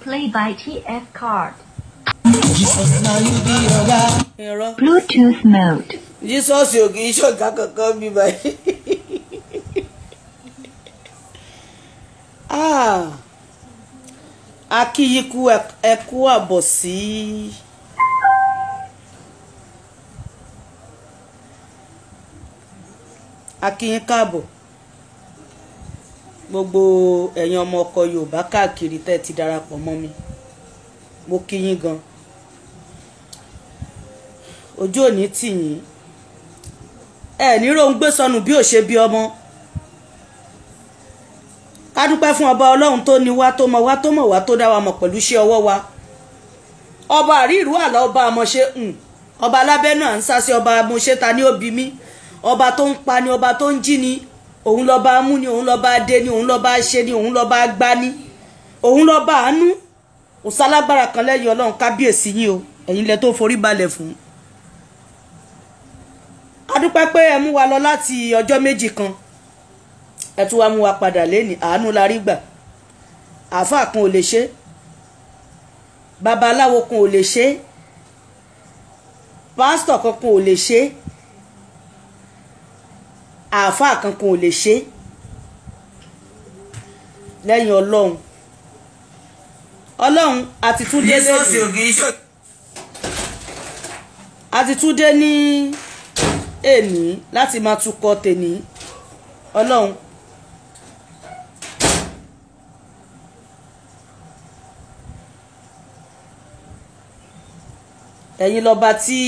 Play by TF card. Bluetooth mode. Jesus yóò kì í ṣọ̀gá kankan bí báyìí. akíyíkú ẹkú àbọ̀ sí akíyín káàbọ̀ gbogbo ẹ̀yin ọmọ ọkọ Yorùbá káàkiri tẹ́ ti darapọ̀ mọ́ mi mo kí yín gan ojú òní tì yín ẹ ní rohun gbé sọnù bí ò ṣe bí ọmọ ká dúpẹ́ fún ọba ọlọ́run tó ní wá tó mọ̀ wá tó mọ̀ wá tó dá wa mọ̀ pẹ̀lú iṣẹ́ ọwọ́ wa ọba àríìrú àlọ́ ọba àmọ̀ṣe ọba alábẹ́ náà ń sá sí ọba àmọ̀ṣe ta ní òbí mi ọba tó ń pa ni ọba tó ń jí ni òun lọ́ba mú ni òun lọ́ba dé ni òun lọ́ba ṣe ni òun lọ́ba gbá ni òun lọ́ba àánú kò sálágbára kan lẹ́yìn ọlọ́run kábíyèsí yín o ẹ̀yin lẹ tó forí balẹ̀ fún. adúpẹ́ pé ẹ mú wa lọ láti ọjọ́ méjì kan ẹ tún wá mú wa padà lẹ́nìí àánú la rí gbà àáfàá kan ò lè ṣe babaláwo kan ò lè ṣe pásítọ̀ kankan ò lè ṣe àáfàá kankan ò lè ṣe lẹ́yìn ọlọ́run ọlọ́run àti túndé lẹ́yìn àti túndé ní èní láti máa tukọ̀ tèní ọlọ́run ẹ̀yin lọ́ba tí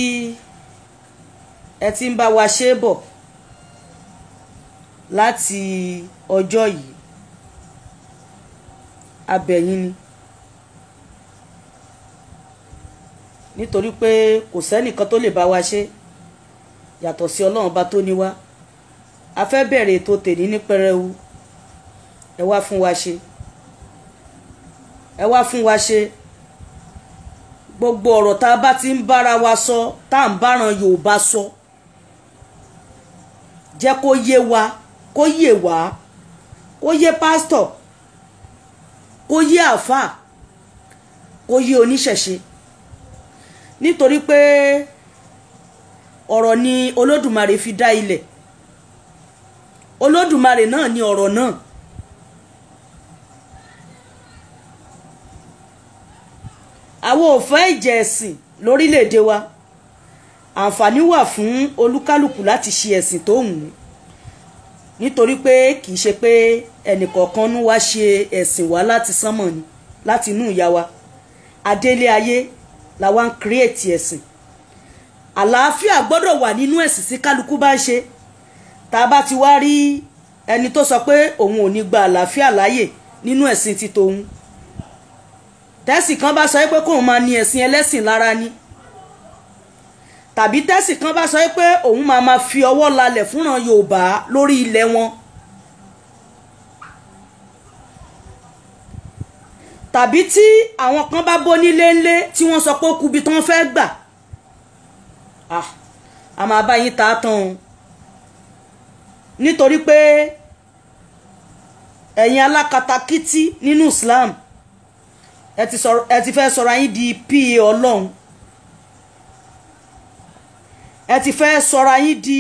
ẹ ti ń bá wa ṣe é bọ̀ láti ọjọ́ yìí abẹ̀yìn ni nítorí pé kò sẹ́nìkan tó lè bá wa ṣe yàtọ̀ sí ọlọ́run bá tó ní wá a fẹ́ bẹ̀rẹ̀ ètò tèmi ní pẹrẹwu ẹ wá fún wa ṣe ẹ wá fún wa ṣe gbogbo ọ̀rọ̀ tá a bá ti ń bára wa sọ tá à ń báran Yorùbá sọ jẹ́ kó yé wa kó yé wá kó yé pásítọ̀ kó yé àáfàá kó yé oníṣẹ̀ṣe nítorí pé ọ̀rọ̀ ni olódùmarè fi dá ilẹ̀ olódùmarè náà ni ọ̀rọ̀ náà àwọn ò fẹ́ ẹ̀sìn lórílẹ̀‐èdè wa àǹfààní wà fún olúkálùkù láti ṣe ẹ̀sìn tó wù ú nítorí pé kì í ṣe pé ẹnìkọ̀ọ̀kan ń wá ṣe ẹ̀sìn wá láti sánmọ̀ ni láti inú ìyá wa adélé ayé la wá ń kírètì ẹ̀sìn àlàáfíà gbọ́dọ̀ wà nínú ẹ̀sìn tí kálukú bá ń ṣe tá a bá ti wá rí ẹni tó sọ pé òun ò ní gba àlàáfíà láàyè nínú ẹ̀sìn ti tòun tẹ́sì kan bá sọ pé kóun máa ní ẹ̀sìn ẹlẹ́sìn lára ni tàbí tẹ́sì kan bá sọ pé òun máa ma fi ọwọ́ lalẹ̀ fúnran Yorùbá lórí ilẹ̀ wọn tàbí tí àwọn kan bá bó nílé ńlé tí wọ́n sọ pé ó kubi tán fẹ́ gbà a máa bá yín ta tán o nítorí pé ẹ̀yin alákatakítí nínú Islam ẹ ti fẹ́ sọ̀rọ̀ yín di pa Ọlọ́run ẹ ti fẹ́ sọra yín di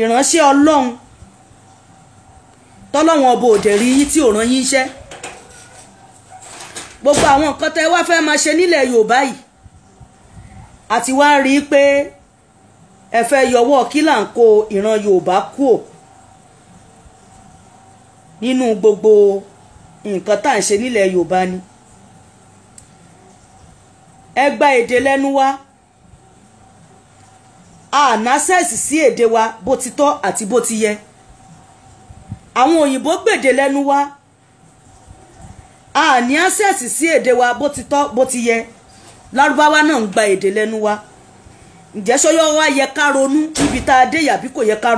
ìránṣẹ́ ọlọ́run tọ́lọ́wọ́n ọba òdè rí yín tí ò rán yín iṣẹ́ gbogbo àwọn nǹkan tẹ́ wá fẹ́ máa ṣe nílẹ̀ yorùbá yìí àti wá rí i pé ẹ fẹ́ yọwọ́ kí là ń kó ìran yorùbá kúò nínú gbogbo nǹkan tá à ń ṣe nílẹ̀ yorùbá ni ẹ gba èdè lẹ́nu wa ànásẹ́ẹ̀sì sí èdè wa bó ti tọ́ àti bó ti yẹ àwọn òyìnbó gbèdè lẹ́nu wa àní àṣẹ́ẹ̀sì sí èdè wa bó ti tọ́ bó ti yẹ lárúbáwá náà ń gba èdè lẹ́nu wa ǹjẹ́ ṣọ́yọ́ yẹ ká ronú níbi tá a dé yàbí kò yẹ ká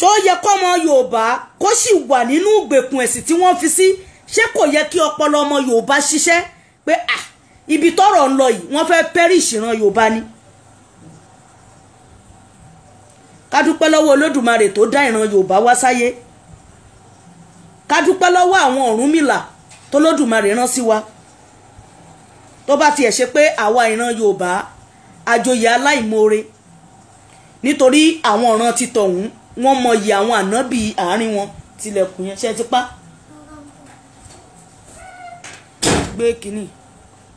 ṣó yẹ kọ́mọ Yorùbá kó sì wà nínú ìgbèkùn ẹ̀sìn tí wọ́n fi sí ṣé kò yẹ kí ọpọlọ ọmọ Yorùbá ṣiṣẹ́ pé ah ibi tọ́rọ̀ ń lọ yìí wọ́n fẹ́ perish ìran Yorùbá ni ká dúpẹ́ lọ́wọ́ Olódùmarè tó dá ìran Yorùbá wá sáyé ká dúpẹ́ lọ́wọ́ àwọn Ọ̀rúnmìlà tólódùmarè rán sí wa tó bá tiẹ̀ ṣe pé àwa ìran Yorùbá àjòyè aláìmoore nítorí àwọn ọ̀ràn ti tọ̀hún wọ́n mọyì àwọn ànábì àárín wọn tilẹ̀kùn yẹn ṣe ti pa gbé kínní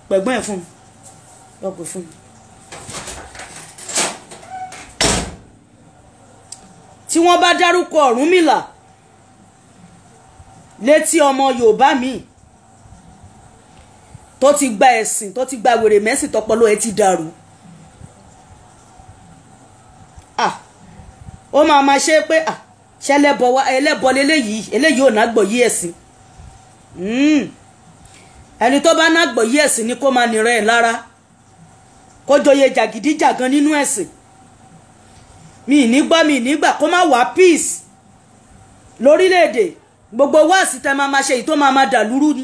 pẹ̀gbọ́n ẹ̀ fún mi lọ pè fún mi. tí wọ́n bá dárúkọ Ọ̀rúnmìlà létí ọmọ Yorùbá mi tó ti gba ẹ̀sìn tó ti gba wèrè mẹ́sìn tọpọlọ ẹ ti dàrú ó máa máa ṣe pé à ah, ṣe ẹlẹ́bọ wa ẹlẹ́bọ lélẹ́yìí eléyìí ò nágbọ̀ yí ẹ̀sìn hmm. ẹni tó bá nágbọ̀ yí ẹ̀sìn ni kó máa nìran ẹ̀ lára kó joyè jàgídíjàgan nínú ẹ̀sìn mi ní gbọ́ mi ní gbà kó má wá peace lórílẹ̀‐èdè gbogbo wáàsí tẹ́ máa ma ṣe èyí tó máa ma dà lúrú ni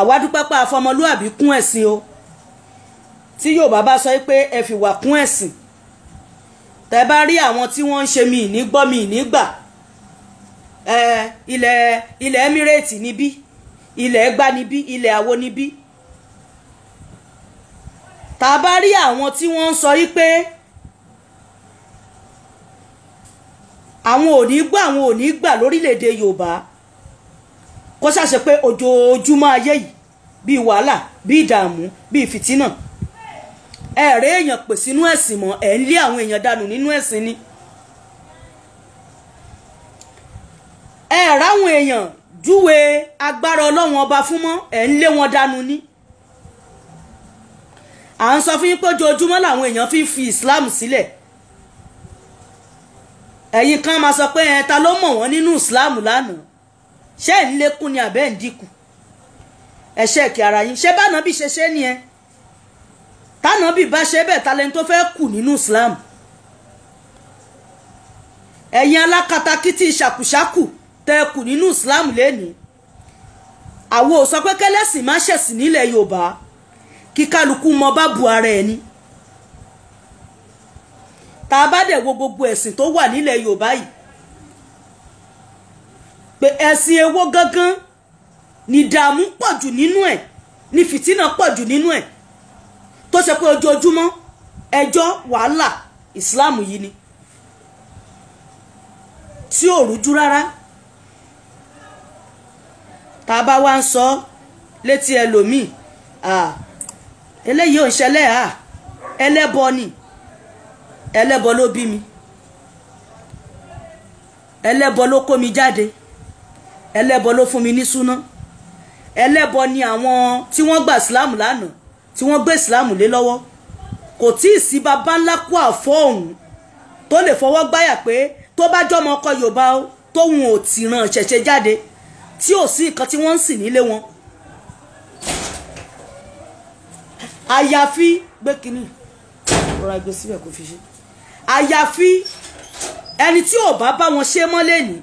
àwa dúpẹ́ pa àfọmọlúàbí kún ẹ̀sìn o tí Yorùbá bá sọ pé ẹ fìwà kún ẹ̀sìn tẹ́ bá rí àwọn tí wọ́n ń ṣe mi ní gbọ́ mi ní gbà ilẹ̀ ilẹ̀ emirate níbí ilẹ̀ ẹgbà níbí ilẹ̀ àwo níbí tá a bá rí àwọn tí wọ́n ń sọ yí pé àwọn ò ní gbà àwọn ò ní gbà lórílẹ̀‐èdè yorùbá kó ṣàṣẹ pé ojoojúmọ́ ayé yìí bíi wàhálà bíi ìdààmú bíi fìtínà ẹ̀rẹ́ èèyàn pè sínú ẹ̀sìn mọ́ ẹ̀ ń lé àwọn èèyàn dànù nínú ẹ̀sìn ni ẹ̀rá àwọn èèyàn júwe agbára ọlọ́run ọba fún mọ́ ẹ̀ ń lé wọn dànù ni à ń sọ fún yín pé ojoojúmọ́ làwọn èèyàn fi fi Islam sílẹ̀ ẹ̀yin kan máa sọ pé ẹ̀ta ló mọ̀ wọ́n nínú Islam lánàá ṣé ẹ̀ ń lékún ni àbẹ́ ń dínkù ẹ̀ṣẹ́ kí ara yín ṣé bá nàbí ṣe ṣe nìyẹn tánàbì bá ṣe bẹ́ẹ̀ ta lẹni tó fẹ́ kù nínú Islam ẹ̀yin alákatakítí ṣàkùṣàkù tẹ kù nínú Islam lénìí àwo sọ pé kẹlẹ́sìn má ṣẹ̀sìn nílẹ̀ Yorùbá kí kálukú mọ bá bu ara ẹ̀ ni tá a bá dẹ̀ wo gbogbo ẹ̀sìn tó wà nílẹ̀ Yorùbá yìí pé ẹ̀sìn èwo gangan ni dààmú pọ̀jù nínú ẹ̀ ni fìtínà pọ̀jù nínú ẹ̀ tó ṣe pé ojoojúmọ́ ẹjọ́ wàhálà islam yìí ni tí ò rújú rárá tá a bá wá ń sọ létí ẹlòmíì eléyìí ò ń ṣẹlẹ̀ à ẹlẹ́bọ ni ẹlẹ́bọ ló bí mi ẹlẹ́bọ ló kó mi jáde ẹlẹ́bọ ló fún mi ní súná ẹlẹ́bọ ni àwọn tí wọ́n gbà sílámù lánàá tí wọ́n gbé ìsìláàmù lé lọ́wọ́ kò tí ì sí bàbá ńlá kú àfọ́ òun tó lè fọwọ́ gbáyà pé tó bá jọmọ ọkọ yorùbá ó tóun ò tì ràn ṣẹ̀ṣẹ̀ jáde tí ò sí nǹkan tí wọ́n ń sìn nílé wọn. àyàfi gbé kínní rọra gbé síbẹ̀ kó fi ṣe àyàfi ẹni tí ò bá bá wọn ṣe mọ́lẹ̀ ní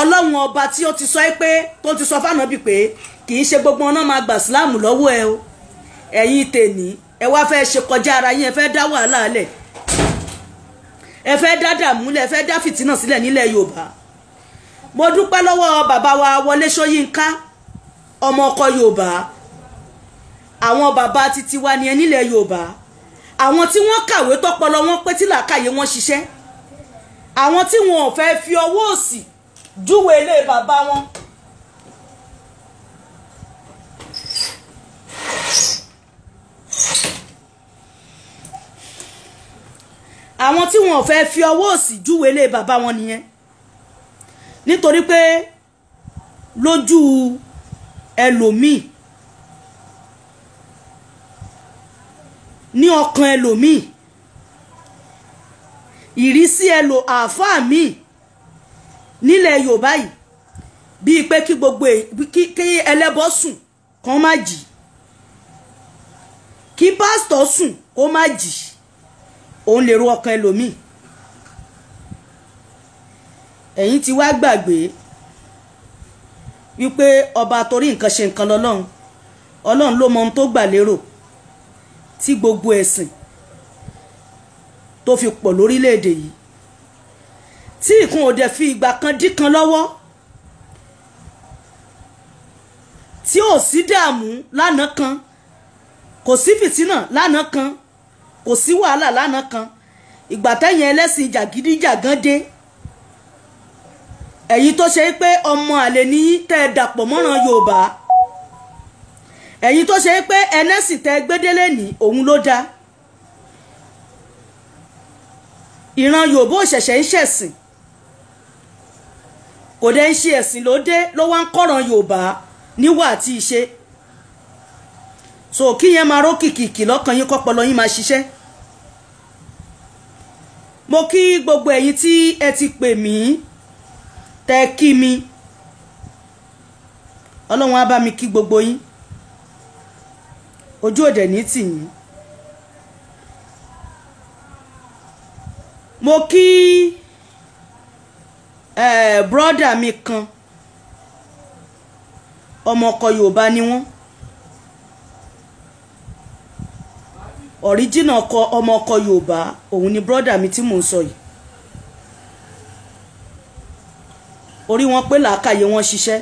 ọlọ́run ọba tí ó ti sọ pé tó ti sọ fáànà bíi pé kì í ṣe gbogbo ọ̀nà máa gbà síláàmù lọ́wọ́ ẹ o ẹ̀yin tèmi ẹ wá fẹ́ ṣe kọjá ara yín ẹ fẹ́ dá wàhálà lẹ̀ ẹ fẹ́ dá dààmú lẹ̀ ẹ fẹ́ dá fìtínà sílẹ̀ nílẹ̀ Yorùbá mo dúpẹ́ lọ́wọ́ bàbá wa Wọlé Ṣóyínká ọmọ ọkọ Yorùbá àwọn bàbá títí wa ni ẹ nílẹ̀ Yorùbá àwọn tí wọ́n kàwé tọ́pọlọ wọn pé tí làákàyè wọn ṣiṣẹ́ àwọn tí wọn ò fẹ́ fi ọwọ́ òsì júwèé lé bàbá wọn àwọn tí wọn fẹ́ fi ọwọ́ òsì júwe lé bàbá wọn nìyẹn nítorí pé lójú ẹlòmíì ní ọkàn ẹlòmíì ìrísí ẹlò àáfàá míì nílẹ̀ yorùbá yìí bíi pé kí gbogbo kí ẹlẹ́bọ sùn kàn má jìí kí pásítọ̀ sùn kó má jì òun lè ro ọkàn ẹlòmíì ẹ̀yin ti wá gbàgbé wípé ọba torí nǹkan ṣe nǹkan lọ́lọ́run ọlọ́run ló mọ ohun tó gbà lérò tí gbogbo ẹ̀sìn tó fi pọ̀ lórílẹ̀‐èdè yìí tí ìkun òde fi ìgbà kan dí kan lọ́wọ́ tí ò sí dààmú lánàá kan kò sí fìtínà lánàá kan kò sí wàhálà lánàá kan ìgbà tẹ́yìn ẹlẹ́sìn jàgídíjàgan dé èyí tó ṣe pé ọmọ àlè ní tẹ́ ẹ dàpọ̀ mọ́ràn Yorùbá èyí tó ṣe pé ẹlẹ́sìn tẹ́ ẹ gbédélé ní òun ló dá ìran Yorùbá òṣẹ̀ṣẹ̀ ń ṣẹ̀sìn kò dé ń ṣe ẹ̀sìn ló dé ló wá ń kọ́ran Yorùbá níwà àti ìṣe so kí yẹn máa ró kìkìkì lọ́kàn yín kọ́pọlọ yín máa ṣiṣẹ́ mo kí gbogbo ẹ̀yin tí ẹ ti pè mí tẹ́ kí mi ọlọ́run á bá mi kí gbogbo yín ojú òdẹ̀ ní tì mo kí eh, brọ́dà mi kan ọmọ ọkọ yorùbá ni wọ́n ọ̀ríjìnà ọkọ ọmọ ọkọ Yorùbá òun ni brọ́dà mi tí mò ń sọ yìí orí wọn pé làákàyè wọn ṣiṣẹ́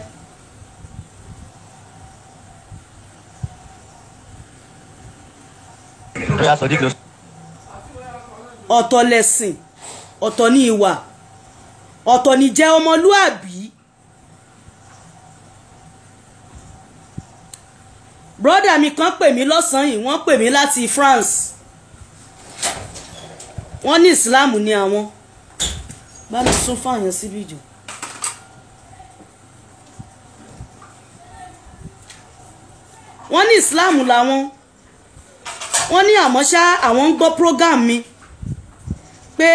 ọ̀tọ̀ lẹ̀sìn ọ̀tọ̀ ni ìwà ọ̀tọ̀ ni jẹ́ ọmọlúàbí brọ́dà mi kan pè mí lọ́sàn-án yìí wọ́n pè mí láti France wọ́n ní Islam ni àwọn bá mi sún fáwọn síbí jù. wọ́n ní Islam làwọn wọ́n ní àmọ́ àwọn ń gbọ́ program mi pé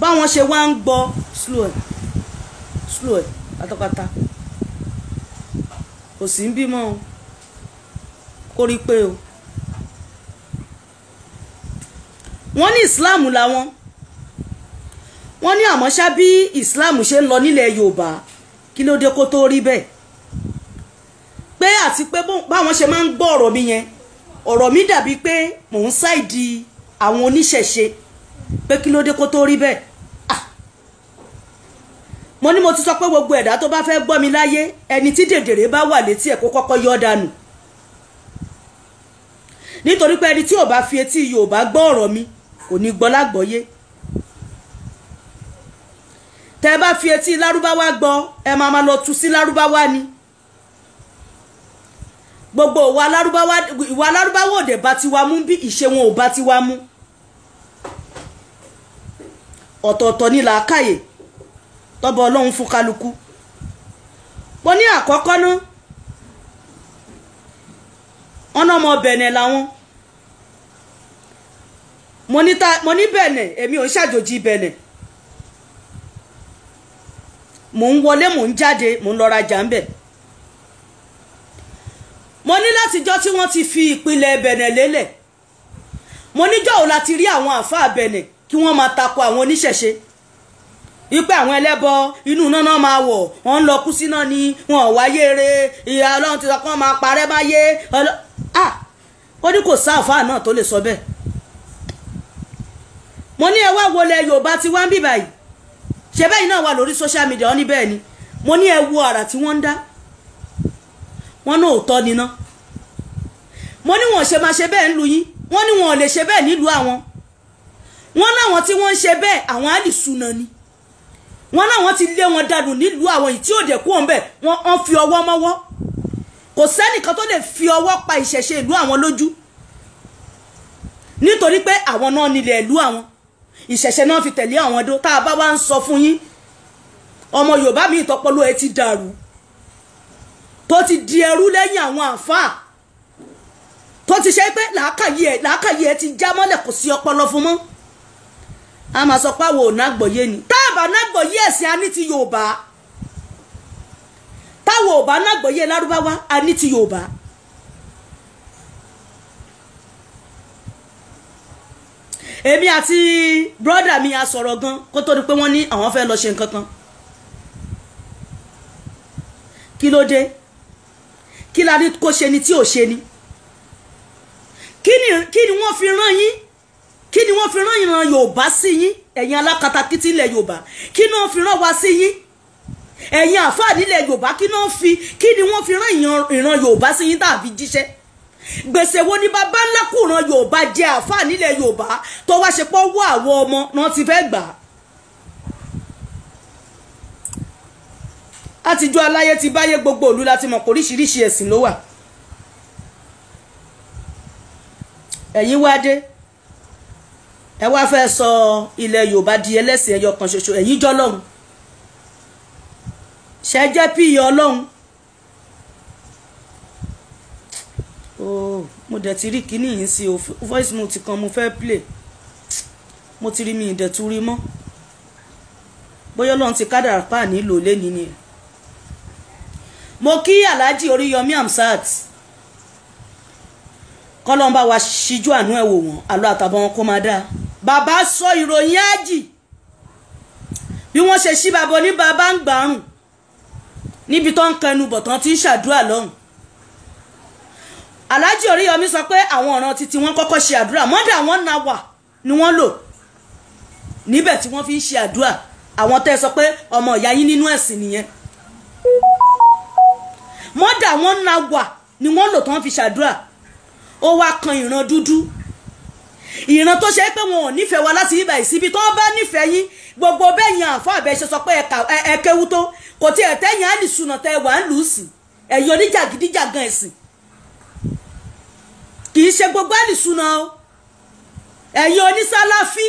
báwọn ṣe wá ń gbọ́ slow ẹ̀ slow ẹ̀ pátápátá kò sí ń bímọ o kó rí pé o wọ́n ní islam làwọn wọ́n ní àmọ́ ṣá bí islam ṣe ń lọ nílẹ̀ yorùbá kí ló dé kó tó rí bẹ́ẹ̀ pé àti pé báwọn ṣe máa ń gbọ́ ọ̀rọ̀ mi yẹn ọ̀rọ̀ mi dàbí pé mò ń ṣáìdì àwọn oníṣẹ̀ṣe pé kí ló dé kó tó rí bẹ́ẹ̀ ah! mo ní mo ti sọ pé gbogbo ẹ̀dá tó bá fẹ́ gbọ́ mi láyé ẹni tí dèdèrè bá wà létí ẹ̀ kó kọ́kọ́ yọ́ dànù nítorí pé ẹni tí ò bá fi etí Yorùbá gbọ́ ọ̀rọ̀ mi kò ní gbọ́ lágbọ́yé tẹ bá fi etí lárúbáwá gbọ́ ẹ máa máa lọ tu sí lárúbáwá ni gbogbo ìwà lárúbáwá ìwà lárúbáwá òde bá ti wa mú bí ìṣe wọn ò bá ti wa mú ọ̀tọ̀ọ̀tọ̀ ni làákàyè tọ́bọ̀ ọlọ́run fún kálukú mo ní àkọ́kọ́ náà wọn náà bẹ̀nẹ̀ làwọn mo ní ta mo ní bẹ̀nẹ̀ èmi ò ń ṣàjòjì bẹ̀nẹ̀ mò ń wọlé mò ń jáde mò ń lọ rajà ń bẹ̀ mo ní látijọ́ tí wọ́n ti fi ìpìlẹ̀ bẹ̀nẹ̀ lélẹ̀ mo níjọ́ òun láti rí àwọn àáfàá bẹ̀nẹ̀ kí wọ́n máa tako àwọn oníṣẹ̀ṣe ipe àwọn ẹlẹ́bọ inú iná náà máa wọ̀ wọ́n ń lọ kú síná ni wọn ò wáyé re ìyá ọlọ́run ti sọ pé wọ́n máa parẹ́ báyé ọlọ́ ah ó ní kò sáàfáà náà tó lè sọ bẹ́ẹ̀ mo ní ẹ wá wọlé yorùbá tí wọ́n ń bì báyìí ṣe bẹ́yìn náà wà lórí social media wọ́n ní bẹ́ẹ̀ ni mo ní ẹ wo àrà tí wọ́n ń dá wọ́n náà ò tọ́ ni ná mo ní wọn ò ṣe máa ṣe bẹ́ẹ̀ nílùú yín wọ́n ní wọn ò lè ṣe bẹ́ẹ̀ nílùú àwọn wọ́n láwọn tí wọ́n ń ṣe bẹ́ẹ̀ àwọn àlìsúná ni wọ́n láwọn ti lé wọn dànù nílùú àwọn yìí tí ò dẹ̀ kú òun bẹ́ẹ̀ wọ́n fi ọwọ́ mọ́wọ́ kò sẹ́nìkan tó lè fi ọwọ́ pa ìṣẹ̀ṣe ìlú àwọn lójú nítorí pé àwọn náà nílẹ̀ ìlú àwọn ìṣẹ̀ṣẹ̀ náà fi tẹ̀lé àwọn ẹdó tá a bá wá ń sọ fún yín ọmọ yorùbá mi ìtọpọlọ ẹ ti dàrú tó ti di ẹrú lẹ́yìn àwọn àáfàá tó ti ṣe pé làákàyè ẹ làákàyè ẹ ti já mọ́lẹ̀ kò sí ọpọlọ fún mọ́ a máa sọ pé àwọn ò nágbọ̀yé ni tá a bá ẹ̀sìn a ti yorùbá táwọn ò bá nágbọ̀yé lárúbáwá a ti yorùbá èmi àti brọ́dà mi a sọ̀rọ̀ gan kó tó di pé wọ́n ní àwọn fẹ́ lọ ṣe nǹkan kan kí ló dé kí la ní kó ṣe ni tí ò ṣe ni kí ni wọ́n fi rán yín kí ni wọ́n fi rán ìran Yorùbá sí yín ẹ̀yin alákatakítí ilẹ̀ Yorùbá kí ni wọ́n fi rán wa sí yín ẹ̀yin àfáà nílẹ̀ Yorùbá kí ni wọ́n fi kí ni wọ́n fi rán ìran Yorùbá sí yín tàbí jíṣẹ́ gbèsè wo ni bàbá ńlá kùràn yorùbá jẹ àáfàá nílẹ̀ yorùbá tó wá ṣe pọ́ wọ́ àwọn ọmọ náà ti fẹ́ gbà á. látijọ́ aláyé ti báyé gbogbo òlu láti mọ̀ oríṣiríṣi ẹ̀sìn ló wà. ẹ̀yin wá dé ẹ wá fẹ́ sọ ilẹ̀ yorùbá di ẹlẹ́sìn ẹyọ kan ṣoṣo ẹ̀yin jọ́ lọ́hùn ṣẹ́jẹ́ píì ọlọ́hùn oh mo dẹ̀ ti rí kíní yìí sí o voice note kan mo fẹ́ play mo ti rí mi ìdẹ̀ tún rí mọ́ bóyá ọlọ́run ti kádàrá pa nílò lẹ́ni ni mo kí alhaji oríyọmí amsat kọ́lọ́n bá wa ṣíjú àánú ẹ̀ wò wọ́n àlọ́ àtàbọ̀ wọn kó máa dáa bàbá sọ ìròyìn ájì bí wọ́n ṣe ṣí bàbá oníbàbá ń gbàrùn níbi tó ń kẹnu bọ̀ tán ti ń ṣàdúrà lọ́hùn Alhaji Oríyọmí sọ pé àwọn ọ̀ràn títí wọ́n kọ́kọ́ ṣe àdúrà mọ́dà wọn na wà ni wọ́n lò níbẹ̀ tí wọ́n fi ń ṣe àdúrà àwọn tẹ́ sọ pé ọmọ ìyá yín nínú ẹ̀sìn nìyẹn mọ́dà wọn na wà ni wọ́n lò tí wọ́n fi ṣàdúrà ó wá kan ìran dúdú ìran tó ṣe pé wọn ò nífẹ̀ẹ́ wa láti ibà ìsíbi tó bá nífẹ̀ẹ́ yín gbogbo bẹ́yìn àǹfọ̀ àbẹ̀ ṣe sọ pé ẹ̀kẹ́wú tó kò tí ẹ̀ tẹ́yìn àdìsúnà tẹ́ wà ń lù ú sí ẹ̀yìn oníjàgídíjàgan ẹ̀sìn kì í ṣe gbogbo àlìsúná o ẹ̀yin onísálàfí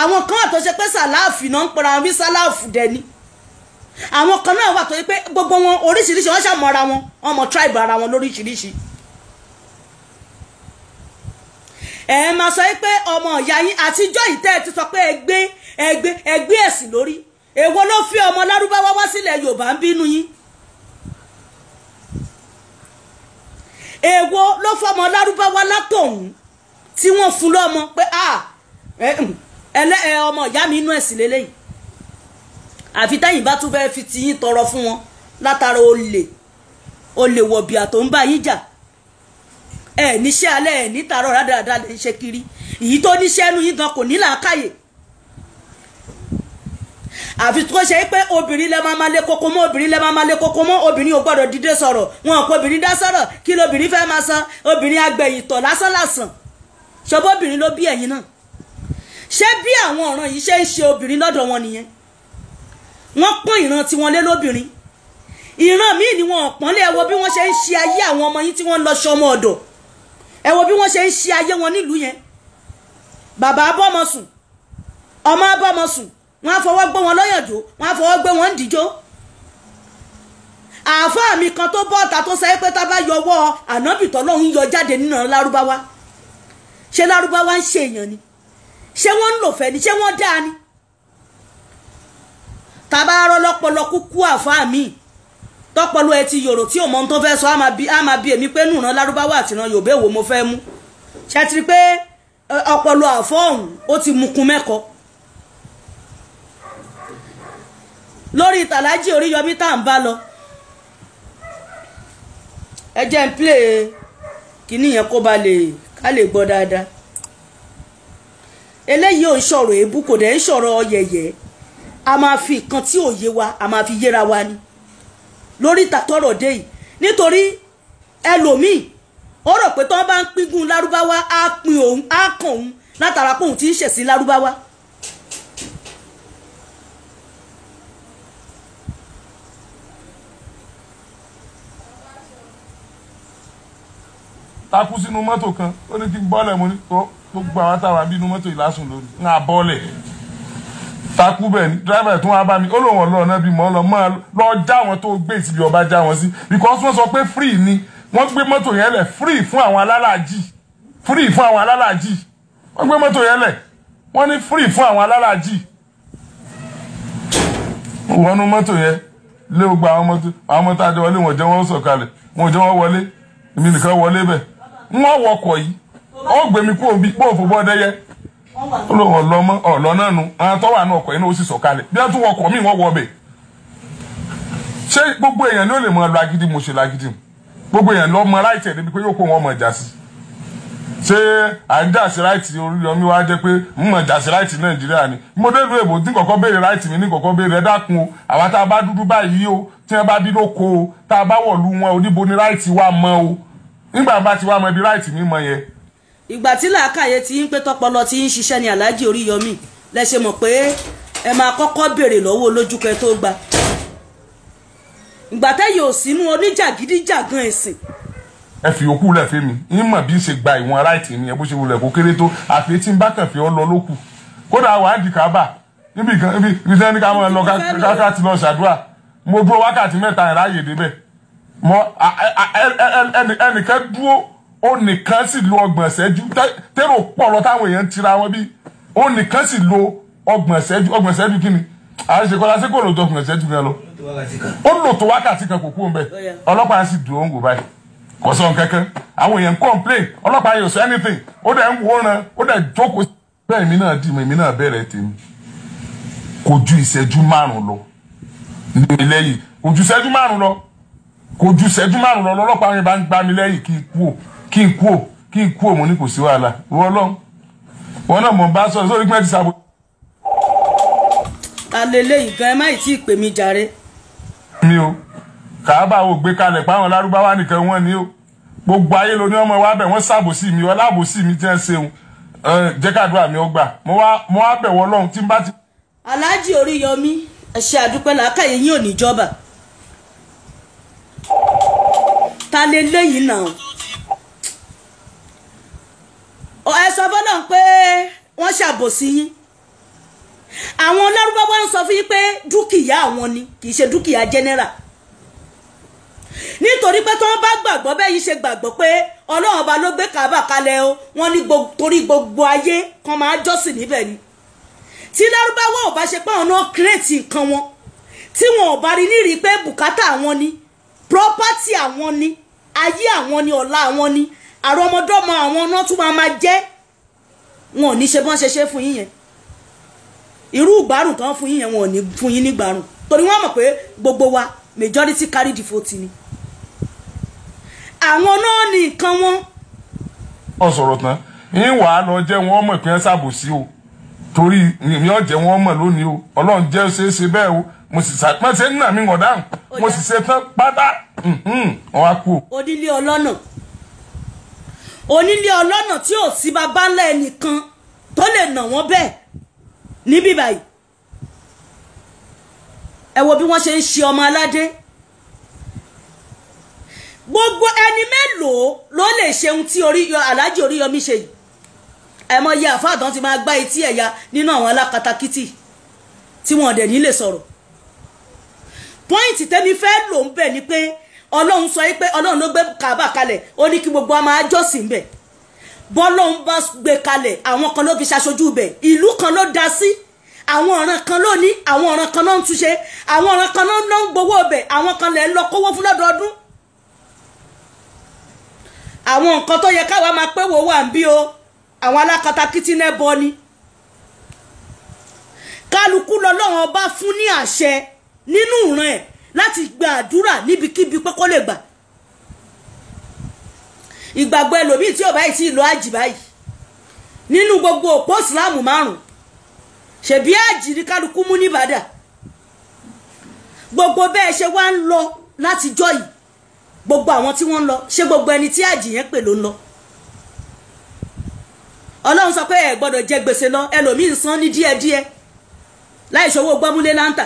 àwọn kan wà tó ṣe pé sàláàfì náà ń pera wọn bí sàláàfù dẹni àwọn kan náà wà tó ṣe pé gbogbo wọn oríṣiríṣi wọn ṣàmọ́ra wọn wọn mọ tribe ara wọn lóríṣiríṣi. ẹ máa sọ pé ọmọ ìyá yín àtijọ́ ìtẹ́ ẹ ti sọ pé ẹgbẹ́ ẹgbẹ́ ẹgbẹ́ ẹ̀sìn lórí èwo ló fi ọmọ lárúbáwá wá sílẹ̀ yorùbá ń bínú yín èwo ló fọmọ lárúbáwá látọ̀hún tí wọ́n fún lọ́mọ pé ẹlẹ́ ọmọ ìyá mi inú ẹ̀sìn lélẹ́yìí àfi tẹ́yìn bá tún fẹ́ẹ́ fi tiyín tọrọ fún wọn látara olè olè wọ̀bìà tó ń bá yín jà ẹ̀ níṣẹ́ alẹ́ ẹ̀ nítàárọ̀ rádaràda lè ṣe kiri ìyí tó níṣẹ́ ẹnu yín gan kò ní làákàyè àfi tó ṣe pé obìnrin lẹ́ máa máa lé koko mọ́ obìnrin lẹ́ máa máa lé koko mọ́ obìnrin ò gbọ́dọ̀ dìde sọ̀rọ̀ wọn kò obìnrin dá sọ̀rọ̀ kí lobìnrin fẹ́ máa san obìnrin agbẹ̀yìntọ̀ lásán lásán ṣọbọ́ obìnrin ló bí ẹ̀yin náà ṣé bí àwọn ọ̀ràn yìí ṣe ń ṣe obìnrin lọ́dọ̀ wọn nìyẹn wọ́n pọ́n ìran tí wọ́n lé lóbìnrin ìran míì ni wọn ọ̀pọ̀n lé ẹ wo bí wọ́n ṣe ń ṣe ayé àwọn ọmọ yín tí wọ́n ń lọ ṣọmọ ọ̀dọ̀ ẹ wo bí wọ́n ṣe ń ṣe ayé wọn nílùú yẹn bàbá abọ́mọ ọmọ abọ́mọ wọ́n á fọwọ́ gbé wọn lọ́yànjó wọ́n á fọwọ́ gbé wọn díjó àáfàá mi kan tó bọ́ ọ̀tà tó sọ pé tá a bá yọwọ́ ànábì tọ́lọ́hún yọ jáde nínú lárúbáwá ṣé lárúbáwá ń ṣe èèyàn ni ṣé wọ́n ń lò fẹ́ ni ṣé wọ́n dáa ni tàbá rọ kúkú àáfàá mi tọ́pọlọ ẹ ti yòrò tí òmò tó fẹ́ sọ á bí èmi pé nùrán lárúbáwá àtìrán Yorùbá èwo mo fẹ́ mú ṣe pé ọpọlọ àfọ́ ọ̀hún ó ti mukun mẹ́kọ̀ọ́ lórí tàlájì oríyọmí tá à ń bá lọ ẹ jẹ́ ń play kíní yẹn kó ba lè ká lè gbọ́ dáadáa eléyìí ò ń sọ̀rọ̀ èébú kò dẹ̀ ń sọ̀rọ̀ yẹ̀yẹ́ a máa fi nǹkan tí ò yé wa a máa fi yéra wa ni lórí ìtàtọ̀rọ̀ dé yìí nítorí ẹlòmíì ó rò pé tó bá ń píngun lárúbáwá á pin òun á kàn òun látara pé òun ti ń ṣẹ̀sìn lárúbáwá takú sínú mọ́tò kan ó ní kí n bọ́lẹ̀ mo ní tó gbogbo àwọn táwa bí inú mọ́tò ìlàsùn lónìí ń àbọ̀lẹ̀ takú bẹ́ẹ̀ ni dírẹ́fà ẹ̀ tún wá bá mi ó lòun ọ̀lọ́ náà bí mọ́ lọ mọ́ lọ já wọn tó gbé ìsibí ọba já wọn sí because wọ́n sọ pé free ni wọ́n gbé mọ́tò yẹn lẹ̀ free fún àwọn alálàájì free fún àwọn alálàájì wọ́n gbé mọ́tò yẹn lẹ̀ wọ́n ní free fún àwọn alálàájì wọnú mọ́tò yẹn lé gbogbo àwọn mọ́tò àwọn mọ́tò àjẹwọlé wọn jẹ́ wọ́n sọ̀kalẹ̀ wọn jẹ́ wọ́n wọlé èmi nìkan wọlé bẹ́ẹ̀ wọ́n wọkọ̀ yìí ó gbé mi kúrò bí pọ́ọ̀fù bọ́ọ̀dẹ́yẹ ó lò wọ́n lọ mọ́ ọ̀lọ́ náà nu àwọn tó wà ní ọkọ̀ yìí náà ó sì sọ̀kalẹ̀ bí wọ́n tún wọkọ̀ míì wọ́n wọ ọbẹ̀ ṣé gbogbo èèyàn ni ó lè mọ ọlọ agídí mo ṣe lágídí mu gbogbo èèyàn lọ mọ láìtẹ̀ débi pé yóò kó wọn mọ̀ jà sí ṣé àìdáàsí ráìtì Oríyọmí wá jẹ́ pé ń mọ̀ jàsí ráìtì Nàìjíríà ni mo dé ìlú èbò tí kọ̀kọ́ béèrè ráìtì mi ní kọ̀kọ́ béèrè ẹ dákun o àwa tá a bá dúdú báyìí o tí wọ́n bá dídó ko o tá a bá wọ̀lú wọn oníbo ni ráìtì wa mọ́ o nígbà bá ti wá mọ ibi ráìtì mi mọ yẹn. ìgbà tí làákàyè ti ń pé tọpọlọ ti ń ṣiṣẹ́ ni aláàjì Oríyọmí lẹ ṣe mọ̀ pé ẹ máa kọ́kọ́ béèrè lọ́wọ́ olójúkẹ tó gba ìgbà tẹ́yìn ò sínú oníjàgídíjàgan ẹ̀sìn. ẹ fi òkú lẹ fẹmi ní mọ bí ṣe gba ìwọn ráìtì mi ẹ bó ṣe wulẹ kó kéré tó àfi tí ń bá kàn fi ọ lọ lókù kódà wàá di kábà níbi ìfẹ́ ká mọ̀ ẹ lọ ká lọ ṣàdúrà mo dúró wákàtí mẹ́ta ìráyè débẹ̀ mọ ẹnìkan dúró ó nìkan sì lo ọgbọ̀n ṣẹ́jú tẹ́rọ pọ̀ lọ táwọn èèyàn tira wọn bí ó nìkan sì lo ọgbọ̀n ṣẹ́jú ọgbọ̀n ṣẹ́jú kí ni àṣekọ lásìkò kò lò tó ọgbọ̀n ṣẹ́jú kan lọ ó lò tó wákàtí kan kò kú òun bẹ́ẹ̀ ọlọ́pàá sì dùn òun kò báyìí kò sọ kankan àwọn èèyàn complain ọlọ́pàá yóò sọ anything ó dẹ̀ ń wòran ó dẹ̀ jókòó bẹ́ẹ̀ mi náà dì mí mi náà bẹ̀rẹ̀ tèmi kò ju ìṣẹ́jú márùn-ún lọ ní ilé yìí kò ju ìṣẹ́jú márùn-ún lọ kò ju ṣẹ́jú márùn-ún lọ lọ́lọ́pàá yẹn bá ń gbá mi lẹ́yìn kí n kú ò kí n kú ò kí n kú ò mo ní kò sí wàhálà wọ́n lọ́n wọn náà mọ̀ bá sọ sórí pẹ́ ti sàbò. alele ìgan ẹ má ì tí ì pè mí jàre. mi o kàábà ò gbé kalẹ̀ páwọn lárúbáwá nìkan wọ́n ni o gbogbo ayé lo ní ọmọ wa bẹ̀ wọ́n ṣàbòsí mi ọlábòsí mi jẹ́ ń ṣeun jẹ́ kàdúrà mi ó gbà mo wá bẹ̀ wọ́ lọ́hùn tí n bá ti. aláàjì oríyọmí ẹ ṣe àdúpẹ́ làákàyè yín ò ní jọba ta lè léyìn náà ẹ sọ fọlọ́n pé wọ́n ṣàbòsí yín àwọn lárúbáwá ń sọ fún yín pé dúkìá àwọn ni kì í ṣe dúkìá general nítorí pé tí wọ́n bá gbàgbọ́ bẹ́ẹ̀ yìí ṣe gbàgbọ́ pé ọlọ́run ọba ló gbé kábà kalẹ̀ o wọ́n ní torí gbogbo ayé kan máa jọ́sìn níbẹ̀ ni tí lárúbáwá ò bá ṣe pé àwọn náà kírètì nǹkan wọn tí wọn ò bá rí ní rí pé bùkátà àwọn ni property àwọn ni ayé àwọn ni ọ̀la àwọn ni àrọmọdọ́mọ àwọn náà tún máa máa jẹ́ wọn ò ní ṣe bọ́n ṣe ṣe fún yín yẹn irú ìgbárùn tán fún yín yẹn wọn ò ní fún yín nígbàrùn torí wọ́n mọ̀ pé gbogbo wa majority carry the vote ni àwọn náà ní nǹkan wọn. wọ́n sọ̀rọ̀ tán yín wàá lọ jẹ́ wọ́n mọ̀ pé ẹ ṣàbòsí o torí mi ò jẹ́ wọ́n mọ̀ lónìí o ọlọ́run jẹ́ ṣeéṣe bẹ́ẹ̀ o mo sì ṣàpẹ́sẹ́ nínà mi wọ̀n dáhùn mo sì ṣe tán pátá wọn wá kú. onílé ọlọ́nà onílé ọlọ́nà tí ò sí bàbá ńlá ẹnìkan tó lè nà wọ́n bẹ́ẹ̀ níbí báyìí ẹ wo bí wọ́n ṣe ń ṣe ọmọ aládé gbogbo ẹni mélòó ló lè ṣe ohun tí aláàjì oríyọmí ṣe yìí ẹ̀mọ yẹ àfáàdán ti máa gbá etí ẹ̀yà nínú àwọn alákatakítì tí wọ́n dẹ̀ ní lè sọ̀rọ̀ pọ́ìntì tẹ́mi fẹ́ lò ń bẹ̀ ni pé ọlọ́run sọ pé ọlọ́run ló gbé kàbà kalẹ̀ ó ní kí gbogbo ọmọ ajọ́sìn bẹ̀ bọ́lọ́run bá gbé kalẹ̀ àwọn kan ló fi ṣaṣojú bẹ̀ ìlú kan ló dá sí àwọn ọ̀ràn kan ló ní àwọn ọ̀ràn kan ló ń túnṣe àwọn ọ̀ràn kan ló ń gbowó bẹ̀ àwọn kan lè lọ kówó fún lọ́dọọdún àwọn nǹkan tó yẹ káwa máa pé wò wà ń bí o àwọn alákatakítí náà bọ ni kálukú lọ́lọ́run ọba fún ní àṣẹ nínú ìran ẹ̀ láti gba àdúrà níbikíbi pé kó lè gbà ìgbàgbọ́ ẹlòmíì tí ọba yìí ti lọ àjì báyìí nínú gbogbo òpó ìsìláàmù márùn ṣèbí àjì ní kálukú mú nìbàdà gbogbo bẹ́ẹ̀ ṣe wá ń lọ láti jọ yìí gbogbo àwọn tí wọ́n ń lọ ṣé gbogbo ẹni tí àjì yẹn pè ló ń lọ ọlọ́run sọ pé ẹ gbọ́dọ̀ jẹ gbèsè lọ ẹlòmíì ń san ní díẹ̀díẹ̀ láì ṣòwò gbọ́múlé láǹtà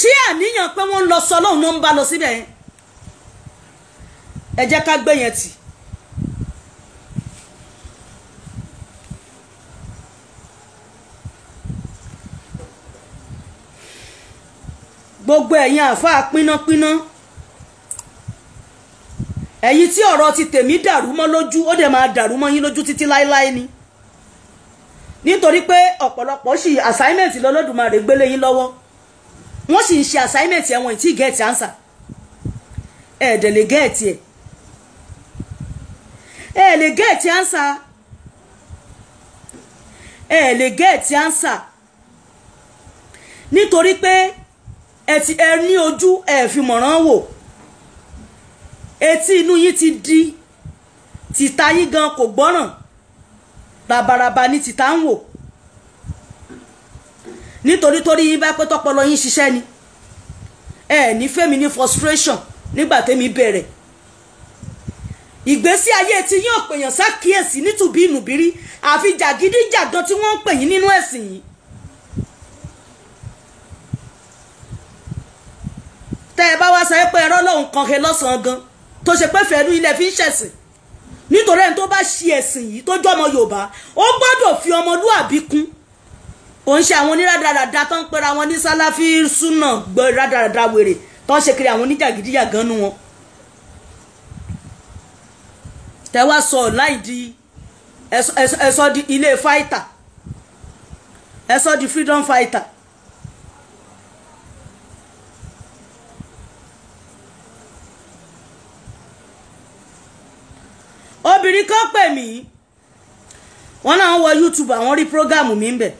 ṣé àníyàn pé wọ́n ń lọ sọ lóun náà ń bá lọ síbẹ̀ yẹn ẹ jẹ́ ká gbé yẹn tì gbogbo ẹ̀yin àáfàá pínápíná ẹ̀yin tí ọ̀rọ̀ ti tèmi dàrú mọ́ lójú ó dẹ̀ máa dàrú mọ́ yín lójú títí láéláé ni nítorí pé ọ̀pọ̀lọpọ̀ sì assignment lọ́lọ́dúnmarè gbélé yín lọ́wọ́. Lo wọ́n sì ń ṣe assignment ẹ̀wọ̀n ìtí gẹ̀ẹ́tì answer ẹ̀ dẹ̀ lè gẹ̀ẹ́tì ẹ̀ ẹ̀ lè gẹ̀ẹ́tì answer ẹ̀ lè gẹ̀ẹ́tì answer nítorí pé ẹ ti ẹ ní ojú ẹ fi mọ̀ràn wò etí inú yín ti di tìta yín gan kò gbọ́ràn rabaraba ní tìta ń wò nítorí torí yín bá pé tọpọlọ yín ṣiṣẹ́ ni ẹ ní fẹ́mi ní frustration nígbà tẹ́mi bẹ̀rẹ̀ ìgbésí ayé tí yín òpèyàn ṣàkíyèsí nítùbí ìnùbírí àfi jàgídíjàgan tí wọ́n ń pè yín nínú ẹ̀sìn yìí tẹ́ ẹ bá wá sọ pé ẹ̀rọ lòun kan he lọ́sàn-án gan tó ṣe pé fẹ́ẹ́nu ilẹ̀ fi ń ṣẹ̀sìn nítorí ẹni tó bá ṣe ẹ̀sìn yìí tó jọ́ ọmọ Yorùbá ó gbọ́dọ̀ fi ọmọlúàbí kún ò ń ṣe àwọn oníradàradà tó ń pera wọn ní sáláfí súnà gbọ́ radàradà wèrè tó ń ṣe kiri àwọn oníjàgídíjà gan nu wọn. tẹ́wá sọ láì di ẹ̀sọ́ di ilé fáìtà ẹ̀sọ́ di freedom fighter. obìnrin kan pè mí wọ́n náà wọ YouTube àwọn rí program mi ń bẹ̀.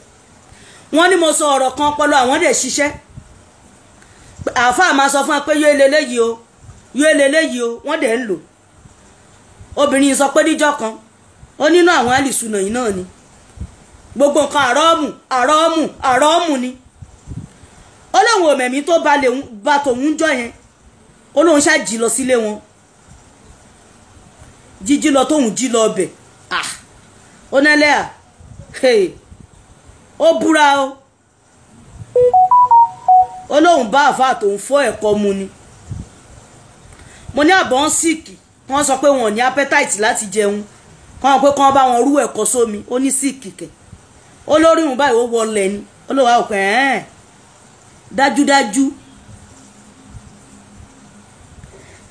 wọn ní mo sọ ọ̀rọ̀ kan pẹ̀lú àwọn lè ṣiṣẹ́ àáfàá máa sọ fún ẹ pé yóò lé léyìí o yóò lé léyìí o wọn dẹ̀ ń lò obìnrin sọ pé níjọ́ kan ó nínú àwọn àlìsùnà yìí náà ni gbogbo nǹkan àrọ́ọ̀mù àrọ́ọ̀mù àrọ́ọ̀mù ni ó lóun òmẹ̀mí tó ba tòun jọ yẹn ó lóun ṣáà jí lọ sílé wọn jíjí lọ tóun jí lọ ọbẹ̀ ah! ó nẹ́lẹ́ à ó búra o ó lóun bá àfa tòun fọ́ ẹ̀kọ́ mu ni mo ní àbọ̀ ń síìkì wọ́n sọ pé wọn ò ní appetite láti jẹun kọ́ wọn pé kọ́ bá wọn rú ẹ̀kọ́ sómi ó ní síìkì kẹ̀ ó lórí òun báyìí ó wọlé ni ó lọ́wọ́ àwòkọ́ ẹ̀ẹ́n dájúdájú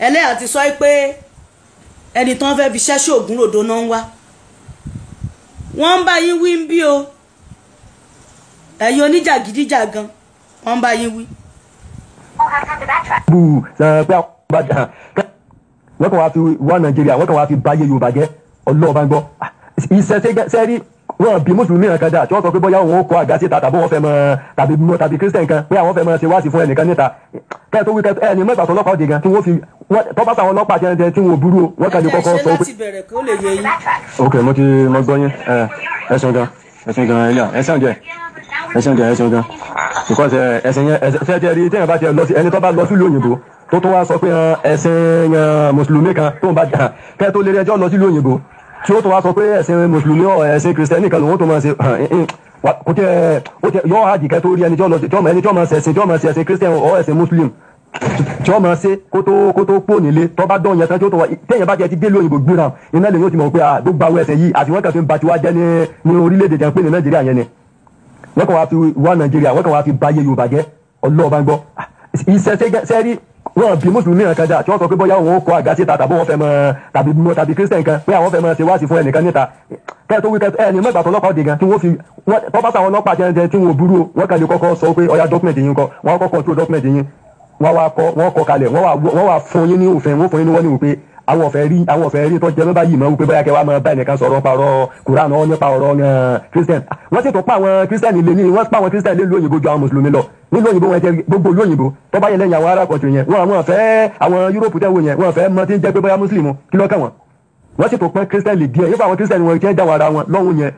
ẹlẹ́yà ti sọ pé ẹni tán fẹ́ fi ṣẹ́ṣẹ́ ògúnròdó náà ń wá wọ́n ń bá yín wí ń bí o ẹ̀yin oníjàgídíjàgan wọ́n bá yín wí. wọ́n kàn wá fi wá nàìjíríà wọ́n kàn wá fi báyé yorùbá jẹ́ ọlọ́ọ̀bá ń gbọ́ iṣẹ́ sẹ́rí wọn bí mùsùlùmí kan dáa tí wọ́n sọ pé bóyá òun kọ àga síta tàbí wọ́n fẹ́ mọ tàbí mọ tàbí kírísítẹ̀n kan pé àwọn fẹ́ mọ ṣe wáàsí fún ẹnìkan níta kẹ́ ẹ tó wí kẹ́ ẹ ní mọ́ ìgbà tó òde gan tí wọ́n fi tọ́ sáwọn ọlọ́pàá jẹ́ ẹni tí wọ́n burú o wọ́n kàn ní kọ́kọ́ sọ pé. ok mo ti mọ gbọ́ yín ẹ ẹ ṣeun gan ẹ ṣeun gan ẹ ẹ ṣeun jẹ ẹ ṣeun gan because eh, ẹsìn yẹn ẹsìn ṣe jẹ rí téèyàn bá tiẹ̀ lọ sí ẹni tó bá lọ sílùú òyìnbó tó tún wá sọ pé eh, ẹsìn eh, mùsùlùmí kan tó ń bá jà kẹ tó lè rí ẹjọ́ lọ sílùú òyìnbó tí ó tún wá sọ pé ẹsìn mùsùlùmí ọ ẹsìn kìrìsìtẹ́nì kan lòun tó máa ṣe kò tẹ ó tẹ yọ hajj kẹ tó rí ẹni tí ó máa ṣẹ̀sìn tí ó máa ṣẹ̀sìn kìrìsìtẹ́nì ọ ẹsìn mùsùlùmí tí wọ́n máa ṣe kó tó kó tó pò nílé tó bá dán yẹn tán tí ó tó wá téèyàn bá tiẹ̀ ti dé lóyìnbó gbéra iná lèyìn ó ti mọ̀ pé ah, gbogbo àwọn ẹsẹ̀ yìí àti wọ́n kàn fi ń ba tiwa jẹ́ ní orílẹ̀-èdè jẹ́ pé ní Nàìjíríà yẹn ni wọ́n kàn wá fi wá nàìjíríà wọ́n kàn wá fi báyé yorùbá jẹ́ ọlọ́ọ̀bá ń gbọ́ iṣẹ́ sẹ́rí wọn bí mùsùlùmí kan dà tí wọ́n sọ pé bóyá òun ó kọ àga síta tàbí wọ́n fẹ́ mọ tàbí mọ tàbí kírísítẹ̀ nǹkan pé àwọn fẹ́ mọ ṣe wáàsí fún ẹnìkan níta kẹ́ẹ̀ tó wí kẹ́ẹ̀ ẹni mẹ́gbàá tọlọ́pàá òde gan tí wọ́n fi wọ́n bá sáwọn ọlọ́pàá jẹun tí wọ́n burú wọ́n kàn lè kọ́kọ́ sọ pé ọ̀yà dọ́kúmẹ̀ntì yín kọ́ wọ́n kọ́kọ́ tó dọ́kúmẹ̀ntì yín wọ́n wá kọ́ wọ́n kọ́ kalẹ̀ wọ́n wá fún yín ní òfin wọ́n fún yín ní wọ́n ní òpin àwọn ọ̀fẹ́ rí àwọn ọ̀fẹ́ rí tọ́jú ẹlọ́ba yìí mọ́ wípé báyà kẹwàá máa bá ẹnìkan sọ̀rọ̀ pa ọ̀rọ̀ Quran ọ̀ nípa ọ̀rọ̀ eh, Christian wọ́n sì tún pa àwọn Christian ilé ní wọ́n pa àwọn Christian ilé lóyìnbó ju àwọn mùsùlùmí lọ nílò òyìnbó wọn jẹ gbogbo lóyìnbó tó bá yẹ lẹ́yìn àwọn ará kọ̀tù yẹn wọn àwọn ọ̀fẹ́ àwọn Europe tẹ́wọ̀ yẹn wọn ọ̀fẹ́ mọ tí ń jẹ́ pé báyà mùsùlùmí kí lọ́kàn wọn wọ́n sì tó pẹ́ christian lè díẹ̀ nípa àwọn christian wọn kí ẹ jáwọ́ ara wọn lọ́hùn yẹn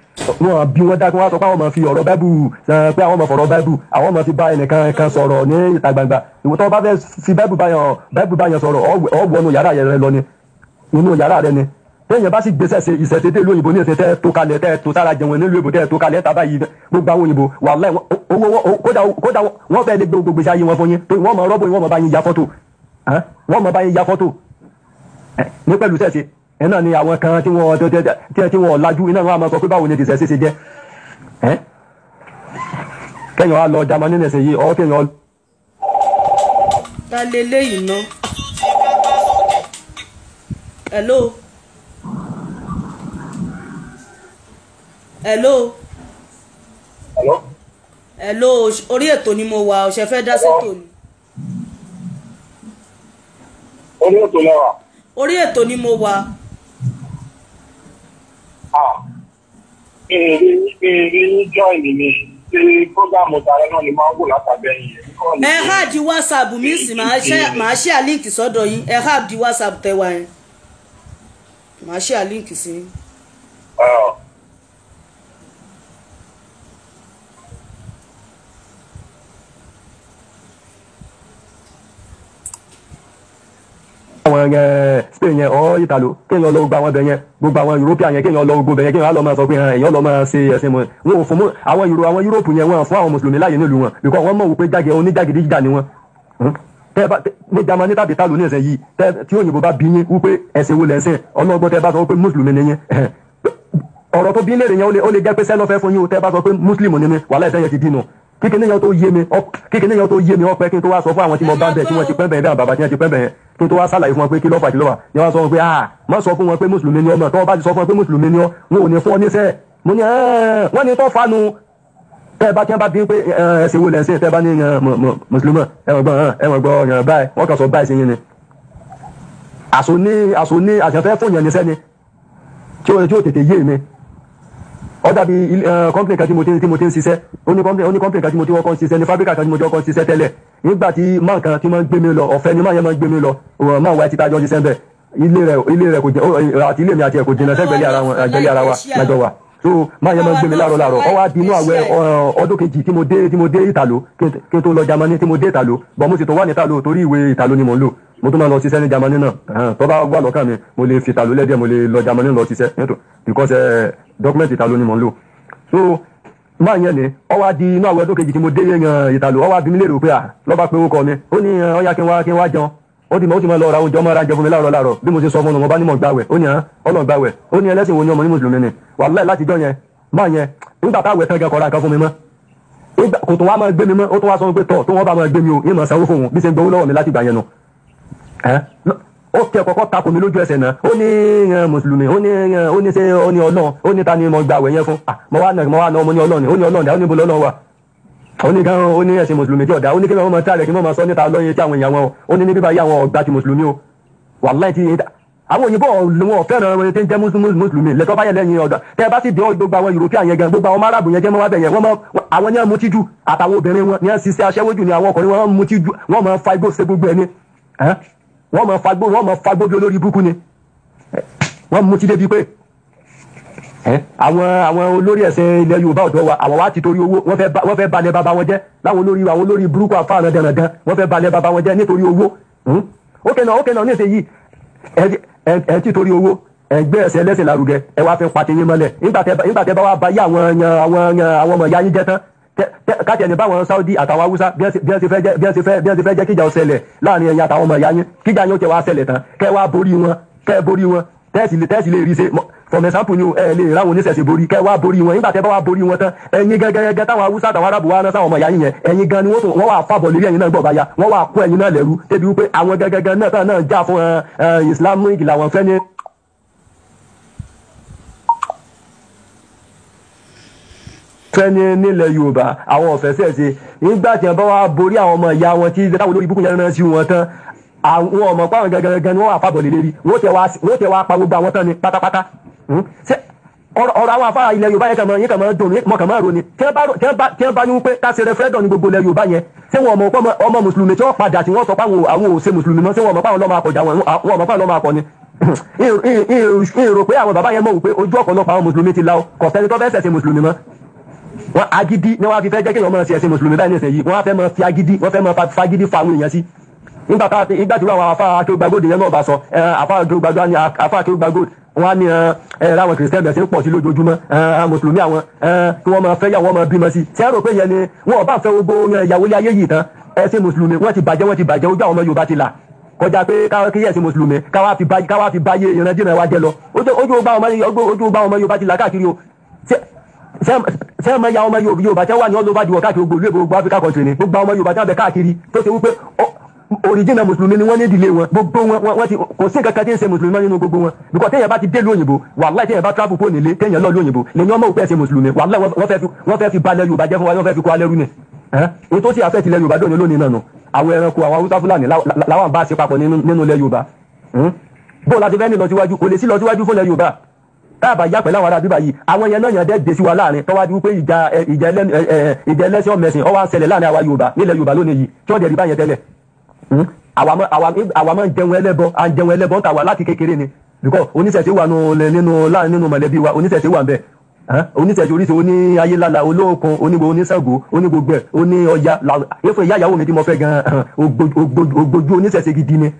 wọn bí wọn dá kí wọ́n sọ pé àwọn máa fi ọ̀rọ̀ báìbù eh, pé àwọn máa fọ̀rọ̀ báìbù àwọn máa fi bá ẹnìkan kan sọ̀rọ̀ ní ìta gbangba ìwọ́n tó bá fẹ́ fi báìbù báyàn sọ̀rọ̀ ọ̀wọ́nu yàrá yẹn lọ ni inú yàrá rẹ ni tẹ́yìn bá sì gbèsè ṣe ìṣẹ̀tẹ̀tẹ̀ lóyìnbó ní ìṣẹ̀tẹ̀ tó kalẹ̀ tẹ́ tó sára jẹun nílùú èbò tẹ́ tó kalẹ̀ tàbá yìí gbogbo àwọn òyìnbó wàhálà owó kódà wọ́n fẹ́ẹ́ lè gbé gbogbo ṣáyé wọn fún yín tó wọ́n mọ rọ́bù yín wọ́n mọ bá yín ya fọ́tò wọ́n mọ bá yín ya fọ́tò ní pẹ̀lú sẹ́sẹ̀ ẹ̀ náà ni àwọn kan tí wọ́n lajú iná wọn àmọ́ sọ pé báwo ni ìṣẹ̀ṣe ṣe jẹ́ kẹ́yìn wa lọ jamani nẹ̀sẹ̀ yìí ọ́ kẹ́yìn ọ. ta lè léyìí náà hello hello hello hello orí ètò ni mo wà ọ̀sẹ̀ fẹ́ dá sétò ni. orí ètò lẹ wà. orí ètò ni mo wà. èrè èrè níjọ́ ìlú mi ṣe programu tààrẹ náà ni máa ń wò látàgbẹ́yìn yẹn. ẹ háàdì whatsapp mi sì máa ṣe àlíǹkì sọ́dọ̀ yín ẹ háàdì whatsapp tẹwa yẹn màá ṣe àlíǹkì sí. Ah. àwọn yẹn spain yẹn ọ italo kéèyàn lọ gba àwọn bẹ yẹn gbogbo àwọn european yẹn kéèyàn lọ gbogbo bẹ yẹn kéèyàn lọ máa sọ pé èèyàn lọ máa ṣe ẹsìn mọ wọn ò fún mọ àwọn euro àwọn europe yẹn wọn fún àwọn mùsùlùmí láàyè nílùú wọn because wọn mọ̀ wípé jáde oníjàgídíjà ni wọn. Hmm? tẹ bá ní jamani tàbí tàlù ní ẹsẹ yìí tẹ tí òyìnbó bá bí yín wípé ẹsẹ wo lẹsẹ ọlọgbọ tẹ bá sọ pé mùsùlùmí ni yín ọ̀rọ̀ tó bí léèrè yẹn ó lè jẹ́ pé sẹ́lọ́ fẹ́ fún yín o tẹ́ bá sọ pé mùsùlùmí ni mi wàhálà ẹ̀sẹ̀ yẹn ti dínú kíkiní yẹn tó yé mi kíkiní yẹn tó yé mi ọpẹ kí n tó wá sọ fún àwọn tí mo bá bẹ tí wọn ti pẹ́ bẹ̀rẹ̀ bàbá tí wọn ti pẹ́ bẹ̀rẹ̀ kí n tó wá sàlàyé fún wọn pé kí lọ́fà kí lọ́fà ni wọ́n sọ wọn pé ah má sọ fún wọn pé mùsùlùmí ni ọmọ tó bá ti sọ fún wọn pé mùsùlùmí ni ọ wọn ò ní fún ọ níṣẹ́ mo ní ẹ́ẹ́ wọ́n ní tó fanu tẹ́ ẹ bá tí wọ́n bá bí pé ẹ̀sìn wo lẹ́sìn tẹ́ ẹ bá ní mùsùlùmọ̀ ẹ̀wọ̀n gbọ́ ẹ̀wọ̀n gbọ́ ọ̀yàn báyìí wọ́n kàn sọ báyìí sí yín ni. àṣọ ní àṣọ ní àṣàfẹ́ fún yàn ní sẹ́ni tí ó tí ó tètè yé mi. ó dàbí kọ́mpìnì kan tí mo ti tí mo ti ń ṣiṣẹ́ ó ní kọ́mpìnì kan tí mo ti wọ́kọ́ ń ṣiṣẹ́ ní fábíríkà kan tí mo ti wọ́kọ́ ń ṣiṣẹ́ tẹ́lẹ̀ nígbà tí máa kan tí máa ń gbé mi lọ ọ̀fẹ́ ni máa yẹn máa ń gbé mi lọ máa wáyé títa jọ ṣiṣẹ́ bẹ́ẹ̀ ilé rẹ̀ ilé rẹ̀ kò jẹ́ àti ilé mi àti ẹ̀ kò jìnnà sẹ́gbẹ̀lẹ́ ara wa lájọ wa so máa yẹ máa ń gbé mi láàárọ̀ láàárọ̀ ọwọ́ àti inú àwẹ̀ eh, ọdún kejì tí mo dé tí mo dé ìtàló kí n tó lọ Jámánì tí mo dé ìtàló bọ́ mo sì tó wà ní ìtàló torí ìwé ìtàló ni mò ń lò mo tún máa lọ ṣiṣẹ́ ní Jámánì náà tó bá wà lọ́kàn mi mo lè fi ìtàló lẹ́díẹ̀ mo lè lọ Jámánì lọ ṣiṣẹ́ because eh, document ìtàló ni mò ń lò so máa yẹn ni ọwọ́ di inú àwẹ̀ ọdún kejì tí mo dé ìtàló eh, ọwọ́ àbí mi lè rò pé à ah, lọ́ba pé ó kọ mi ó ní ọyá kí n wá kí n wá jẹun ó ti mọ ó ti mọ lọ ra oúnjẹ ọmọ ara jẹ fún mi láàárọ̀ láàárọ̀ bí mo ṣe sọ fún un mo bá ní mo gbàwẹ̀ ó ní hàn ọlọ gbàwẹ̀ ó ní ẹlẹ́sìn wo ni ọmọ ní mùsùlùmí ni wàláì láti jọ yẹn má yẹn nígbà táwẹ̀ tán kẹkọọ ra nǹkan fún mi mọ́ kò tó wá máa gbé mi mọ́ ó tó wá sọ pé tọ tó wọn bá máa gbé mi o ìmọ̀ sanwó fún un bí ṣe ń gbowó lọ́wọ́ mi láti gbà yẹn nu ó kẹ kọkọ takò mi lójú ẹsẹ̀ náà ó ní yan mùsùlùmí ó ní yan ó ní ṣe ó ní Ọlọ́run ó ní Oni gan káwọn ó ní ẹ̀sìn mùsùlùmí tí ọ̀dà ó ní kí wọ́n máa tá rẹ̀ kí wọ́n máa sọ níta lọ́yẹ tí àwọn èèyàn wọn ó ní ní bíbá yá àwọn ọ̀gbà ti mùsùlùmí o wàláì tí àwọn òyìnbó wọn fẹ́ràn wọn tí ń jẹ́ mùsùlùmí lẹ́tọ́ báyẹ̀ lẹ́yìn ọ̀dà tẹ́ bá sì dé gbogbo àwọn European yẹn gan gbogbo àwọn márààbù yẹn jẹ́ mọ́ wábẹ̀ yẹn wọ́n mọ́ àwọn ní àmútí jù àtàwọn obìnrin wọn ní ṣiṣẹ́ aṣẹ́wójú ni àwọn ọkùnrin wọn mutí jù wọ́n máa fa igbó ṣe gbogbo ẹni wọ́n máa fa igbó ni wọ́n mutí àwọn àwọn olórí ẹ̀sìn ilẹ̀ yorùbá ọ̀dọ́ wa àwọn wa ti torí owó wọn fẹ balẹ̀ bàbá wọn jẹ́ láwọn olórí àwọn olórí burúkú afáàrán dandan wọ́n fẹ́ balẹ̀ bàbá wọn jẹ́ nítorí owó ókè náà ókè náà ní ìsinyìí ẹ ti torí owó ẹgbẹ́ ẹsẹ̀ ẹlẹ́sẹ̀ lárugẹ ẹ wá fi pàtẹ́yìn mọ́lẹ̀ nígbà tẹ́ bá wá bá yé àwọn àwọn àwọn ọmọ ìyá yín jẹ́ tán káàtì ẹni báwọn Saudi àtàwọn bí ẹ tẹ́ẹ̀sì lè tẹ́ẹ̀sì lè rí ṣe for example ni o ẹ lè ráwọn oníṣẹ̀ṣe borí kẹ́ wá borí wọn nígbà tẹ́ bá wá borí wọn tán ẹ̀yin gẹ́gẹ́gẹ́ táwọn haúsá àtàwọn arábù wa náà sáwọn ọmọ ìyá yín yẹn ẹ̀yin gan ni wọ́n tó wọ́n wà fàbọ̀ lórí ẹ̀yin náà gbọ̀ báyà wọ́n wà kó ẹ̀yin náà lẹ́rú débi wípé àwọn gẹ́gẹ́gẹ́ náà tán náà já fún islamic làwọn fẹ́ ní. fẹ́ni nílẹ̀ yorùbá àwọn ọ̀fẹ́ sẹ̀ṣe nígbà tí wọ́n bá wá borí àwọn ọmọ ìyá wọn tí táwọn olórí ibùkún yẹn náà sí wọn tán àwọn ọmọ pàwọn gangan ni wọ́n wà fábọ̀ lè lérí wọ́n tẹ wá pa gbogbo àwọn tán ni pátápátá hmm? ọ̀rọ̀ àwọn afárá ilẹ̀ yorùbá yẹn kàn máa yẹn kàn máa dùn ní mọ̀kàn máa ronú tí wọ́n bá yún pé ká ṣe rẹfẹ́dọ̀ ní gbogbo ilẹ̀ yorùbá yẹn tí wọ́n mọ̀ pé ọmọ mùsùlùmí tí wọ́n padà tí wọ́n sọ pé àwọn ò ṣe mùsùlùmí mọ́ tí wọ́n mọ̀ pé àwọn lọ́mọ akọ̀jà wọn wọ́n mọ̀ pé àwọn lọ́mọ akọ ni. ìrò pé àwọn bàbá yẹn mọ̀ wípé ojú ọ̀pọ̀lọpọ̀ àwọn mùsùlùmí ti la kò fẹ́ni tó fẹ́ ṣẹ̀ṣẹ̀ mùsùlùmí mọ́ wọn agídí ni wọn fi fẹ́ jẹ́ kí wọn máa ṣe ẹ̀sìn mùsùlùmí báyìí nìyẹn yìí wọn fẹ́ máa fi agídí wọn fẹ́ máa fagídí fa àwọn èèyàn sí nígbà tá a ti ìgbà tí wọn àwọn afa akéwùgbàgbòde yẹn náà bá sọ afa akéwùgbàgbò ni afa akéwùgbàgbò wọn á ní ẹrẹ àwọn kìrìsìtẹ́nì ẹ̀sìn pọ̀ sí lójoojúmọ́ mùsùlùmí àwọn kí wọ́n máa fẹ́ yàwó máa bímọ sí ṣé ẹ rò pé yẹn ni wọn ò bá fẹ́ gbogbo ìyàwó ilé ayé yìí tán ẹ̀sìn mùsùlùmí wọ́n ti bàjẹ́ wọ́n ti bàjẹ́ ojú àwọn ọmọ Yorùbá ti là kọjá pé kí ẹ̀sìn mùsùlùmí káwá fi báyé ìrandínà wa jẹ lọ ojú ọba ọmọ Yorùbá ti là káàkiri o ṣé ọmọ ya ọmọ Yorùbá tẹ́ wà ní ọlọ́ba jùlọ káàkiri gbogbo ìlú èbó gbogbo Áfíríkà kọ̀ọ̀tì ni gbogbo ọmọ Yorùbá tẹ́ wà bẹ káàkiri tó ṣe wípé original mùsùlùmí ni wọ́n ní ìdílé wọn gbogbo wọn wọ́n ti kò sí nǹkan kan tí ń ṣe mùsùlùmí mọ́ nínú gbogbo wọn bíkọ́ téèyàn bá ti dé lóyìnbó wàláì téèyàn bá travel fóònù ilé téèyàn lọ lóyìnbó lèyìn ọmọ òpin ẹ̀sìn mùsùlùmí wàláì wọ́n fẹ́ fi balẹ̀ Yorùbá jẹ́ fún wa wọ́n fẹ́ fi kó alẹ́rú ni èyí tó sì afẹ́ tilẹ̀ Yorùbá dòní lónìí náà nù àwọn ẹranko àwọn Haúsá Fúlàní làwọn bá ṣe papọ̀ nínú ilẹ̀ Yorùbá bó láti fẹ́ ní lọsíwájú kò lè sí lọsíwájú fún ilẹ̀ Yorùbá káàbà yá pẹ̀lú àwọn ará bíbá yìí àwọn yẹn náà yẹn dẹ́ dé sí wa láàrin tọ́wá di wípé ìjà ẹlẹ́sìn ọmọ ẹ̀sìn ọwọ́ àṣẹlẹ̀ láàrin àwa Yorùbá nílẹ̀ Yorùbá lónìí yìí tí wọ́n dẹ̀ rí báyẹn tẹ́lẹ̀ Hmm? àwa máa ń jẹun ẹlẹ́bọ à ń jẹun ẹlẹ́bọ ń tàwa láti kékeré ni because oníṣẹ̀ṣe wà nínú láàrin nínú mọ̀lẹ́bí wa oníṣẹ̀ṣe wà ń bẹ̀ oníṣẹ̀ṣe oríṣi oní ayélala olóòkun onígbò oníṣègùn onígbògbè oní ọya ẹ̀fọ́ ìyá ìyàwó mi tí mo fẹ́ gan-an ògbójú oníṣẹ̀ṣe gidi ni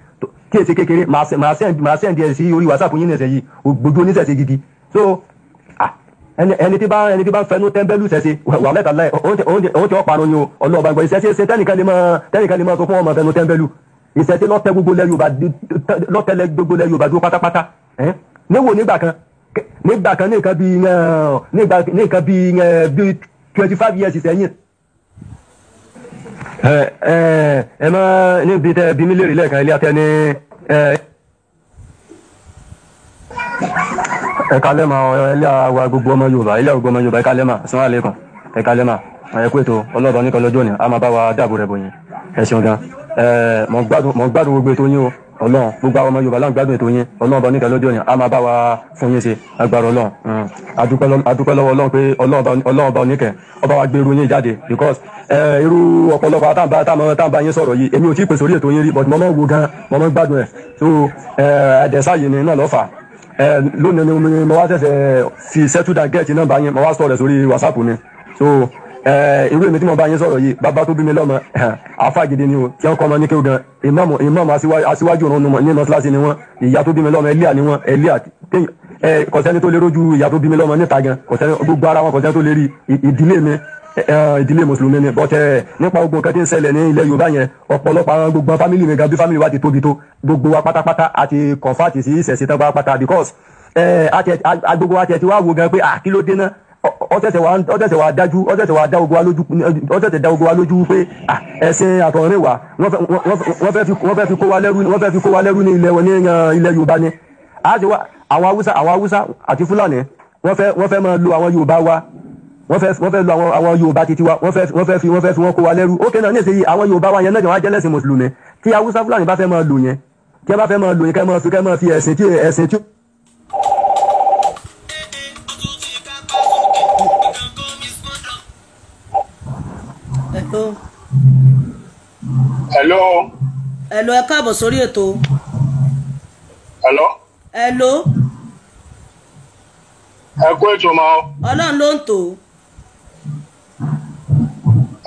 kí èsì kékeré màá sẹ́ǹdì ẹ̀ sí orí wàsápù yín nìṣẹ́ yìí ògbójú oníṣẹ̀ṣe gidi so ẹni tí bá ẹni tí bá fẹnu tẹ́ńbẹ́lú sẹ́sẹ́ wà mẹ́ta láì òun ti ọ́ parun yìí o ọlọ́ọ̀bá gbọ́ ìṣẹ́sẹ́ ṣe tẹ́nìkan lè máa tẹ́nìkan lè máa sọ fún ọmọ fẹnu tẹ́ńbẹ́lú ìṣẹ́sẹ́ lọ́tẹ́ gbogbo lẹ Yorùbá lọ́tẹ́lẹ̀ gbogbo lẹ Yorùbá dúró pátápátá níwò nígbà kan nígbà kan nìkan bí nìkan bí bí twenty five years sẹ́yìn ẹ ẹ ẹ máa níbi tẹ bí mílíọ̀nù lẹ́ẹ̀kan ilé atẹ́ni ẹ. ẹ kalẹ́ ma ilé àwa gbogbo ọmọ yorùbá ilé gbogbo ọmọ yorùbá ẹ kalẹ́ ma sàn án lẹ́kàn ẹ kalẹ́ ma ẹ kú ètò ọlọ́ọ̀bá oníkan lọ́jọ́ ni a máa bá wa dáàbò rẹ̀ bòyìn ẹ ṣeun gan ẹ mọ̀ gbádùn gbogbo ètò yín o ọlọ́run gbogbo àwọn ọmọ yorùbá láwọn gbádùn ètò yín ọlọ́run ọba oníkan lọ́jọ́ ni a máa bá wa fún yín ṣe agbára ọlọ́run hmm. adúpẹ́ lọ́wọ́ ọlọ́run pé ọlọ́run ọba oníkẹ́ ọba wa gbé irú yín jáde because irú ọ̀pọ̀lọpọ̀ àtàǹbá àtàǹbá yín sọ̀rọ̀ yìí èmi ò tí ì pèsè orí ètò yín rí but mo máa ń wo gan mo máa ń gbádùn ẹ̀ so ẹ̀ẹ́dẹ̀sáyìí ni náà lọ́fà Eh, lónìí ni mo wá tẹ̀sẹ̀ eh, fi sẹ́túdà gẹ̀ẹ́tì náà bá yín mo wá sọ̀rọ̀ rẹ̀ sórí wàsápù ni so eh, irú èmi tí mo bá yín sọ̀rọ̀ yìí bàbá tó bí mi lọ́mọ àfa gidi ni o tí wọ́n kọ́ ọmọ ní kéwù gan ìmáàmù ìmáàmù aṣíwájú òun ní mọ́sálásí ni wọ́n ìyá tó bí mi lọ́mọ ẹlíà ni wọ́n ẹlíà kọ̀sẹ́ni tó lè rójú ìyá tó bí mi lọ́mọ níta gan kọ̀sẹ́ni gbogbo ara wọn kọ̀sẹ́ni tó lè ìdílé mi Eh, eh, ìdílé mùsùlùmí ni bọ́tẹ́ eh, nípa ogun kan tí ń ṣẹlẹ̀ ní ilẹ̀ yorùbá yẹn ọ̀pọ̀lọpọ̀ àwọn gbogbo fámìlì mi gan bí fámìlì wa ti tóbi tó gbogbo wa pátápátá àti kọ̀ǹfàtì sí ìṣẹ̀sí tán pátápátá because agbogbo wa tiẹ̀ ti wá wo gan pé àkí ah, ló dé ná ọ̀tẹ̀tẹ̀ wa dájú ọ̀tẹ̀tẹ̀ wa dá ogun wa lójú ọ̀tẹ̀tẹ̀ dá ogun wa lójú pé ah, ẹ̀sìn àtọ̀rìn wa wọ́n fẹ́ fi kó wa lẹ́rú ní ilẹ̀ yorùbá ni àwọn haúsá àti fúlàní wọ́n fẹ́ máa lo àwọn yorùbá wa wọ́n fẹ́ wọ́n fẹ́ lu àwọn àwọn yorùbá titi wa wọ́n fẹ́ wọ́n fẹ́ fi wọ́n fẹ́ fi wọ́n kó wa lẹ́rú ó kéna ní èsì àwọn yorùbá wa yẹn náà jẹ́ wọ́n á jẹ́ lẹ́sìn mùsùlùmí tí haúsá fúlàní bá fẹ́ máa lù yẹn tí wọ́n bá fẹ́ máa lù yẹn kẹ́ máa fi kẹ́ máa fi ẹ̀sìn tí ẹ̀sìn tí. hello. hello ẹ káàbọ̀ sórí ètò. hello. hello. ẹ kú ètò máa. ọlọ́run ló ń tò ó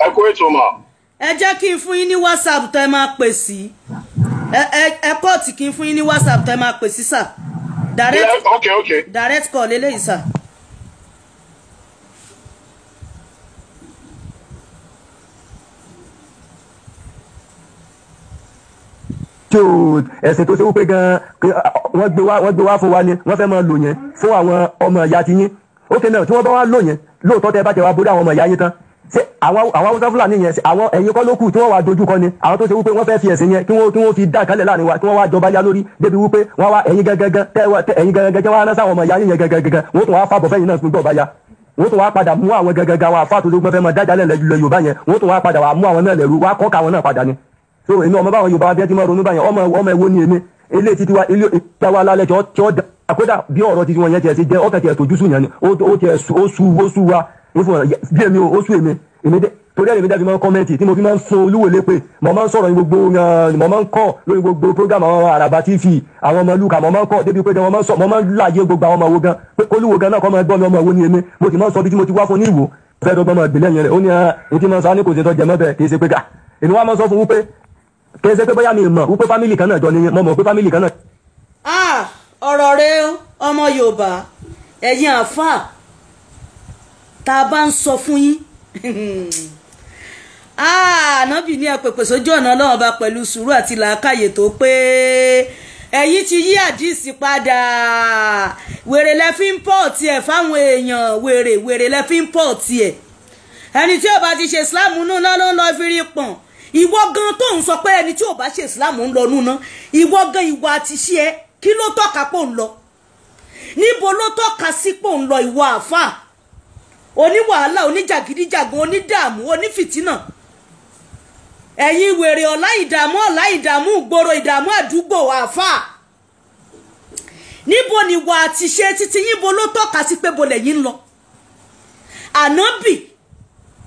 ẹ kó ètò mà. ẹ jẹ́ kí n fún yín ní whatsapp tẹ́ máa pè sí ẹ kóòtù kí n fún yín ní whatsapp tẹ́ máa pè sí sà direct ok ok direct call eléyìí sà. jòòd ẹ̀sìn tó ṣe wípé gan-an ah, wọ́n gbé wá wọ́n gbé wá fún wa ni wọ́n fẹ́ máa lò yẹn fún àwọn ọmọ ìyá ti yín ó kẹ́ náà tí wọ́n bá wá lò yẹn lóòótọ́ tẹ́ bá tẹ wá borí àwọn ọmọ ìyá yín tán ṣé àwọn haúsá fúlàní yẹn àwọn ẹ̀yin kọ́ ló kù tí wọ́n wá dojú kọ ni àwọn tó ṣe wípé wọ́n fẹ́ fi ẹ̀sìn yẹn kí wọ́n kí wọ́n fi dá ìkálẹ̀ láàrin wa kí wọ́n wá jọba yá lórí débi wípé wọ́n wá ẹ̀yin gẹ́gẹ́gẹ́ tẹ́ ẹ̀yin gẹ́gẹ́gẹ́ wọ́n á ná sáwọn ọmọ ìyá yín yẹn gẹ́gẹ́gẹ́ wọ́n tún wá fàbọ̀ fẹ́yìn náà fún gbọ̀ọ̀bá yá wọ́n tún wá padà mú àwọn gẹ́gẹ́gẹ́ àwọn àfáà tó ló gbọ́n fẹ́ mọ dájà lẹ̀ lẹ̀ Yorùbá yẹn wọ́n tún wá padà wá mú àwọn náà lẹ̀rú wá kọ́ka àwọn náà padà ni so èmi ọmọ báwọn Yorùbá bí ẹ ti mọ ronú báyẹn ọmọ ọmọ ẹwo ni èmi ilé títí wa ilé ìgbà wa lálẹ́ tí ó dà kódà bí ọ̀rọ̀ títí wọn yẹn tiẹ̀ ti jẹ́ ọ̀kẹ́ tiẹ̀ tójú sùn yẹn ni ó tiẹ̀ ó su ó su wa ń fún ọ̀rọ̀ bí èmi ò sún èmi èmi dé torí ẹ̀rẹ̀ mi dẹ́bi máa ń kọ́mẹ́ǹtì tí mo fi máa ń sun olúwo lépè mo máa ń sọ̀rọ̀ ní gbogbo ah, mo máa ń kọ́ lórí gbogbo program àwọn àràbà tv àwọn ọmọ lùkà mo máa ń kọ́ débi pé mo máa ń sọ mo máa ń láàyè gbogbo àwọn ọmọ wo gan pé olúwo gan náà kọ́ máa gbọ́ mi ọmọ wo ni èmi mo ti máa ń sọ bí tí mo ti wá fún ní ìwò fẹ́ẹ́ dọ́gbọ́n máa gbìlẹ̀ yẹn rẹ̀ ó ní ẹni ah, tí ah, máa ń sọ á ní kò sí tọ́jà mọ́bẹ̀ kì í tá a bá ń sọ fún yín ah, ànábì ní ẹ̀pẹ̀pẹ̀ sójú ọ̀nà ọlọ́run ọba pẹ̀lú sùúrù àti làákàyè tó pé ẹ̀yin ti yí àdìsí padà wèrè lẹ fi ń pọ̀ tiẹ̀ fáwọn èèyàn wèrè wèrè lẹ fi ń pọ̀ tiẹ̀ ẹni tí ò bá ti ṣe islam nù náà ló ń lọ fi rí pọ̀n ìwọ gan tó ń sọ pé ẹni tí ò bá ṣe islam ń lọ nù náà ìwọ gan ìwà àti ṣe ẹ kí ló tọ́ka pò ń lọ níbo ló tọ́ka sí pò ń lọ ìwọ àfáà oníwàhálà oníjàgídíjàgan onídààmú onífìtínà ẹ̀yin wèrè ọ̀la ìdààmú ọ̀la ìdààmú ìgboro ìdààmú àdúgbò àáfàá níbo ni wà á ti ṣe títí yíbo ló tọ́ka sí pé bolẹ̀ yìí ń lọ ànábì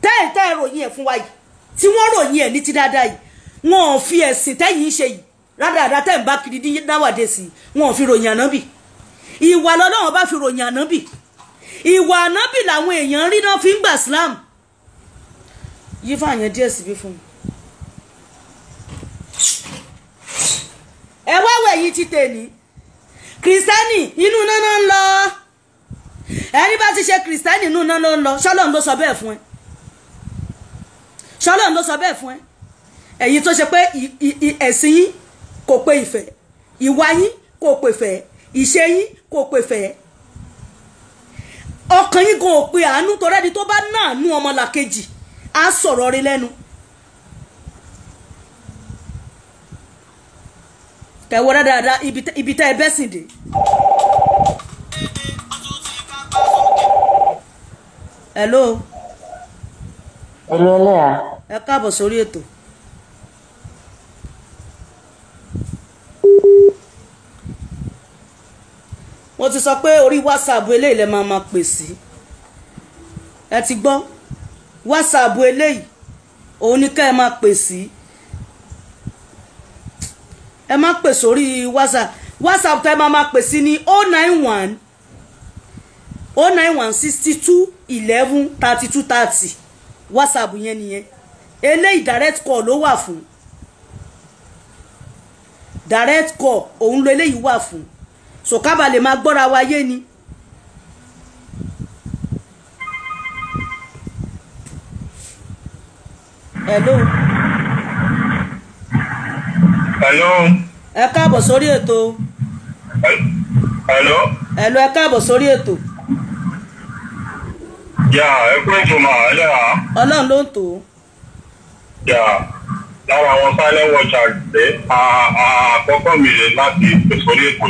tẹ́ẹ̀tẹ́ ìròyìn ẹ̀ fún wa yìí tí wọ́n ròyìn ẹ̀ ní ti dáadáa yìí wọn ò fi ẹ̀sìn tẹ́yìn ṣe yìí rádaràdá tẹ́ ń bá kiri ní náwàdé sí wọn ò fi ròyìn ànábì ìwà lọ́lọ́wọ́n bá fi ròyìn ànábì ìwà ànábì làwọn èèyàn rí náà fi ń gbà islam yí fàyàn díẹ̀ síbí fún mi. ẹ wáwẹ̀ yìí ti tèmi kìrìsìtẹ́nì inú náná ń lọ ẹni bá ti ṣe kìrìsìtẹ́nì inú náná ń lọ ṣọ́lọ́n ló sọ bẹ́ẹ̀ fún ẹ ṣọ́lọ́n ló sọ bẹ́ẹ̀ fún ẹ ẹ̀yin tó ṣe pé ẹ̀sìn yín kò pe ìfẹ́ ìwà yín kò pe ìfẹ́ ìṣe yín kò pe ìfẹ́ ọkàn yín gan ò àánú tó rẹ́ni tó bá náànú ọmọlàkejì á sọ̀rọ̀ rí lẹ́nu. ẹ̀wọ́ dáadáa ibi tá ẹ bẹ́sìn dé. hello. ẹ̀lú ẹlẹ́yà. ẹ káàbọ̀ sórí ètò. mo ti sọ pé orí whatsapp eléyìí lẹ máa máa pè sí ẹ ti gbọ́ whatsapp eléyìí òun ni ká ẹ máa pè sí ẹ má pè sórí whatsapp whatsapp tẹ máa máa pè sí ní o oh nine one o oh nine one sixty two eleven thirty two thirty whatsapp yẹn nìyẹn eléyìí direct call ló wà fún direct call òun ló eléyìí wà fún sòkábà lè máa gbọ́ra wa yé ni. hello. hello. ẹ káàbọ̀ sórí ètò. hello. hello ẹ káàbọ̀ sórí ètò. yà ẹ kú ètò màá ẹ lẹ́ra. ọlọ́run ló ń tò ó. yà lára àwọn silent watchers dé àkọ́kọ́ mi lè láti pèsè orí ètò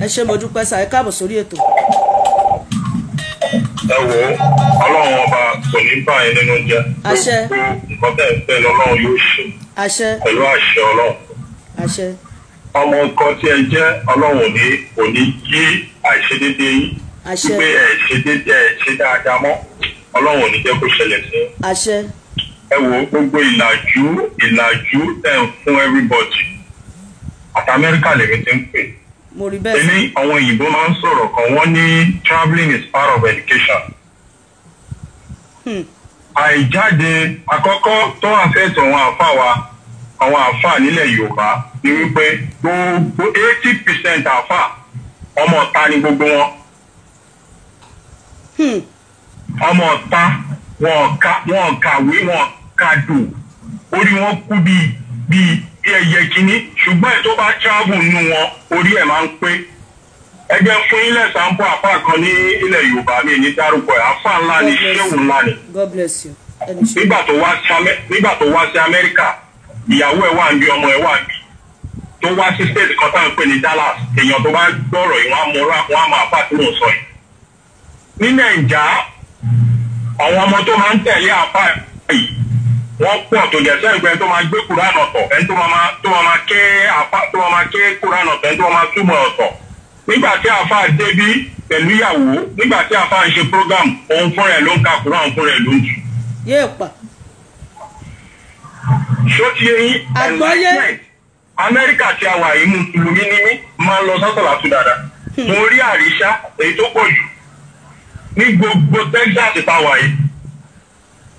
ẹ ṣé mo dúpẹ́ sá ẹ káàbọ̀ sórí ètò. ẹ wo ọlọ́run ọba kò ní bá yín nínú jẹ́ àṣẹ nǹkan bẹ́ẹ̀ bẹ́ẹ̀ lọ́lọ́run yóò ṣe àṣẹ pẹ̀lú àṣẹ ọlọ́run àṣẹ ọmọ nǹkan tí ẹ jẹ́ ọlọ́run ní kò ní yí àìṣedéédéé yín wípé ẹ ṣe déédéé ẹ ṣe dáadáa mọ́ ọlọ́run ò ní jẹ́ kó ṣẹlẹ̀ sí àṣẹ ẹ wo gbogbo ìlàjú ìlàjú ẹ̀ ń fún everybody àti amẹ́ríkà lèmi ti ń pè mo rí bẹ́ẹ̀ sí. ilé àwọn òyìnbó máa ń sọ̀rọ̀ kan wọ́n ní travelling is part of education. Hmm. àìjáde àkọ́kọ́ tó àfẹ́sọ̀ àwọn àfa wa àwọn àfa nílẹ̀ yorùbá ni wípé gbogbo eighty percent àfa ọmọ ọ̀ta ni gbogbo wọn. Hmm. ọmọ ọ̀ta wọn kàwé wọn kàdù orí wọn kú bíi bíi ẹ̀yẹ kìíní ṣùgbọ́n ẹ̀ tó bá travel nu wọn orí ẹ̀ máa ń pé ẹgbẹ́ fún ilẹ̀ sàǹpọ̀ àpá kan ní ilẹ̀ yorùbá mi ní dárúkọ ẹ̀ àfà ńlá ni ṣéwù ńlá ni nígbà tó wá sí amẹ́ríkà ìyàwó ẹ̀ wà ọmọ ẹ̀ wà ń bí tó state kan pè ní dallas èèyàn tó bá gbọ́rọ̀ wọn ọmọ tó máa ń tẹ̀lé wọ́n pọ̀ tó jẹ́ sẹ́yìn pé ẹni tó máa gbé kuran ọ̀tọ̀ ẹni tó máa tó máa ké apá tó máa ké kuran ọ̀tọ̀ ẹni tó máa túmọ̀ ọ̀tọ̀ nígbà tí afa débi pẹ̀lú ìyàwó nígbà tí afa ń ṣe program òun fúnra ẹ̀ ló ń ka kuran fúnra ẹ̀ ló ń jù. pa. ṣó ti yẹn amẹ́ríkà tí a wà yìí mùsùlùmí ní mí máa ń lọ sọ́tọ̀lá tún dáadáa hmm. mo rí àríṣà èyí tó pọ̀ jù ní gbogbo texas tá a wà yìí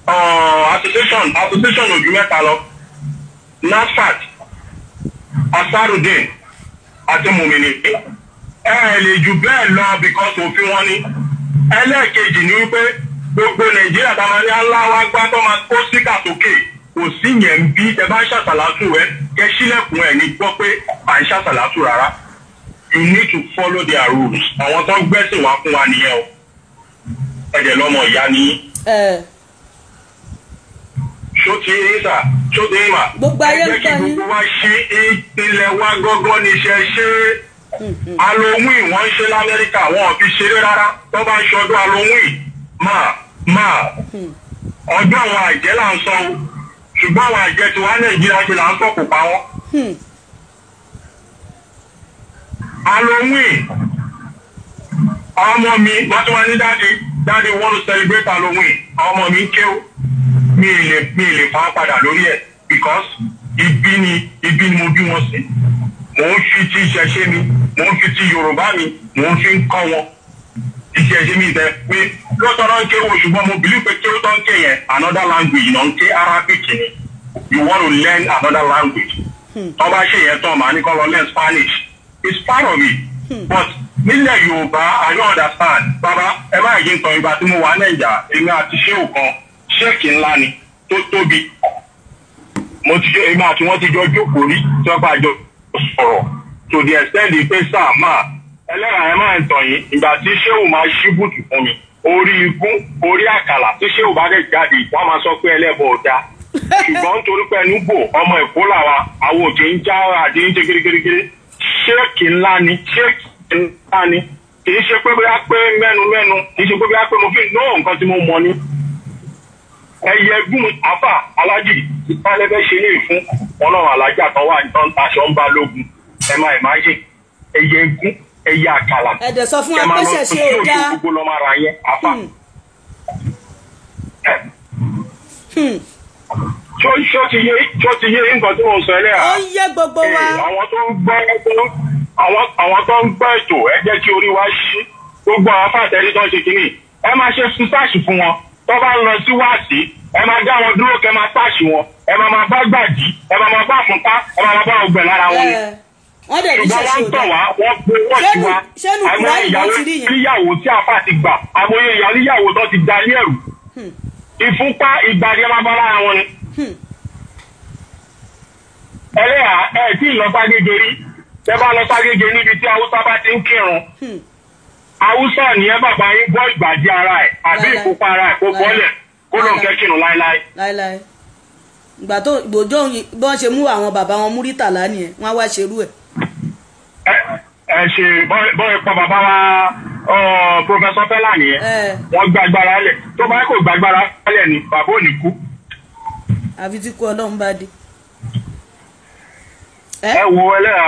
Uh, application application ojú mẹ́ta lọ nafsat asarudin àti mumini ẹ ẹ lè jù bẹ́ẹ̀ lọ because òfin wọn ni ẹlẹ́ẹ̀kejì ni wípé gbogbo nàìjíríà táwọn ní aláwa gbá tó máa kó síkà sókè kò sí yẹn ń bí ẹ bá ń ṣàṣàlátù rẹ kẹ sílẹ̀kùn ẹ̀ ní gbọ́ pé à ń ṣàṣàlátù rárá you need to follow their rules àwọn tó ń gbẹ́sìn wá fún wa nìyẹn o ẹ̀jẹ̀ lọ́mọ ìyá nìyí ṣó ti yín sà gbogbo ayé ń tọ́ ni. ẹ kí gbogbo wa ṣí ilẹ̀ wa gọ́gọ́ ní ṣe mm-hmm. halloween wọ́n ń ṣe lamẹ́ríkà wọn ò fi ṣeré rárá tó bá ń ṣọdún halloween máa máa mm-hmm. àwọn àjẹ́ là ń sọ o ṣùgbọ́n àwọn àjẹ́ tiwa nàìjíríà ṣe là ń sọ kò pa wọ́n. Hmm. halloween ọmọ mi wọ́n ti wá ní dáàdi dáàdi wọ́n ló celebrate halloween ọmọ mi ń mi ì lè mi ì lè fọ́n padà lórí ẹ̀ because ibi ni ibi ni mo bí wọn sí mò ń fi ti ìṣẹ̀ṣe mi mò ń fi ti Yorùbá mi mò ń fi ń kọ́ wọn ìṣẹ̀ṣe mi tẹ pé lóòótọ́ náà ń ké wo ṣùgbọ́n mo bìlí pé kí ó tán ké yẹn another language náà ń ké Arabic ni you want to learn another language hmm. tó bá ṣe yẹn tán màá ní kọ́ lọ learn Spanish it's part of it hmm. but nílẹ̀ Yorùbá I don't understand bàbá ẹ má yí nǹkan ìgbà tí mo wà Nàìjà èmi àti ṣéwù kan ṣẹ́ẹ̀kì ńlá ni tó tóbi mo ti jọ èmi àti wọn ti jọ jókòó rí tí wọn bá jọ sọ̀rọ̀ to the extent pé sáà máa ẹlẹ́ràn ẹ̀ máa ń tàn yín ìgbà tí ṣéwù máa ṣí bùtù fún mi orí igun orí àkàlà tí ṣéwù bá dẹ̀ jáde wọ́n máa sọ pé ẹlẹ́bọ̀ ọ̀dà ṣùgbọ́n nítorí pé ẹnu bò ọmọ èkó làwa àwọn òkè ń já àdé ń jẹ gírígírígírí ṣéèkì ńlá ni ṣéèkì ńlá ni kì í ṣe pé bóyá pé mẹ́nu mẹ́nu kì í ṣe pé bóyá pé mo fi ń dán nǹkan tí mo mọ ni ẹyẹ gún afa alájì ìpalẹ́fẹ́ ṣe ní ìfún ọlọ́run alájà tó wà tó ń taṣọ ń bá lógun ẹ máa ẹ̀ máa yè ẹyẹ gún ẹyẹ àkàlà ẹ̀dẹ̀ sọ fún apẹ́sẹ̀ ṣe ò dá ẹ máa lọ sí ojú gbogbo lọ́mọ ara yẹn afa. Hmm. Hmm. ṣó ti yé ṣó ti yé nǹkan tí mo sọ ẹ lẹ́yà. ó ń yé gbogbo wa. Eh, àwọn tó ń gbọ́ àwọn tó ń gbọ́ ètò ẹ jẹ́ kí orí wa ṣí gbogbo àwọn fàtẹ́rí tó ń ṣe kínní ẹ máa ṣe sùtáàṣì fún wọn tó bá ń lọ sí wáàsí ẹ máa dá wọn dúró kẹ máa pàṣẹ wọn ẹ máa máa bá gbàdí ẹ máa máa bá àfúnpá ẹ máa máa bá ọgbẹ lára wọn ni. wọ́n dẹ̀ ní ṣẹ̀ṣẹ̀ ọ̀dà ṣẹ́nu kúrẹ́lì wọ́n ti rí yẹn. kíyàwó tí àfa ti gbà àmọye ìyàwó tó ti dalí ẹ̀rù hmm. ìfúnpá ìgbàdí ẹ máa bá lára wọn ni. Hmm. ẹlẹ́yà ẹ̀ tí ì lọ ságége rí tẹ bá lọ ságége níbi tí haúsá bá ti ń kírun hmm haúsá nìyẹn bàbá yín bọ́ ìgbàdí ara ẹ̀ àbí ìfúnpá ara ẹ̀ kó bọ́lẹ̀ kó lóun kẹ́kìnnù láéláé. láéláé ìgbà tó gbòjó bọ́n ṣe mú àwọn bàbá wọn Múrítàlá nìyẹn wọ́n á wá ṣerú ẹ̀. ẹ ṣe bọ́ ẹ pa bàbá wa pọfẹsọ fẹlá nìyẹn wọ́n gbàgbára lẹ̀ tó bá kò gbàgbára lẹ̀ ni bàbá ò ní kú. àfi tí kú Ọlọ́run bá dé ẹ wo ẹlẹ́yà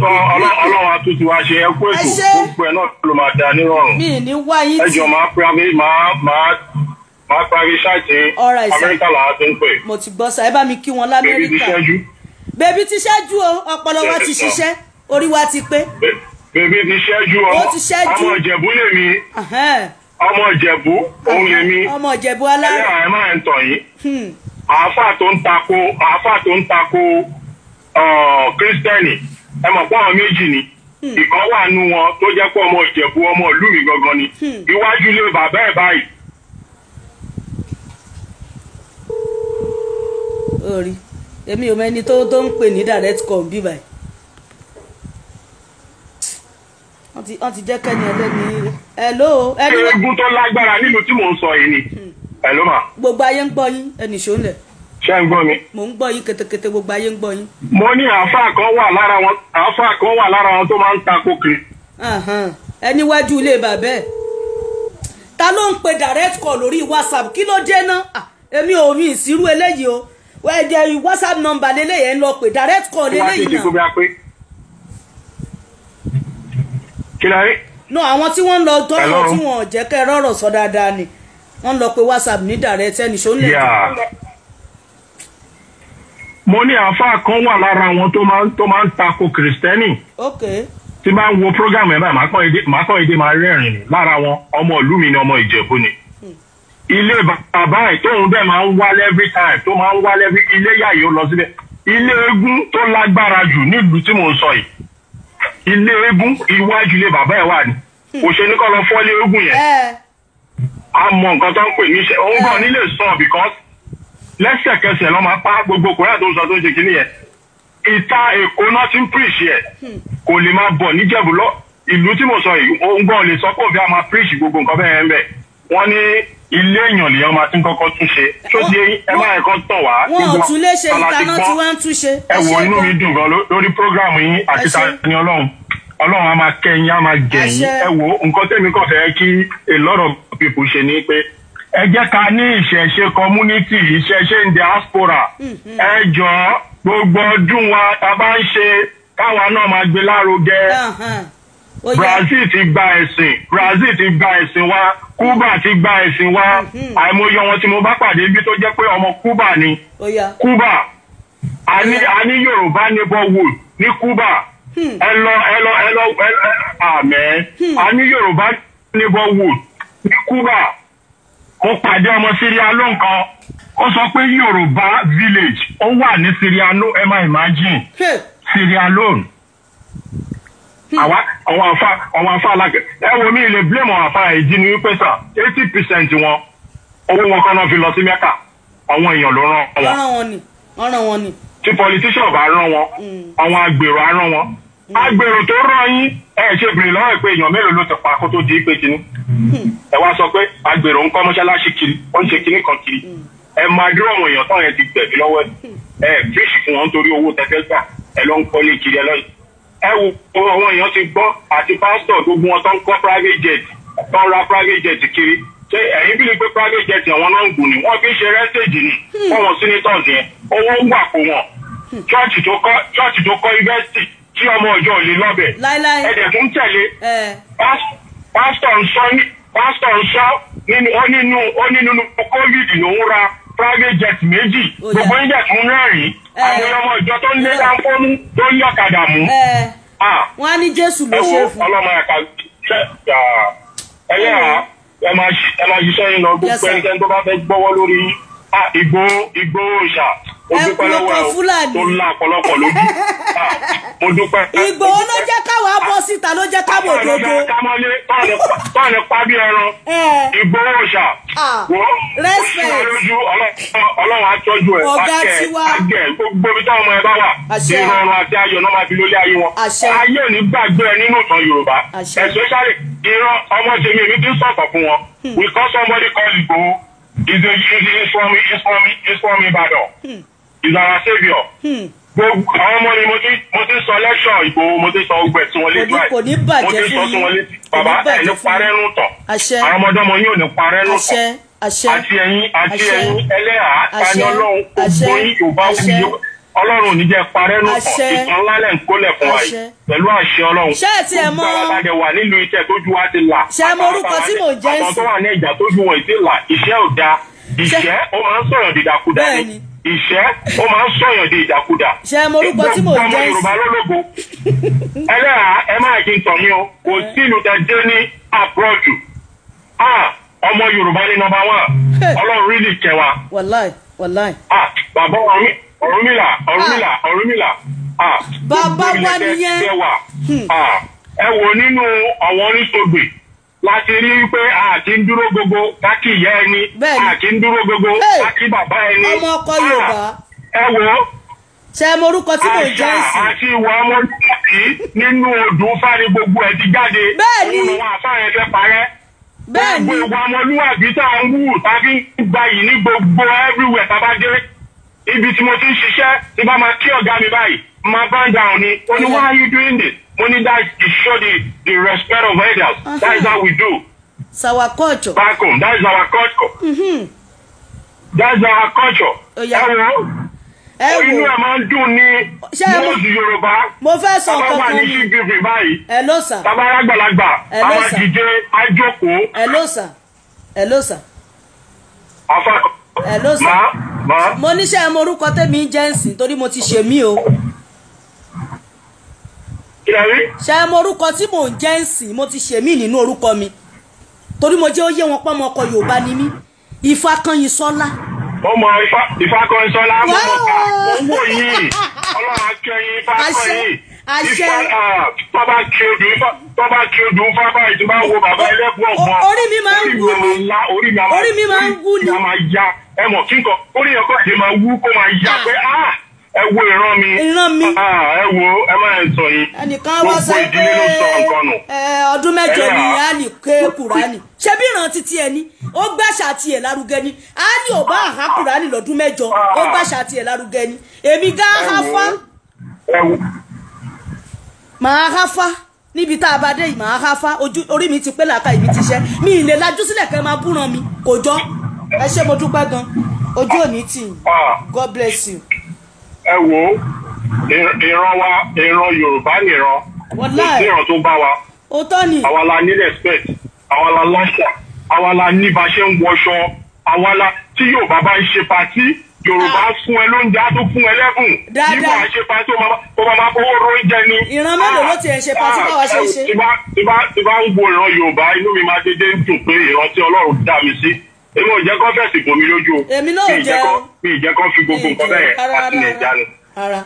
ọlọ́run àtúntì wa ṣe ẹ kó ètò gbogbo ẹ náà ló máa da nírọ̀rùn ẹ jọ máa parí máa parí ṣáàtì amẹ́ríkà làwọn ti ń pè. mo ti gbọ́ sọ ẹ bá mi kí wọn lamẹ́ríkà bèbí ti ṣẹ́jú o ọpọlọ wa ti ṣiṣẹ́ orí wa ti pé. bèbí ti ṣẹ́jú ọ ọmọ ìjẹ̀bú lèmi ọmọ ìjẹ̀bú òun lèmi ọmọ ìjẹ̀bú aláàrẹ ẹ̀yà máa ń tọ̀ yín hmm. àáfà tó ń tako àáfà tó ń tako kírísítẹ́nì ẹ mọ̀ pé àwọn méjì ni hmm. ìkan wà nù wọn tó jẹ́ pé ọmọ ìjẹ̀bú ọmọ ìlú mi gangan ni hmm. iwájú ilé bàbá ẹ̀ báyìí. orí èmi ò mẹ́ni tó tó ń pè ní direct call bí báyìí wọ́n ti jẹ́ kẹ́ni ẹlẹ́ni hello ẹni. eégún tó lágbára nínú tí mò ń sọ yìí ni hmm. hello ma. gbogbo ayé ń gbọ́ yín ẹnì ṣó ń lẹ̀ ṣé ń gbọ́ mi. mò ń gbọ́ yín ketekete gbogbo ayé ń gbọ́ yín. mo ní àáfàá kan wà lára wọn àáfàá kan wà lára wọn tó máa ń tako kiri. ẹni wájú ilé bàbá ẹ ta ló ń pe direct call lórí whatsapp kí ló dé náà ah, èmi ò mi ìsirú eléyìí o ẹ̀jẹ̀ whatsapp number lélẹ́yìn ẹ̀ ń lọ pé direct call lélẹ́yìn náà. kí ló rí. no àwọn tí wọ́n ń lọ tọ́jú tí wọ́n jẹ́ kẹ́ rọ̀rọ̀ sọ dáadáa ni wọ́n ń lọ pé whatsapp ní direct ẹnì ṣó ń lẹ̀ mo ní àáfàá kan wà lára àwọn tó máa tó máa ń tako kìrìsìtẹ́nì. tí máa ń wo program ẹ̀ báyìí màá kàn èdè máa rẹ́rìn ni lára wọn ọmọ ìlú mi ni ọmọ ìjẹ̀bú ni. Hmm. ilé bàbá ẹ̀ tóun bẹ́ẹ̀ máa ń wá every time tó máa ń wá every ilé yàyò lọ síbẹ̀ ilé eégún tó lágbára jù nílùú tí mò ń sọ yìí ilé eégún iwájú ilé bàbá ẹ̀ wà hmm. ní òṣèlú kọ́ lọ fọ́ ilé eégún yẹn eh. a mọ nǹkan tó ń pè níṣẹ́ òun kàn nílé sàn because lẹ́sẹ̀kẹsẹ̀ lọ́ máa pa gbogbo kòrán tó ń sọ tó ń ṣe kínní yẹn ìta èkó náà preach yẹ hmm. kò lè máa bọ̀ níjẹ̀bú lọ ìlú tí mo sọ yìí òun lè sọ pé òfin a máa preach gbogbo nǹkan bẹ́ẹ̀ ń bẹ̀ wọ́n ní ilé èèyàn lèèyàn máa ti ń kọ́kọ́ túnṣe tó di ẹ máa ẹ̀kọ́ tọ̀ wá gbogbo ọ̀la ti gbọ́n ẹ wò inú mi dùn gan lórí prógráàmù yín àti Tani Olohun Ọlọ́run a máa kẹ́yìn a máa gẹ̀yìn ẹ wò nǹkan tẹ̀mí kọ̀ fẹ́ kí a lot of people ṣe ni pé ẹ jẹ́ ká ní ìṣẹ̀ṣe community ìṣẹ̀ṣe diaspora mm-hmm. ẹ jọ gbogbo ọdún wa tá a bá ń ṣe káwa náà máa gbé lárugẹ uh-huh. Brazil ti gba ẹ̀sìn Brazil ti gba ẹ̀sìn wa Cuba ti gba ẹ̀sìn wa mm-hmm. àìmọye wọn tí mo bá pàdé ibi tó jẹ́ pé ọmọ Cuba ni Cuba a ní Yorùbá neighborhood ní Cuba hmm. ẹ lọ ẹ lọ ẹ lọ àmẹ́ hmm. a ní Yorùbá neighborhood ní Cuba mo pàdé ọmọ Sierra Leone kan ó sọ pé Yorùbá village ó wà ní Sierra Leone ẹ má imagine Sierra Leone hmm. àwa àwọn afa àwọn afa alágẹ ẹ wo mi lè blame àwọn afa ìdí ni wípé sà eighty percent wọn owó wọn kan náà fi lọ sí Mẹ́kà àwọn èèyàn ló rán wọn. ọ̀ràn wọn ni ọ̀ràn wọn ni. tí politician bá rán wọn hmm. àwọn agbèrò á rán wọn agbèrò tó rán yín ẹ ṣe bèrè lọ́wọ́ ẹ̀ pé èèyàn mélòó ló ti pa kó tó di pé kinní ẹ wá sọ pé agbèrò ń kọ́ mọ́ṣáláṣí kiri ó ń ṣe kinní kan kiri ẹ máa dúró àwọn èèyàn tán ẹ ti gbẹ̀bí lọ́wọ́ ẹ fíìsì fún wọn nítorí owó tẹ́tẹ́ gbà ẹ lọ ń kọ́lé kiri ẹ lọ́yìn ẹ wo àwọn èèyàn ti gbọ́ àti pásítọ̀ gbogbo wọn tó ń kọ́ private jet tó ń ra private jet kiri ṣé ẹ̀yin bí ni pé private jet àwọn náà ń gùn ni wọ́n fi ṣe rẹ́sẹ̀jì ni fọ́wọ́n sínítọ̀ọ̀sì yẹn owó ń wà fún wọn chọ́ọ̀chì tó kọ́ yunifásitì tí ọmọ ọjọ́ ò lè lọ́bẹ̀ ẹ̀dẹ̀ tó ń tẹ̀lé pásítọ̀ ń sọ pásítọ̀ ń sọ ó nínú ó nínú covid ra private jet méjì gbogbo yín dẹ̀kun rẹ́rìn àwọn ọmọ ìjọ tó ń lé láńfọ́nú tó ń yọ̀kadà mú. wọ́n á ní jésù ló ṣe fún. ọlọ́mọ ẹ̀ka ẹlẹ́yà ẹ máa ṣiṣẹ́ yín lọ gbogbo ẹnikẹ́ni tó bá fẹ́ gbọ́wọ́ lórí yín. Ah, ìgbò ìgbò ìṣà mo dúpẹ́ lọ́wọ́ ẹ tó ńlá ọ̀pọ̀lọpọ̀ lójú ah, mo dúpẹ́. ìgbò ló jẹ́ káwa bọ́ síta ló jẹ́ káwa òdodo. báyìí pa bí ẹran ìgbò òòṣà ah, wo ìṣòro lójú ọlọ́run àtọ́jú ẹ̀ pàṣẹ àgẹ̀ gbogbo ibi táwọn ọmọ ẹ bá wà ìrọ̀rùn àti ayọ̀ náà máa fi lólé ayé wọn. ayé ò ní gbàgbé ẹ nínú ìtàn yorùbá ẹ̀sọ́ sáré ìran ọmọ tèmi èmi ti ń sọ̀kọ̀ fún wọn hmm. we call somebody call Igboho is the is the Iswami Iswami Iswami Ibadan is hmm. our saviour. Hmm. gbogbo àwọn ọmọ ni mo ti mo ti sọ lẹ́sọ̀ Ìgbòho mo ti sọ ọgbẹ́ tí wọ́n létí báyìí mo ti sọ tí wọ́n létí bàbá ẹ̀ ní parẹ́ nù tán àwọn ọmọdọ́mọ yóò ní parẹ́ nù tán àti ẹ̀yin àti ẹ̀yin ẹlẹ́hàá tani ọlọ́run ògbóyin Yorùbá wúyọ́ ọlọ́run ò ní jẹ́ parẹ́ nù kàn ìtàn ńlá lẹ̀ ń kólẹ̀ fún wa yìí pẹ̀lú àṣẹ ọlọ́run gbogbo alábàjẹ wà nílùú iṣẹ́ tójú wa ti là àwọn tó wà ní ìjà tójú wọn ti là iṣẹ́ ò da ìṣẹ́ ó máa ń sọ̀rọ̀ dìdàkudà ni ìṣẹ́ ó máa ń sọ̀yàn di ìdàkudà. ṣe é morúkọ tí mò ń jẹ́ sí. yorùbá lólógo ẹlẹ́yà ẹ máa kí n tọ̀ mí o kò sí ìlú tẹ dé ní àpọ̀jù ọmọ yorùbá ní nọ́mbà wán ọlọ́run rí lè kẹwàá. wàláì wàláì. bàbá wa mi ọ̀rúnmìlà ọ̀rúnmìlà ah. ọ̀rúnmìlà. Ah, bàbá wa nìyẹn hmm. ah, ẹ wò nínú ọ̀wọ́n oníṣògbè láti rí wípé a kì í dúró gbogbo káàkì ìyá ẹni a kì í dúró gbogbo káàkì bàbá ẹni. ọmọ ọkọ Yorùbá. ẹ wò ó. ṣe é morúkọ tí kò jẹ́ ìsìn. àṣà àti ìwà ọmọ lókàtí nínú odò fáre gbogbo ẹ̀ ti jáde. bẹ́ẹ̀ni nínú wọn àfáàyàn fẹ́ parẹ́. bẹ́ẹ̀ni gbogbo ọmọlúwàbí tá à ń wù tá a fi ń gbayì ní gbogbo everywhere tá a bá dé ibi tí mo ti ń ṣiṣẹ́ tí bá máa kí ọ̀gá mi báyìí máa bá ń da òní ó ní why are you doing this mo ní that is show the the respect of elders uh-huh. that is how we do. sawa culture. back home that is our culture. Mm that is our culture. Oh, ẹ wo ẹ wo inú ẹ máa ń dùn ní mọ́ọ̀sì yorùbá mo fẹ́ sọ ọkọ fún mi bàbá wà ní ṣígbìmì báyìí bàbá arágbàlagbà àwọn àjíjẹ àjòkó. ẹ ló sà ẹ ló sà. àfàkọ́ ẹ ló sọ mo níṣẹ́ mo orúkọ tèmi ń jẹ́ǹsì torí mo ti ṣe mí o. ṣe mo orúkọ tí mò ń jẹ́ǹsì mo ti ṣe mí nínú orúkọ mi torí mo jẹ́ ó yé wọn pọ́n ọmọ ọkọ Yorùbá ni mí Ifákànyìnsọ́lá ọmọ ìfakọ̀nsọ́lá mọ̀mọ́ta owó yìí ọlọ́run akẹ́yìn ìfakọ̀yìn tọ́ba kíodù tọ́ba kíodù fábà ìtura wo bàbá ẹlẹ́gbọ̀n kan orí mi máa ń wú ni orí mi máa ń wú ni ẹ mọ̀ kí nǹkan ó ní ẹ̀kọ́ ìdè máa wú kó máa yá ah. pé ah, ẹ wo ìran mi ìran mi ah, ẹ wo ẹ máa ń sọ yìí ẹnìkan wá sọ pé ọdún mẹ́jọ ni a ní ké kùránì ṣé bí ìran títí ẹni ó gbàṣà tiẹ̀ lárugẹ ni a ní ò bá àhá kùránì lọ́dún mẹ́jọ ó gbàṣà tiẹ̀ lárugẹ ni èmi gá hafa màá hafa níbi tá a bá dé yìí màá hafa orí mi ti pé làákà ìbí ti ṣe mi ì lajú sílẹ̀ kẹ́ máa búran mi kò jọ ẹ ṣé mo dúpẹ́ gan ojú òní tì yín ah. god bless you. ẹ wo ìran wa ìran yorùbá nìran kò sí ìran tó bá wa àwa la ní respect àwa la láṣà àwa la ní bá ṣe ń wọṣọ àwa la tí yorùbá bá ń ṣe patí yorùbá ah. fún ẹ lóúnjẹ á tún fún ẹ lẹ́bùn nígbà ṣe pàtí ó máa máa kówó lóúnjẹ ni. ìran mélòó ló tiẹ̀ ṣe pàtí báwa ṣe ah, ṣe. tí bá ń wo ìran yorùbá inú mi máa dédé ń dùn pé ìran tí ọlọ́run dá mi sí èmi ò jẹ́ kó fẹ̀sì bò mí lójú o èmi náà jẹ́ o mi ì jẹ́ kó fi gbogbo nǹkan bẹ́ẹ̀ láti lè jáde. ara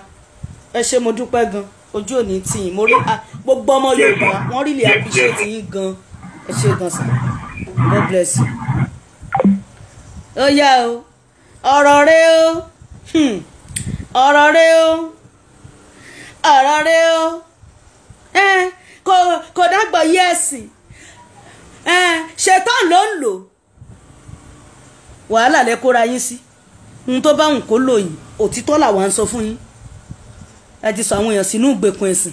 ẹ ṣé mo dúpẹ́ gan ojú òní tì yín mo rí ah, gbogbo ọmọ Yorùbá wọ́n rí ilé appreciate yín gan ẹ ṣé gan sir God bless you. ó yá o ọ̀rọ̀ rẹ o hmm. ọ̀rọ̀ rẹ o ọ̀rọ̀ rẹ o kò kò yẹ́sì ṣetán ló ń lò wàhálà lẹ kóra yín sí ohun tó bá wùn kó lò yín òtítọ́ làwa ń sọ fún yín ẹ ti sọ àwọn èèyàn sínú ìgbèkùn ẹ̀sìn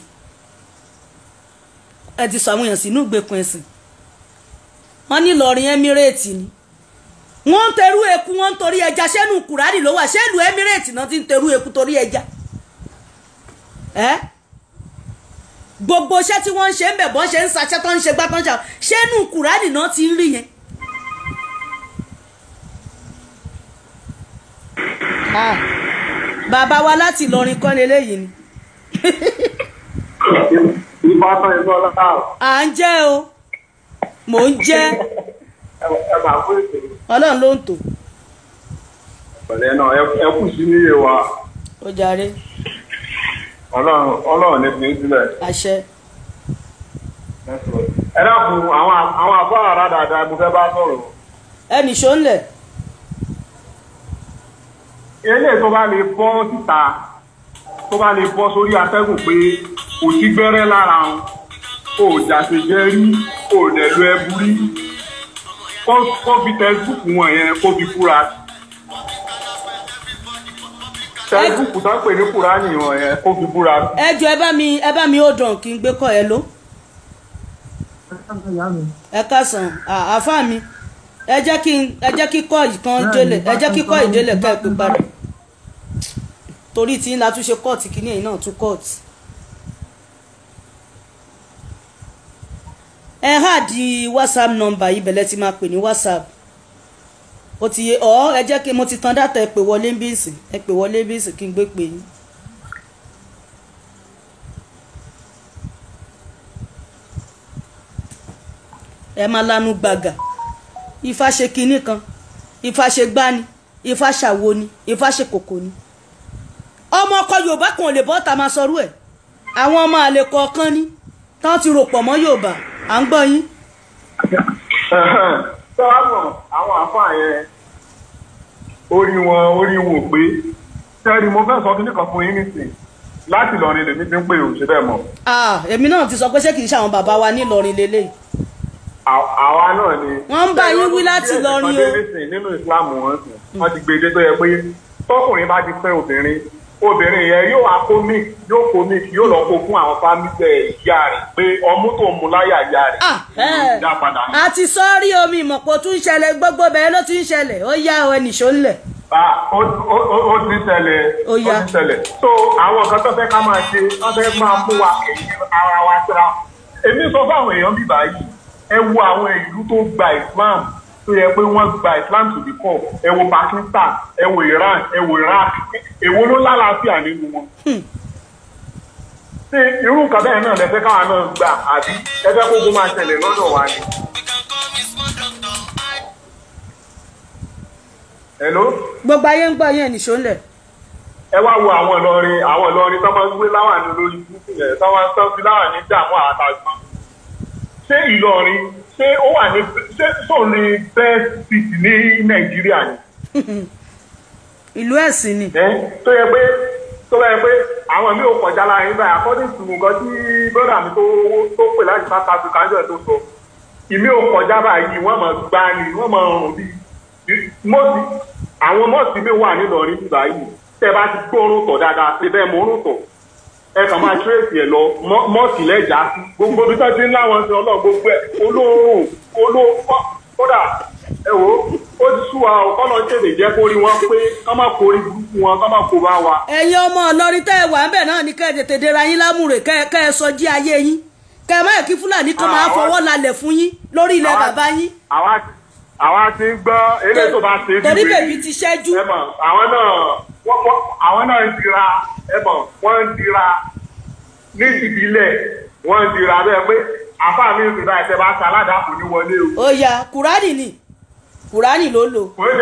ẹ ti sọ àwọn èèyàn sínú ìgbèkùn ẹ̀sìn wọ́n ní Ìlọrin Emirate ni wọ́n ń tẹrú eku wọ́n ń torí ẹja sẹ́nu kùràdì ló wà sẹ́nu Emirate náà ti ń tẹrú eku torí ẹja ẹ gbogbo iṣẹ́ tí wọ́n ń ṣe ń bẹ̀ bọ́n ṣe ń saṣẹ́ tó ń ṣe gbá tó ń ṣe sẹ́nu kùràdì náà ti ń rí yẹn bàbá wa láti Ìlọrin kọ́ leléyìí ni. ìbátan ẹ̀gbọ́n ọlọ́ta. à ń jẹ́ o mò ń jẹ́. ẹ máa kó ètò. ọlọ́run ló ń tò. ọ̀rẹ́ náà ẹ kù sí níyè wa. ó jàre. ọlọ́run ọlọ́run ní fi sílẹ̀. àṣẹ. ẹ dákun àwọn àbọ̀ àrà dáadáa mo fẹ́ bá sọ̀rọ̀. ẹnì ṣó ń lẹ̀ eléyìí tó bá lè bọ́ síta tó bá lè bọ́ sórí atẹ́gùn pé kò sí gbẹ́rẹ́ lára wọn kò jàṣejẹ́ rí kò dẹ̀lu ẹbú rí kó fi tẹ́síbùkù wọn yẹn kó fi fúra tẹ́síbùkù tó ń pè ní kùránì wọn yẹn kó fi fúra. ẹ jọ ẹ bá mi ẹ bá mi ó dàn kí n gbé kọ ẹ ló. ẹ kásán àáfàá mi ẹ jẹ́ kí kọ́ ìkan délé ẹ jẹ́ kí kọ́ ìdélé ká ẹ pè padà torí tí ń la tún ṣe kọ́ọ̀tì kínní ẹ̀yìn náà tún kọ́ọ̀tì. ẹ hà di whatsapp number yìí bẹ̀lẹ́ ti máa pè ní whatsapp ó ti yé ọ ẹ jẹ́ kí mo ti tan dátà ẹ pè wọlé ń bíìsì ẹ pè wọlé ń bíìsì kí n gbé pè yín. ẹ máa lanu gbàgà ifá ṣe kinní kan ifá ṣe gbani ifá ṣàwo ni ifá ṣe kòkò ni ọmọ ọkọ yorùbá kan ò lè bọ́ ta máa sọrú ẹ̀ àwọn ọmọ àlè kọ̀ọ̀kan ni tán ti rò pọ̀ mọ́ yorùbá à ń gbọ́ yín. sọ́wọ́n àwọn àfáà yẹn orí wọn orí wọn ò pé sẹ́ẹ̀rì mo fẹ́ sọ kí nìkan fún yín nìsín láti Ìlọrin lèmi fi ń pè òṣè bẹ́ẹ̀ mọ́. èmi náà ti sọ pé ṣé kì í ṣe àwọn bàbá wa ní Ìlọrin lélẹ́yìí. àwa náà ni. wọ́n ń bá yín wí láti Ìlọrin o. nínú ìsìlámù wọn ti gbèdé e tó yẹ pé tọkùnrin bá ti fẹ́ obìnrin obìnrin yẹn yóò wá kó mi yóò kó mi yóò lọ kó fún àwọn fámílẹ̀ ìyá rẹ̀ pé ọmú tó mú láyà ìyá rẹ̀ yóò ah, dá padà. àti sọ́ọ́rí omi ìmọ̀pọ̀ tún ń ṣẹlẹ̀ gbogbo bẹ́ẹ̀ ló tún ń ṣẹlẹ̀ ó yá ọ ẹnìṣó ńlẹ̀. ó ti ṣẹlẹ̀ ó ti ṣẹlẹ̀ so àwọn nǹkan tó fẹ́ ká máa ṣe wọ́n fẹ́ máa mú wa ara wa síra èmi sọ fún àwọn èèyàn bíbá yìí ẹ wo àwọn ìlú tó gba Islam tó yẹ pé wọ́n gba Islam to the core ẹ wo Pakistan ẹ wo Iran ẹ wo Iraq èwo ló lálàáfíà nínú wọn. Hmm. ṣé irú nǹkan bẹ́ẹ̀ náà lẹ́fẹ́ káwọn náà gbà àbí ẹgbẹ́ kókó máa ṣẹlẹ̀ lọ́dọ̀ wa ni. Hello. gbogbo ayé ń gbọ́ yẹn nìṣó ń lẹ̀ ẹ wá wo àwọn ìlọrin àwọn ìlọrin tó máa ń gbé láwàní lórí gúúsù yẹn tó máa ń tán sí láwàní dààmú àtàgbọn ṣé ìlọrin ṣé ó wà ní ṣé sọ ní best seat ní nàìjíríà ni. ìlú ẹ̀sìn ni. tó yẹ pé tó bá yẹ pé àwọn mi ò kọjá lára yín báyìí according to nǹkan tí brother mi tó tó pè láti bá kásù kájọ tó sọ ìmí ò kọjá báyìí wọ́n mọ̀ gbá ni wọ́n mọ̀ rùn bí mọ́sí àwọn mọ́sí mi wà nílọrin báyìí tẹ́ bá ti gbórùn tọ̀ dáadáa ṣe bẹ́ẹ̀ mọ́ rùn ẹ kàn máa tírèsì ẹ lọ mọ́ọ̀tì lẹ́jà gbogbo bí wọ́n ti ń láwọn ṣe ọlọ́run gbogbo ẹ olóòórùn olóòórùn kódà ẹ wò ó ti sú wa ọ kọ́nà tètè jẹ́ kó rí wọn pé ká má kó orí burúkú wọn ká má kó bá wa. ẹ̀yin ọmọ ọlọ́rin tẹ́ ẹ wà ń bẹ̀ náà ni kẹ́ ẹ tètè dera yín lámùrè kẹ́ ẹ sọ jí ayé yín kẹ́ ẹ má yẹ kí fúlàní kan máa fọwọ́ lalẹ̀ fún yín lórí ilẹ̀ bàbá yín. àwa ti ń gbọ́ eléyìí tó bá ti ṣẹ́jú. ẹ àwọn náà ń dira ẹ̀bọ̀ wọ́n ń dira ní ìbílẹ̀ wọ́n ń dira bẹ́ẹ̀ pé àfáà mi ìrìnà ẹ̀sẹ̀ bá ta aládàá kò ní wọlé o. ó yá kùránì ni kùránì ló lò. wọ́n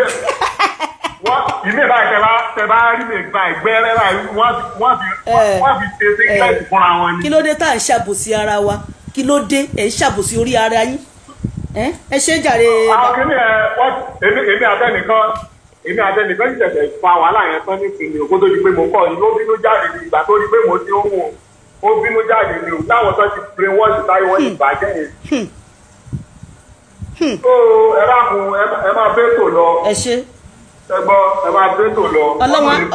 ìmí ìbá ìtẹ̀bá tẹ̀bá rí mi gba ìgbẹ́rẹ́ báyìí wọ́n fi ṣe sí kẹ́ẹ̀tì fúnra wọn ni. kí ló dé tá à ń ṣàbòsí ara wa kí ló dé ẹ̀ ń ṣàbòsí orí ara yín ẹ ṣe jàre. àwọn kìnìún ẹ wọ́n èmi àtẹnìkan èmi àtẹnìfẹ́ ti tẹ̀sẹ̀ fa wàhálà yẹn tán nísìnyí òkú tó di pé mo kọ́ ni ló bínú jáde ní ìgbà tó di pé mo ti ń wò ó bínú jáde ní òkú táwọn tó ti brain wash táyé wọ́n ti hmm. bàjẹ́ yẹn. tó hmm. hmm. ẹ bá mu ẹ máa bẹ́tò lọ. ẹ ṣe. ẹ gbọ́ ẹ máa bẹ́tò lọ.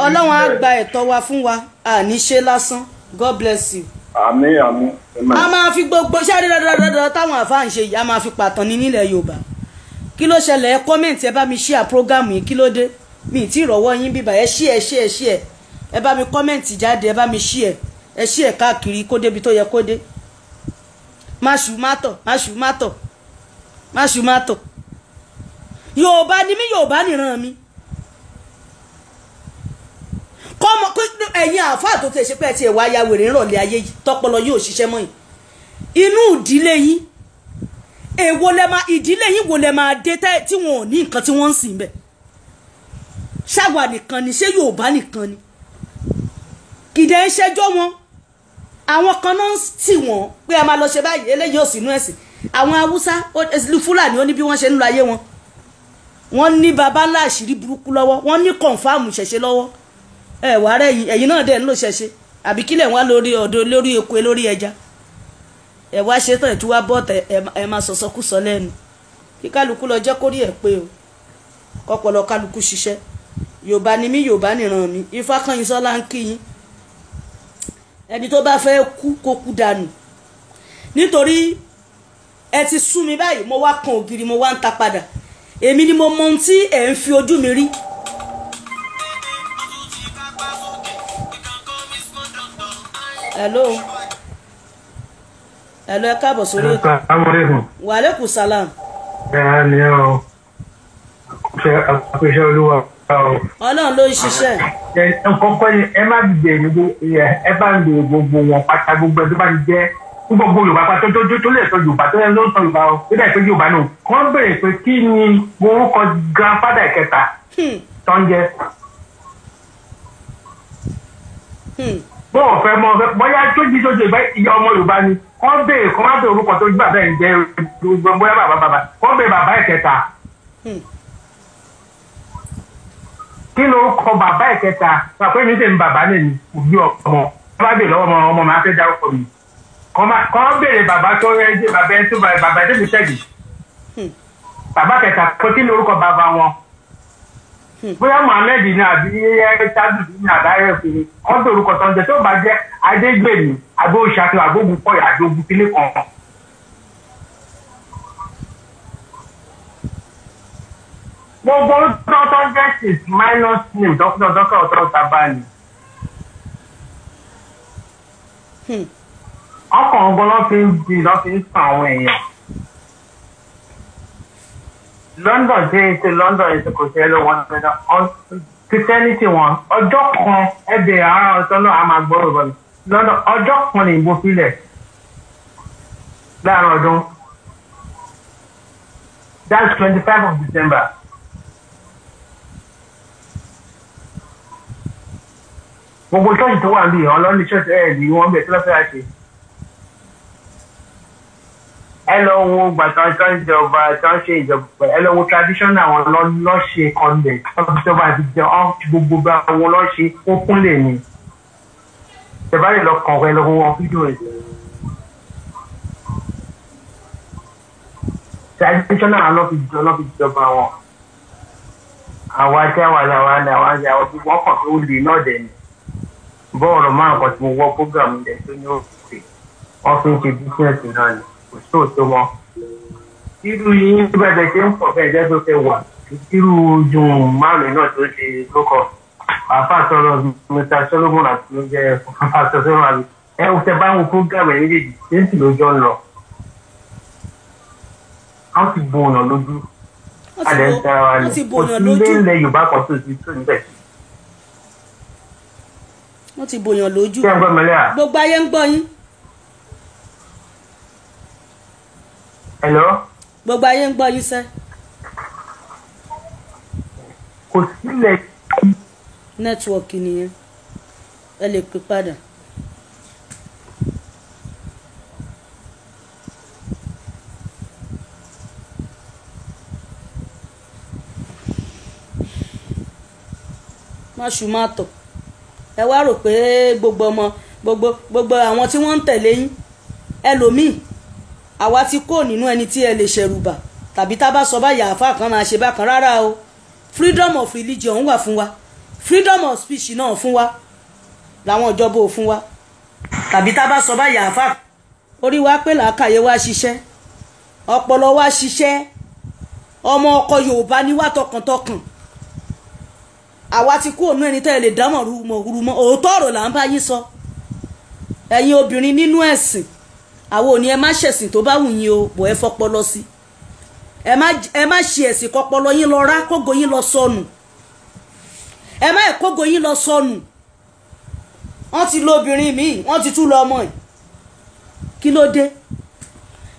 ọlọ́wọ́n á gba ẹ̀tọ́ wa fún wa àní ṣe lásán God bless you. àmín àmín. a máa fi gbogbo sáré dáadáa táwọn àfáà ń ṣe yìí a máa fi pàtàn ní nílẹ̀ Yorùbá kí ló ṣẹlẹ̀ ẹ kọ́mẹ̀ntì ẹ bá mi ṣíà prógámù yìí kí ló dé mi ti rọ̀wọ́ yín bíbá ẹ ṣí ẹ ṣí ẹ ṣí ẹ ẹ bá mi kọ́mẹ̀ntì jáde ẹ bá mi ṣí ẹ ẹ ṣí ẹ káàkiri kó débi tó yẹ kó dé má ṣù má tọ̀ má ṣù má tọ̀ má ṣù má tọ̀ yorùbá ni mí yorùbá nìran mi kọ́mọ ẹ̀yin àáfàá tó ti ṣe pé ẹ ti ẹ̀ wá ya wèrè ayé yìí tọ́pọlọ yóò ṣiṣẹ́ mọ́ yìí inú ìdílé yín èwo lẹ máa ìdílé yín wo lẹ máa dé tí wọn ò ní nǹkan tí wọ́n ń sìn bẹ̀ ṣáwa nìkan ni ṣé Yorùbá nìkan ni kìdẹ̀ ń ṣẹjọ́ wọn àwọn kan náà ń tì wọ́n pé a máa lọ ṣe báyìí eléyìí ò sínú ẹ̀sìn àwọn Haúsá Fúlàní ó ní bí wọ́n ṣe ń lo ayé wọn wọ́n ní baba ńlá àṣírí burúkú lọ́wọ́ wọ́n ní kọ̀ǹfàmù ṣẹ̀ṣe lọ́wọ́ ẹ̀ wàá rẹ̀ ẹ̀yìn náà dẹ̀ ń lò ṣẹ̀ṣe àbí kílẹ̀ wá lórí ọ̀dọ̀ lórí eku lórí ẹja ẹ wá ṣe tán ẹ tún wá bọ́ ẹ máa sọ̀sọ́ kù sọ lẹ́nu kí kálukú lọ jẹ́ kórí ẹ̀ pé o kọ́pọ̀lọ́ kálukú ṣiṣẹ́ yorùbá ni mí yorùbá nìran mi ifá kan yín sọ́lá ń kí yín ẹni tó bá fẹ́ kú kó kú dànù nítorí ẹ ti sún mi báyìí mo wá kan ògiri mo wá ń ta padà èmi ni mo mọ ohun tí ẹ̀ ń fi ojú mi rí. hello ẹ lọ ẹ káàbọ̀ sórí ètò. wa aleykum salam. bẹ́ẹ̀ ni o ṣe àpèṣẹ olúwa o. ọlọ́run ló ń ṣiṣẹ́. kọ́kọ́ ni ẹ má dìde nígbè ẹ bá ń lo gbogbo wọn pátá gbogbo ẹ tó bá ti jẹ́ gbogbo yorùbá pátá tó tó lè sọ yorùbá tó lè sọ yorùbá o nígbà pé yorùbá náà wọ́n béèrè pé kí ni orúkọ grandfather kẹta hmm. tó ń jẹ hmm. bọ́ọ̀ fẹ́ mọ́ bóyá tó jí tó jẹ ìyá ọmọ yorùbá ni kọ́ béèrè kọ́ má béèrè orúkọ tó gbà bẹ́ẹ̀ ń jẹ́ bóyá bàbá bàbá kọ́ béèrè bàbá ìkẹta kí ló kọ bàbá ìkẹta pàpé mi tèmi bàbá lè ní òbí ọmọ kọ́ bá béèrè lọ́wọ́ ọmọ ọmọ máa fẹ́ dárúkọ mi kọ́ béèrè bàbá tó rẹ́ jẹ́ bàbá ẹ̀ tó bàbá ẹ̀ tó fi ṣẹ́gi bàbá kẹta pé kí ló orúkọ bàbá wọn Hmm. bóyá Mohammed ni àbí ṣáàdù ni àbáyọ fi ọdún orúkọ tó ń jẹ tó bá jẹ adégbèmí agbóhùnṣàkó agbóhùnkọyà àdógún kílé kan. gbogbo dọ́tọ́ gẹ̀ẹ́sì minus name dókítà dókítà ọ̀tọ̀ tábàlì. Hmm. ọkàn ọgbọ́n ló fi ń di ló sàn àwọn èèyàn. London ti ń ṣe London ètò kò ṣe é lọ́wọ́ dandan Christianity wọn ọjọ́ kan ẹbẹ̀ ara ọ̀tọ́ náà a máa gbọ́rọ̀ bọ̀ London ọjọ́ kan ní ìbò filẹ̀ láàárọ̀ ọdún that's twenty five of December. gbogbo ṣọ́ọ̀ṣì tó wà níbí ọlọ́ọ̀ni ṣọ́ọ̀ṣì ẹ̀ẹ́dì wọn bẹ̀ tí wọ́n fẹ́ ṣe ẹ lọ wo gbàtà tó ń jọba tó ń ṣe ìjọba ẹ lọ wo traditional wọn lọ́ṣe kọ́ndẹ̀ ìjọba àti gbogbo àwọn lọ́ṣe ó kúnlẹ̀ ni ìjọba lè lọ kàn ẹ lọ wo wọn fídíò rẹ. traditional lọ́fi jọba wọn àwa tẹ́ wà láwa ní àwa ní àwọn gbogbo ọkàn tó lè náà dẹ̀ ni bọ́ọ̀lù márùn-ún kan tí mo wọ́ program rẹ̀ tó ní òkè wọ́n fi ń ṣe bísíǹsì náà ni kò sóòótọ́ wọn irú yín bẹ̀rẹ̀ ṣe ń pọ̀ bẹ́ẹ̀ jẹ́ tó ṣe wà irú jùn márùn-ún náà tó ṣe lókọ àáfàá sọ̀rọ̀ mr solomon àti ló jẹ́ pásítọ̀ sọ̀rọ̀ àbí ẹ o tẹ báwọn fúgàmù ẹ̀yìn lèdì jésù ló jọ ń lọ wọ́n ti bo ọ̀nà lójú adẹ̀ ń tara wa ni kò sí ilé ilẹ̀ yorùbá kan tó ti tó níbẹ̀ wọ́n ti bòyàn lójú gbogbo ayé ń gbọ́ yín. hello. gbogbo ayé ń gbọ́ yín sẹ́. kò sílẹ̀. nẹ́tíwọ̀kì nìyẹn ẹ lè pè padà. má ṣù má tọ̀ ẹ wá rò pé gbogbo ọmọ gbogbo gbogbo àwọn tí wọ́n ń tẹ̀lé yín ẹlòmíì àwa ti kó nínú ẹni tí ẹ lè ṣẹ̀rùbà tàbí tá a bá sọ báyà àfa kan máa ṣe bákan rárá o freedom of religion wà fún wa freedom of speech náà fún wa làwọn ìjọba ò fún wa tàbí tá a bá sọ báyà àfa orí wa pé làákàyè wa ṣiṣẹ́ ọpọlọ wa ṣiṣẹ́ ọmọ ọkọ Yorùbá ni wá tọkàntọkàn àwa ti kú òun ẹni tẹ́ ẹ lè dámọ̀ rúmọ̀ òótọ́ ọ̀rọ̀ là ń bá yín sọ ẹ̀yin obìnrin nínú ẹ̀sìn àwọn òní ẹ má ṣẹ̀sìn tó bá wù yín o bò ẹ fọpọlọ sí ẹ má ṣe ẹ̀sìn kọpọlọ yín lọ rá kógo yín lọ sọnù ẹ má ẹ̀ kógo yín lọ sọnù wọ́n ti lo obìnrin míì wọ́n ti tún lọ ọmọ ẹ̀ kí ló dé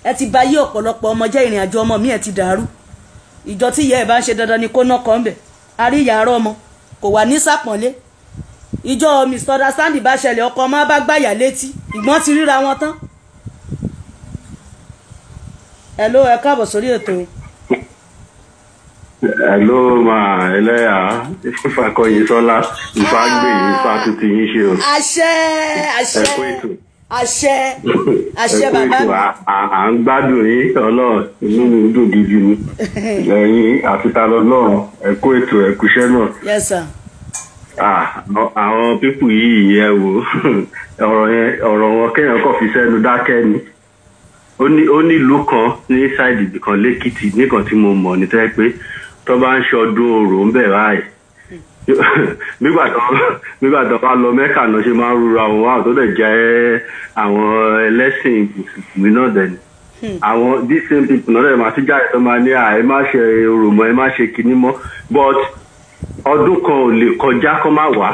ẹ ti bà yí ọ̀pọ̀lọpọ̀ ọmọ ìrìn àjò ọmọ mi ẹ ti dàrú ìjọ tí ìyá ẹ̀ bá ń ṣe dandan ni kó ná kan bẹ̀ àríyá ara ọmọ kò wà ní sàpọ̀nlé ìjọ Mr. understanding bá ṣẹlẹ̀ ọkọ ọmọ bá gbàyà létí ìgbọ́n ti ríra wọn tán hello ẹ káàbọ̀ sórí ètò. hello máa ẹlẹ́yà ìfàkọyìn sọ́lá ìfàgbèyìn ìfàtútù yín ṣe o. àṣẹ àṣẹ àṣẹ àṣẹ bàbá mi. à ń gbádùn yín ọlọ́run inú mi dùn gidi ni lẹ́yìn àfitalọ́ náà ẹ̀kọ́ ètò ẹ̀kúṣẹ́ náà. yes sir àwọn pípù yìí yẹ wo ọ̀rọ̀ yẹn ọ̀rọ̀ wọn kéèyàn kàn fi sẹ́nu dákẹ́ ni ó ní ó ní ìlú kan ní ṣáìdì kan lẹ́kìtì nìkan tí mo mọ̀ ní tẹ́ pé tó bá ń ṣe ọdún orò ń bẹ̀ báyìí nígbà tó bá lọ mẹ́kà náà ṣe máa ń rura òun wá tó dẹ̀ jẹ́ àwọn ẹlẹ́sìn mùsùlùmí náà dẹ̀ ni hmm. àwọn these same people náà dẹ̀ máa ti jáde tó máa ní à má ṣe orò mọ́ ẹ má ṣe kinní mọ́ but ọdún kan ò lè kọjá kó má wá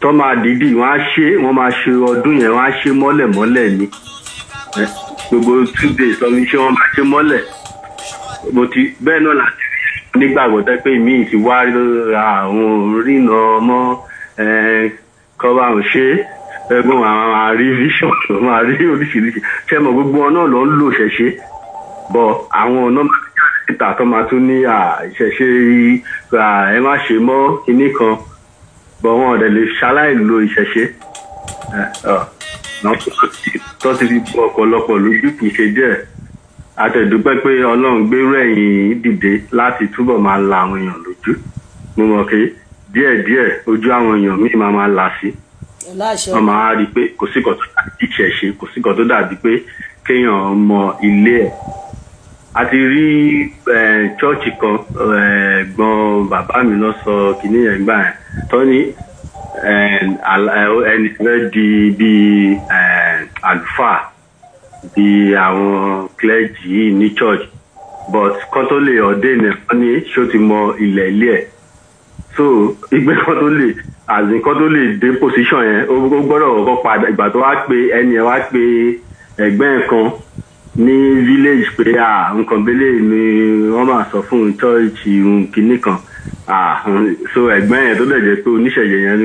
tó máa dìídì wọ́n á ṣe wọ́n máa ṣe ọdún yẹn wọ́n á ṣe mọ́lẹ̀ mọ́lẹ̀ ni gbogbo two days lọ́mí ṣé wọ́n bá ṣe mọ́lẹ̀ mo ti bẹ́ẹ̀ náà láti nígbàgbọ́ tẹ́ pé mi ti wá ra àwọn òrìnà ọmọ kọ́ba ò ṣe ẹgbọ́n àwọn àrí vision àwọn àrí oríṣiríṣi ṣé mo gbogbo wọn náà lọ ń lò ṣẹ̀ṣẹ̀ bọ̀ àwọn náà títà tó máa tún ní ìṣẹ̀ṣe ẹ má ṣe mọ́ kinní kan bọ̀ wọn ò dẹ̀ lè ṣaláìlo ìṣẹ̀ṣe náà tó ti fi bu ọ̀pọ̀lọpọ̀ lójú kì í ṣe díẹ̀ àtẹ̀dúpẹ́ pé ọlọ́run gbérú ẹ̀yìn dìde láti túbọ̀ máa la àwọn èèyàn lójú mo mọ̀ pé díẹ̀díẹ̀ ojú àwọn èèyàn míì máa máa là sí wọ́n máa rí i pé kò sí kan tó dàbí ìṣẹ̀ṣe kò sí kan tó dàbí pé kéèyàn mọ ilé ẹ̀ a ti rí chọ́ọ̀chì kan gbọ́n bàbá mi lọ sọ kìnìyàn gbà yẹn tó ní Uh, ẹni tí fẹ́ di bíi uh, àlùfáà bíi àwọn clergy yìí ní church but kan tó lè ordain wọ́n ní ṣó ti mọ ilẹ̀ ilé ẹ̀ so ìgbẹ́ kan tó lè àzìn kan tó lè dé position yẹn ó gbọ́dọ̀ kọ́ padà ìgbà tó wá pé ẹni ẹ̀ wá pé ẹ̀gbẹ́ ẹ̀ kan ní village pé à nǹkan bẹ́lẹ̀ ni wọ́n máa sọ fún church kìnnìkan. Um, so ẹ̀gbọ́n yẹn tó dẹ̀ jẹ́ pé oníṣẹ̀yẹ yẹn ni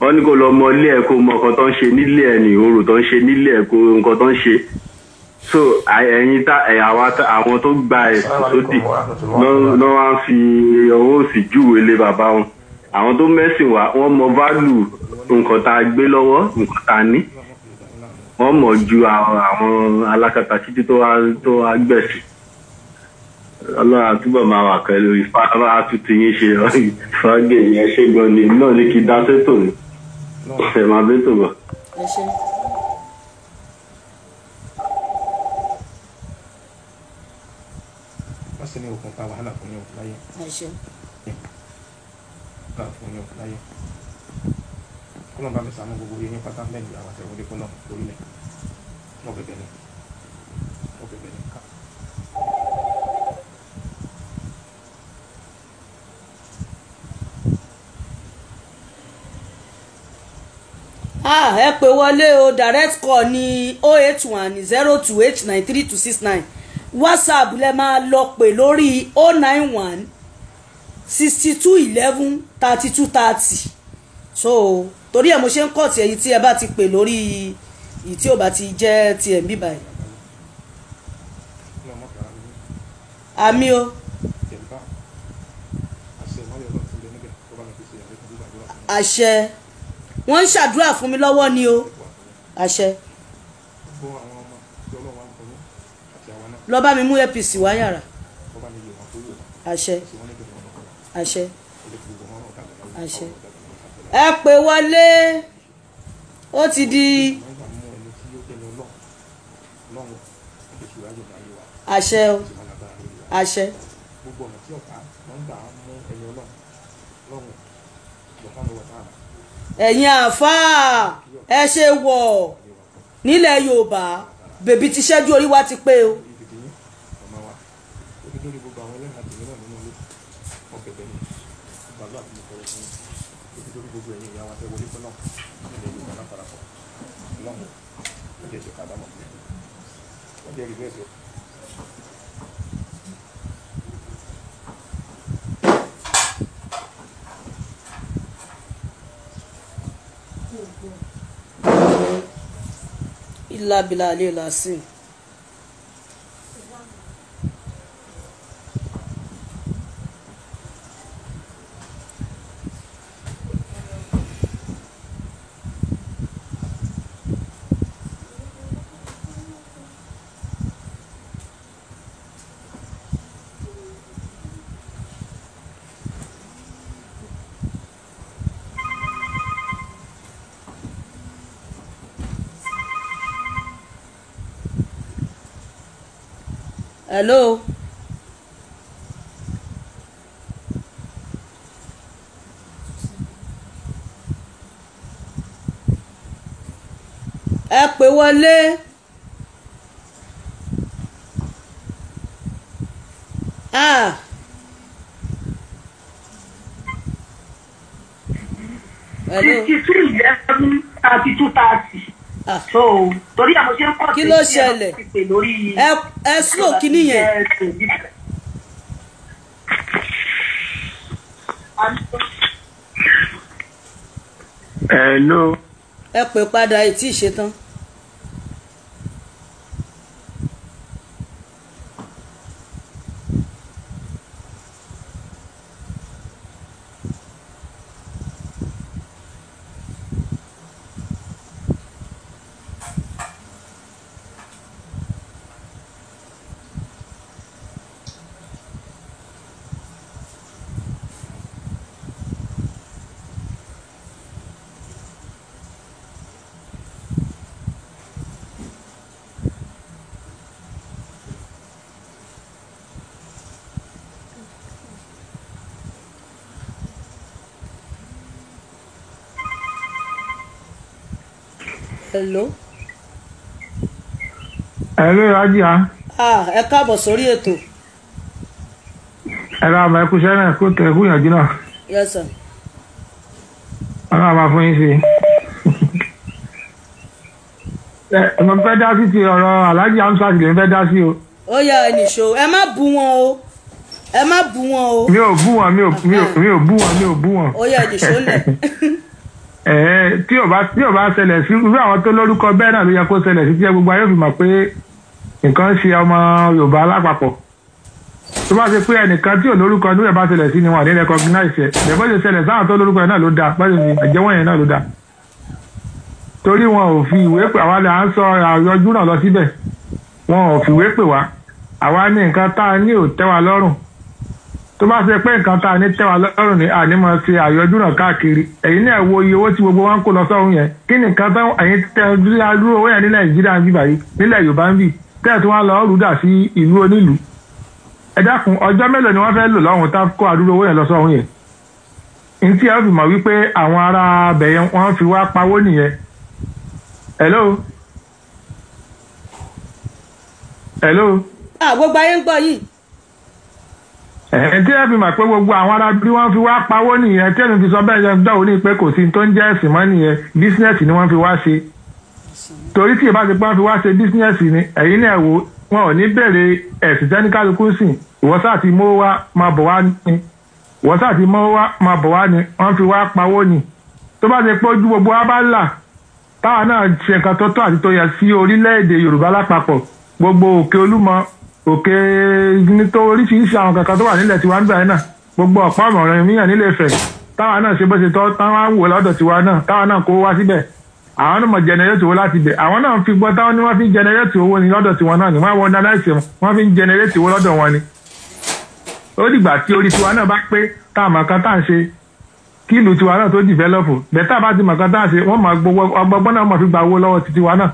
wọ́n ní kó lọ mọ ilé ẹ̀ kó mọ nǹkan tó ń ṣe nílé ẹ̀ ní orò tó ń ṣe nílé ẹ̀ kó nǹkan tó ń ṣe so ẹ̀yin tá àwọn tó gba ẹ̀sùn sódì náà wá ń fi ọwọ́ òsì júwèé lé bàbá wọn àwọn tó mẹ́sìn wá wọ́n mọ válù nǹkan tá a gbé lọ́wọ́ nǹkan tá a ní wọ́n mọ̀ ju àwọn alákatakítí tó wá gbẹ̀sìn ọlọ́run àtúbọ̀ máa wà pẹ̀lú ìfara àtúntì yín ṣe fàágé yẹn ṣé gan ni náà ní kí dáṣẹ́ tò ní ẹ̀ máa bẹ́ tò bọ̀. sí ní okùn pa wàhálà fún yóò láyé. wàhálà fún yóò láyé. kọ́nà bá mi sànú gbogbo yẹn ní pátá mẹ́rin àwọn àtẹ̀wọ́lé kọ́nà lórílẹ̀. wọ́n bẹ̀bẹ̀ ni wọ́n bẹ̀bẹ̀ ni ẹ pè wọlé o direct call ní o oh eight one zero two eight nine three two six nine whatsapp lẹ máa lọ pè lórí o oh nine one sixty two eleven thirty two thirty so torí ẹ mo ṣe ń kọ̀ tí èyí tí ẹ bá ti pè lórí èyí tí ò bá ti jẹ́ ti ẹ̀ ń bí báyìí. àmì o. àṣẹ wọ́n ń ṣàdúrà fún mi lọ́wọ́ ni o àṣẹ. lọ bá mi mú apc wá yàrá àṣẹ àṣẹ àṣẹ ẹ pè wọlé ó ti di àṣẹ o àṣẹ. ẹ̀yin àáfàá ẹ ṣe wọ̀ nílẹ̀ Yorùbá bèbí ti ṣẹ́jú orí wa ti pé o. Thank ilà bìlà àlè làásìn. hello. ẹ pè wọlé ah. hello. fifty two eleven thirty two thirty so torí àwọn ṣe ń pọ̀ sí ṣe ń pèsè lórí ẹ slow kìíní yẹn. ẹ ló. ẹ pè padà ètí ìṣetán. hello. hello Rájíà. Ah. Ah, ẹ káàbọ̀ sórí ètò. ẹ ra àmọ́ ẹkú sẹ́rẹ̀ kó tẹ̀ ẹkú yànjú náà. yes sir. ọlọ́run máa fún yín sí i. ẹ mo fẹ́ dá sí ti ọ̀rọ̀ Alhaji Hamzat lè fẹ́ dá sí o. ó yá ẹ nìṣó ẹ má bú wọn o ẹ má bú wọn o. mi ò bú wọn mi ò bú wọn mi ò bú wọn. ó yá ẹ nìṣó lẹ. Eh, tí ọba tí ọba ṣẹlẹ̀ sí irú àwọn tó lórúkọ bẹ́ẹ̀ náà ló yẹ kó ṣẹlẹ̀ sí tí ẹ gbogbo ayé fi mọ̀ pé nǹkan ṣe ọmọ Yorùbá lápapọ̀ tó bá ṣe pé ẹnìkan tí ò lórúkọ ní ìbá ṣẹlẹ̀ sí ni wọn à ní recognize ẹ̀ bẹ́ẹ̀ bó ṣe ṣẹlẹ̀ sáà tó lórúkọ yẹn náà ló dáa bẹ́ẹ̀ ni àjẹwọ́n yẹn náà ló dáa torí wọn ò fi ìwé pè àwa là ń sọ àyọjú náà lọ síbẹ̀ wọn ò fi ìwé pè wá àwa ní nǹkan tá a ní ò tẹ́ wa lọ́rùn tó bá ṣe pé nǹkan tá a ní tẹ́wà lọ́rùn ní ànímọ̀ ṣe àyọjúràn káàkiri ẹ̀yin náà wo iye owó tí gbogbo wọn ń kó lọ sọ́run yẹn kí ni nǹkan tán ẹ̀yin tẹ adúrú owó yẹn ní nàìjíríà ń bì báyìí nílẹ̀ yorùbá ń bì tẹ́ẹ̀ tí wọ́n lọ rúdà sí ìlú onílùú ẹ dákun ọjọ́ mélòó ni wọ́n fẹ́ lò lọ́hùn tá kó adúrú owó yẹn lọ sọ́run yẹn n tí ẹ fi mọ̀ wípé àwọn ará abẹ̀ yẹn hello hello. àgbogbo ah, ayé ń gbọ́ yìí ẹ̀ẹ́dí ẹ̀bí mà pé gbogbo àwọn ará bí wọ́n fi wá pawó nìyẹn tí ẹ̀mí fi sọ bẹ́ẹ̀ yẹn dọ̀wọ́ ní pé kò sí tó ń jẹ́ ẹ̀sìn mọ́ nìyẹn bísínẹ́sì ni wọ́n fi wá ṣe torí tí ìbá ti pé wọ́n fi wá ṣe bísínẹ́sì ni ẹ̀yin náà wò wọn ò ní bèrè ẹ̀sìn tẹ́níkàlùkù sìn ìwọ́sà ti mọ́ wá máa bọ̀ wá ni ìwọ́sà ti mọ́ wá máa bọ̀ wá ni wọ́n fi wá pawó ni tó bá ti pé ojú gbogbo wa bá là táwa náà ṣe nǹkan tó tọ́ àti tó yẹ sí orílẹ̀-èdè Yorùbá lápapọ̀ gbogbo òkè Olúmọ òkè nítorí oríṣiríṣi àwọn kankan tó wà nílẹ̀ tiwa nígbà yẹn náà gbogbo ọ̀pá ọ̀mọ̀ràn míyàn nílé Ifẹ̀ táwa náà ṣe bó ṣe tọ́ táwa ń wò lọ́dọ̀ tiwa náà táwa náà kó wá síbẹ̀ àwọn náà mọ̀ jẹnẹrétì owó láti bẹ̀ àwọn náà fi gbọ́ táwọn ni wọ́n fi ń jẹnẹrétì owó ni lọ́dọ̀ tiwọn náà ni wọ́n wọ dánáìsì wọ́n fi ń jẹnẹrétì owó lọ́dọ̀ wọn ni. ó dìgbà tí orí tiwa náà bá pé tá a mọ̀ kan tá à ń ṣe kí ìlú tiwa náà tó dìvẹ́lọ́pù bẹ́ẹ̀ tá a bá ti mọ̀ kan tá à ṣe wọ́n mọ̀ gbogbo ọgbọ́n náà mọ̀ fi gba owó lọ́wọ́ ti tiwa náà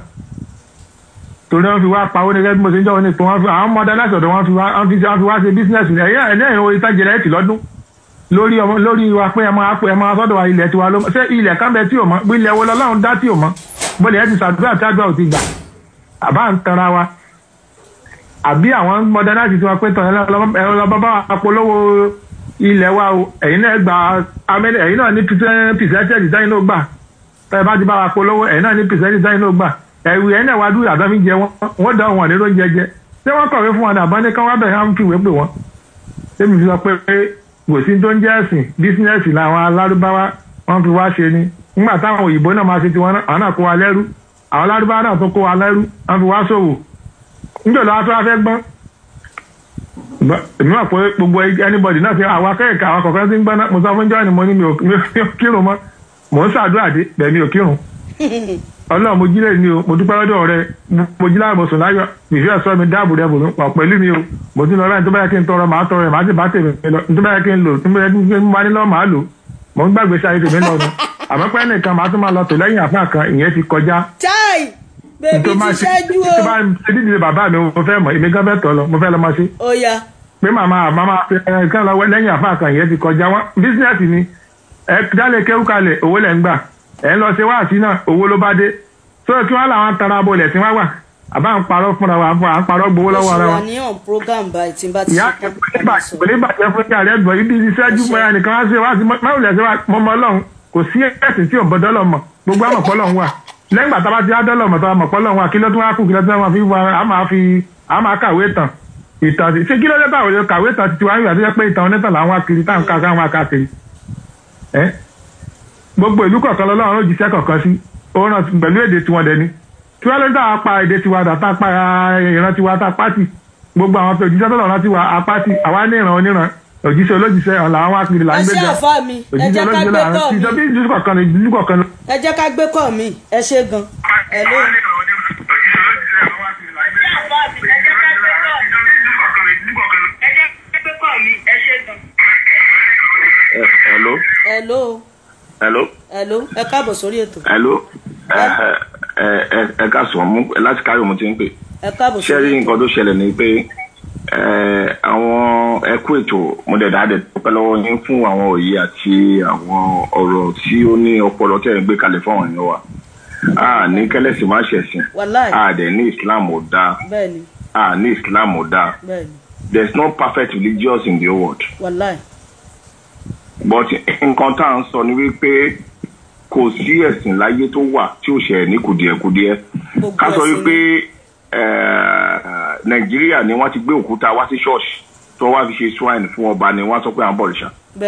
torí wọn fi wá pawó ní gẹ́gẹ́ bí mo ṣe ń jọ́ wọn ní pé wọ́n fi àwọn ọmọ dáná sọ̀dọ̀ wọn fi wá wọn fi wá ṣe bísínẹ́sì ẹ̀yẹ́ ẹ̀yẹ́ ìwọ ìta jẹrẹ ẹ̀tì lọ́dún lórí ọmọ lórí wa pé ẹmọ apò ẹmọ sọ́dọ̀ wa ilẹ̀ tiwa ló mọ ṣé ilẹ̀ tí ò mọ ilẹ̀ wo lọ́lọ́run dá tí ò mọ bọ́lẹ̀ ẹ̀ ti ṣàdúrà tágbà ò ti gbà àbá ń tanra wa àbí àwọn mọdánáàtì tí wọn pé tán ẹ̀rọ apolówó ilẹ̀ wa o ẹ̀yin náà gbà tẹ́ náà ní ẹ̀wì ẹ̀ náà wá dúró àdámí jẹ wọn wọ́n dá wọn àdérò jẹ jẹ ṣé wọ́n kọ̀wé fún wọn àbá ní káwọn abraham fìwé pè wọ́n tẹ́mi fi sọ pé kò sí tó ń jẹ́ ẹ̀sìn làwọn alárúbáwá fi wá ṣe ni nígbà táwọn òyìnbó náà máa ṣe náà kó wa lẹ́rú àwọn alárúbáwá náà tó kó wa lẹ́rú fi wá ṣòwò níjọ́ lọ́wọ́ tó wá gbọ́n èmi wà pé gbogbo anybody náà fi àwọn akẹ́kọ̀ọ́ àwọn kọ̀ọ̀kan tí ń gbọ́n náà mo sọ fún jọ́ọ̀nì mo ní mi ò kírun mọ́ ọlọ́run mo jílẹ̀ mi o mo dúpẹ́ lọ́dọ̀ rẹ mo jí láyọ̀ ìfẹ́ ẹ̀sọ́ mi dáàbò rẹ bò pẹ̀lú mi o mo ti lọ láyìn tó bá kí n tọrọ màá tọrọ rẹ màá sì bá tèmi lọ kí n lò tó bá yẹ kí n wá màá lò mo ń gbàgbé tèmi lọ nù àmọ́ pẹ́ nìkan màá tún máa lọ tò lẹ́yìn àfáà kan ìyẹn ti kọjá. chai bèbí ti ẹ̀ ń lọ ṣe wáàsí náà owó ló bá dé tó kí wọ́n làwọn tara bolẹ̀ tí wọ́n wà àbá ń parọ́ fúnra wa fún wa ń parọ́ gbowó lọ́wọ́ ara wa. ìṣòro àníyàn program báyìí tí n bá ti ṣe kọ́kọ́. ìpínlẹ̀ ìbàjẹ́ fún ìyá rẹ̀ gbọ́ ibi ìṣẹ́jú mọ́ra nìkan wá sí wáàsí mọ́wùlẹ̀ sí mọ́mọ́ ọlọ́run kò sí ẹ̀sìn tí ò bọ́ dọ́lọ́ mọ̀ gbogbo àmọ̀ pọ́lọ́run wà lẹ́yìn gbàtà bá ti á dọ́lọ́ mọ̀ tó àmọ̀ pọ́lọ́run wà kí ló tún wá kù kí ló tún wá fi wá a máa fi a máa kàwé tàn ìtàn ṣé kí ló dé táwọn kàwé tàn ti wá ń yọ àti pé ìtàn onítàn làwọn akiri táwọn kà káwọn akiri gbogbo ìlú kọ̀ọ̀kan lọ́la ọ̀rọ̀ jíṣẹ́ kọ̀ọ̀kan sí òun pẹ̀lú èdè tiwọn dẹ̀ ni kí wọ́n lè dá apá èdè tiwa dàtà apá eh, ìran tiwa tá apá tì gbogbo àwọn tó jíṣẹ́ tọ̀lọ̀ rántí wa apá tì àwa ní ìran oníran òjíṣẹ́ olójíṣẹ́ ọ̀la àwọn akiri là ń gbé jẹ òjíṣẹ́ olójíṣẹ́ là ń ti jọ bí ìlú kọ̀ọ̀kan ìlú kọ̀ọ̀kan. ẹ jẹ́ ká gbé kọ́ mi Hello. Hello hello. hello ẹ káàbọ̀ sórí ètò. hello ẹ ẹ ẹ ká sùn mú láti káyọ̀ mo ti ń pè. ẹ káàbọ̀ sórí ètò. ṣé rí nǹkan tó ṣẹlẹ̀ ni pé àwọn ẹkú ètò mo dẹ̀ dáadẹ̀ dúpẹ́ lọ́wọ́ yín fún àwọn òye àti àwọn ọ̀rọ̀ tí ó ní ọpọlọ tẹ̀ ń gbé kalẹ̀ fáwọn èèyàn wa a ní kẹ́lẹ́sì má ṣẹ̀sìn a dẹ̀ ní Islam ò dáa a ní Islam ò dáa there is no perfect religious in the world. Wallahi but nǹkan tá à ń sọ ni wípé kò sí ẹ̀sìn láyé tó wà tí ò ṣẹ̀ ní kùdìẹ̀kudiẹ ká sọ wípé eh, nàìjíríà ni wọ́n ti gbé òkúta wá sí ṣọ́ọ̀ṣì tó wá fi ṣe swine fún ọba ni wọ́n sọ pé à ń bọ̀ rìṣà bí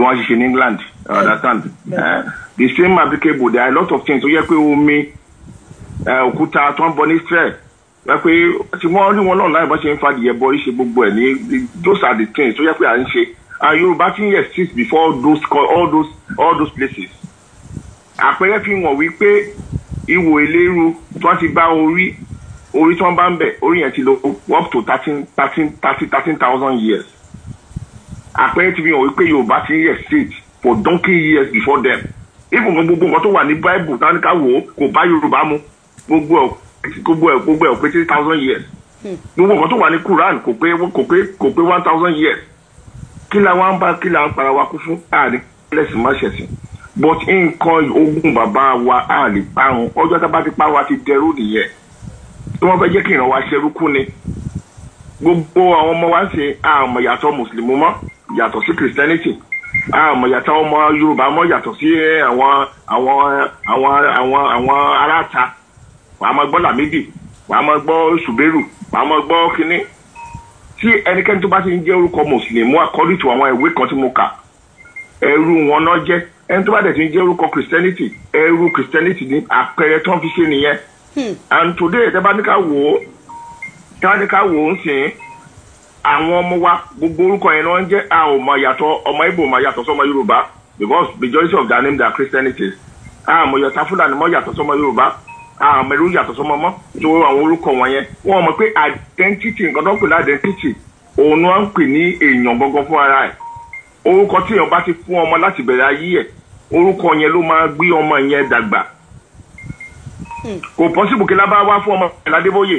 wọ́n ṣe ṣe ní England understand eh, the same applicable there are a lot of things tó yẹ pé omi eh, òkúta tó ń bọ ní Israel wọ́n pé tí wọ́n rí wọn lọ́nà láì bọ́ ṣe ń fadìyẹ bọ́ ṣe gbogbo ẹ̀ ní those are the things tó yẹ pé à ń ṣe uh, Yorùbá ti ń exist before those all those all those places àpẹẹrẹ fi hàn wípé ìwò eléru tí wọ́n ti bá orí orí tí wọ́n bá ń bẹ̀ orí yẹn ti lò up to thirteen thirteen thirty thirteen thousand years àpẹẹrẹ ti fi hàn wípé Yorùbá ti ń exist for donkey years before them even gbogbo nǹkan tó wà ní Bible táwọn ká wò ó kò bá Yorùbá mu gbogbo ẹ̀ gbogbo ẹ̀ gbogbo ẹ̀ pé three thousand years hmm. gbogbo nǹkan tó wà ní Quran kò pé kò pé kò pé one thousand years kí la wá ń bá kí la ń para wa kú fún àárín lẹ́sìn má ṣẹ̀sìn but nǹkan ogun bàbá wa á lè parun ọjọ́ tá a bá ti parun a ti dẹrú nìyẹn tí wọ́n fẹ́ jẹ́ kí ìran wa ṣerú kú ni gbogbo àwọn ọmọ wa ń ṣe àmọ̀ yàtọ̀ mùsùlùmí mọ́ yàtọ̀ sí christianity àmọ̀ yàtọ̀ ọmọ yorùbá mọ́ yàtọ̀ sí àwọn àwọn wàá máa gbọ́ làmídì wàá máa gbọ́ ṣùbẹ́rù wàá máa gbọ́ kínní tí ẹnikẹ́ni tó bá ti ń jẹ́ orúkọ mùsùlùmí according to àwọn ìwé kan tí mo kà ẹrú wọn náà jẹ́ ẹni tó bá dẹ̀ ti ń jẹ́ orúkọ christianity ẹrú christianity ní àpẹẹrẹ tó ń fi ṣe nìyẹn hmm. and today tẹ́ bá ní ká wò ó tẹ́ bá ní ká wò ó ń sìn àwọn ọmọ wa gbogbo orúkọ yẹn náà ń jẹ́ a ò yàtọ̀ ọmọ ibo mọ yàtọ̀ sọmọ yorùbá because majority of their names are christianity a mọ yàtọ̀ fúlàní mọ yàtọ̀ sọmọ yorùbá àmọ́ ah, ẹ̀rú yàtọ̀ sọmọ mọ́ tó àwọn orúkọ wọn yẹn wọ́n mọ̀ pé identity nǹkan tó ń pè ní identity òun ni wọ́n ń pè ní èèyàn gangan fún ara ẹ̀ orúkọ tí èèyàn bá ti fún ọmọ láti bẹ̀rẹ̀ ayé ẹ̀ orúkọ yẹn ló máa gbé ọmọ yẹn dàgbà hmm. kò pọ́sibù kí lábá wá fún ọmọ ìlàdébóyè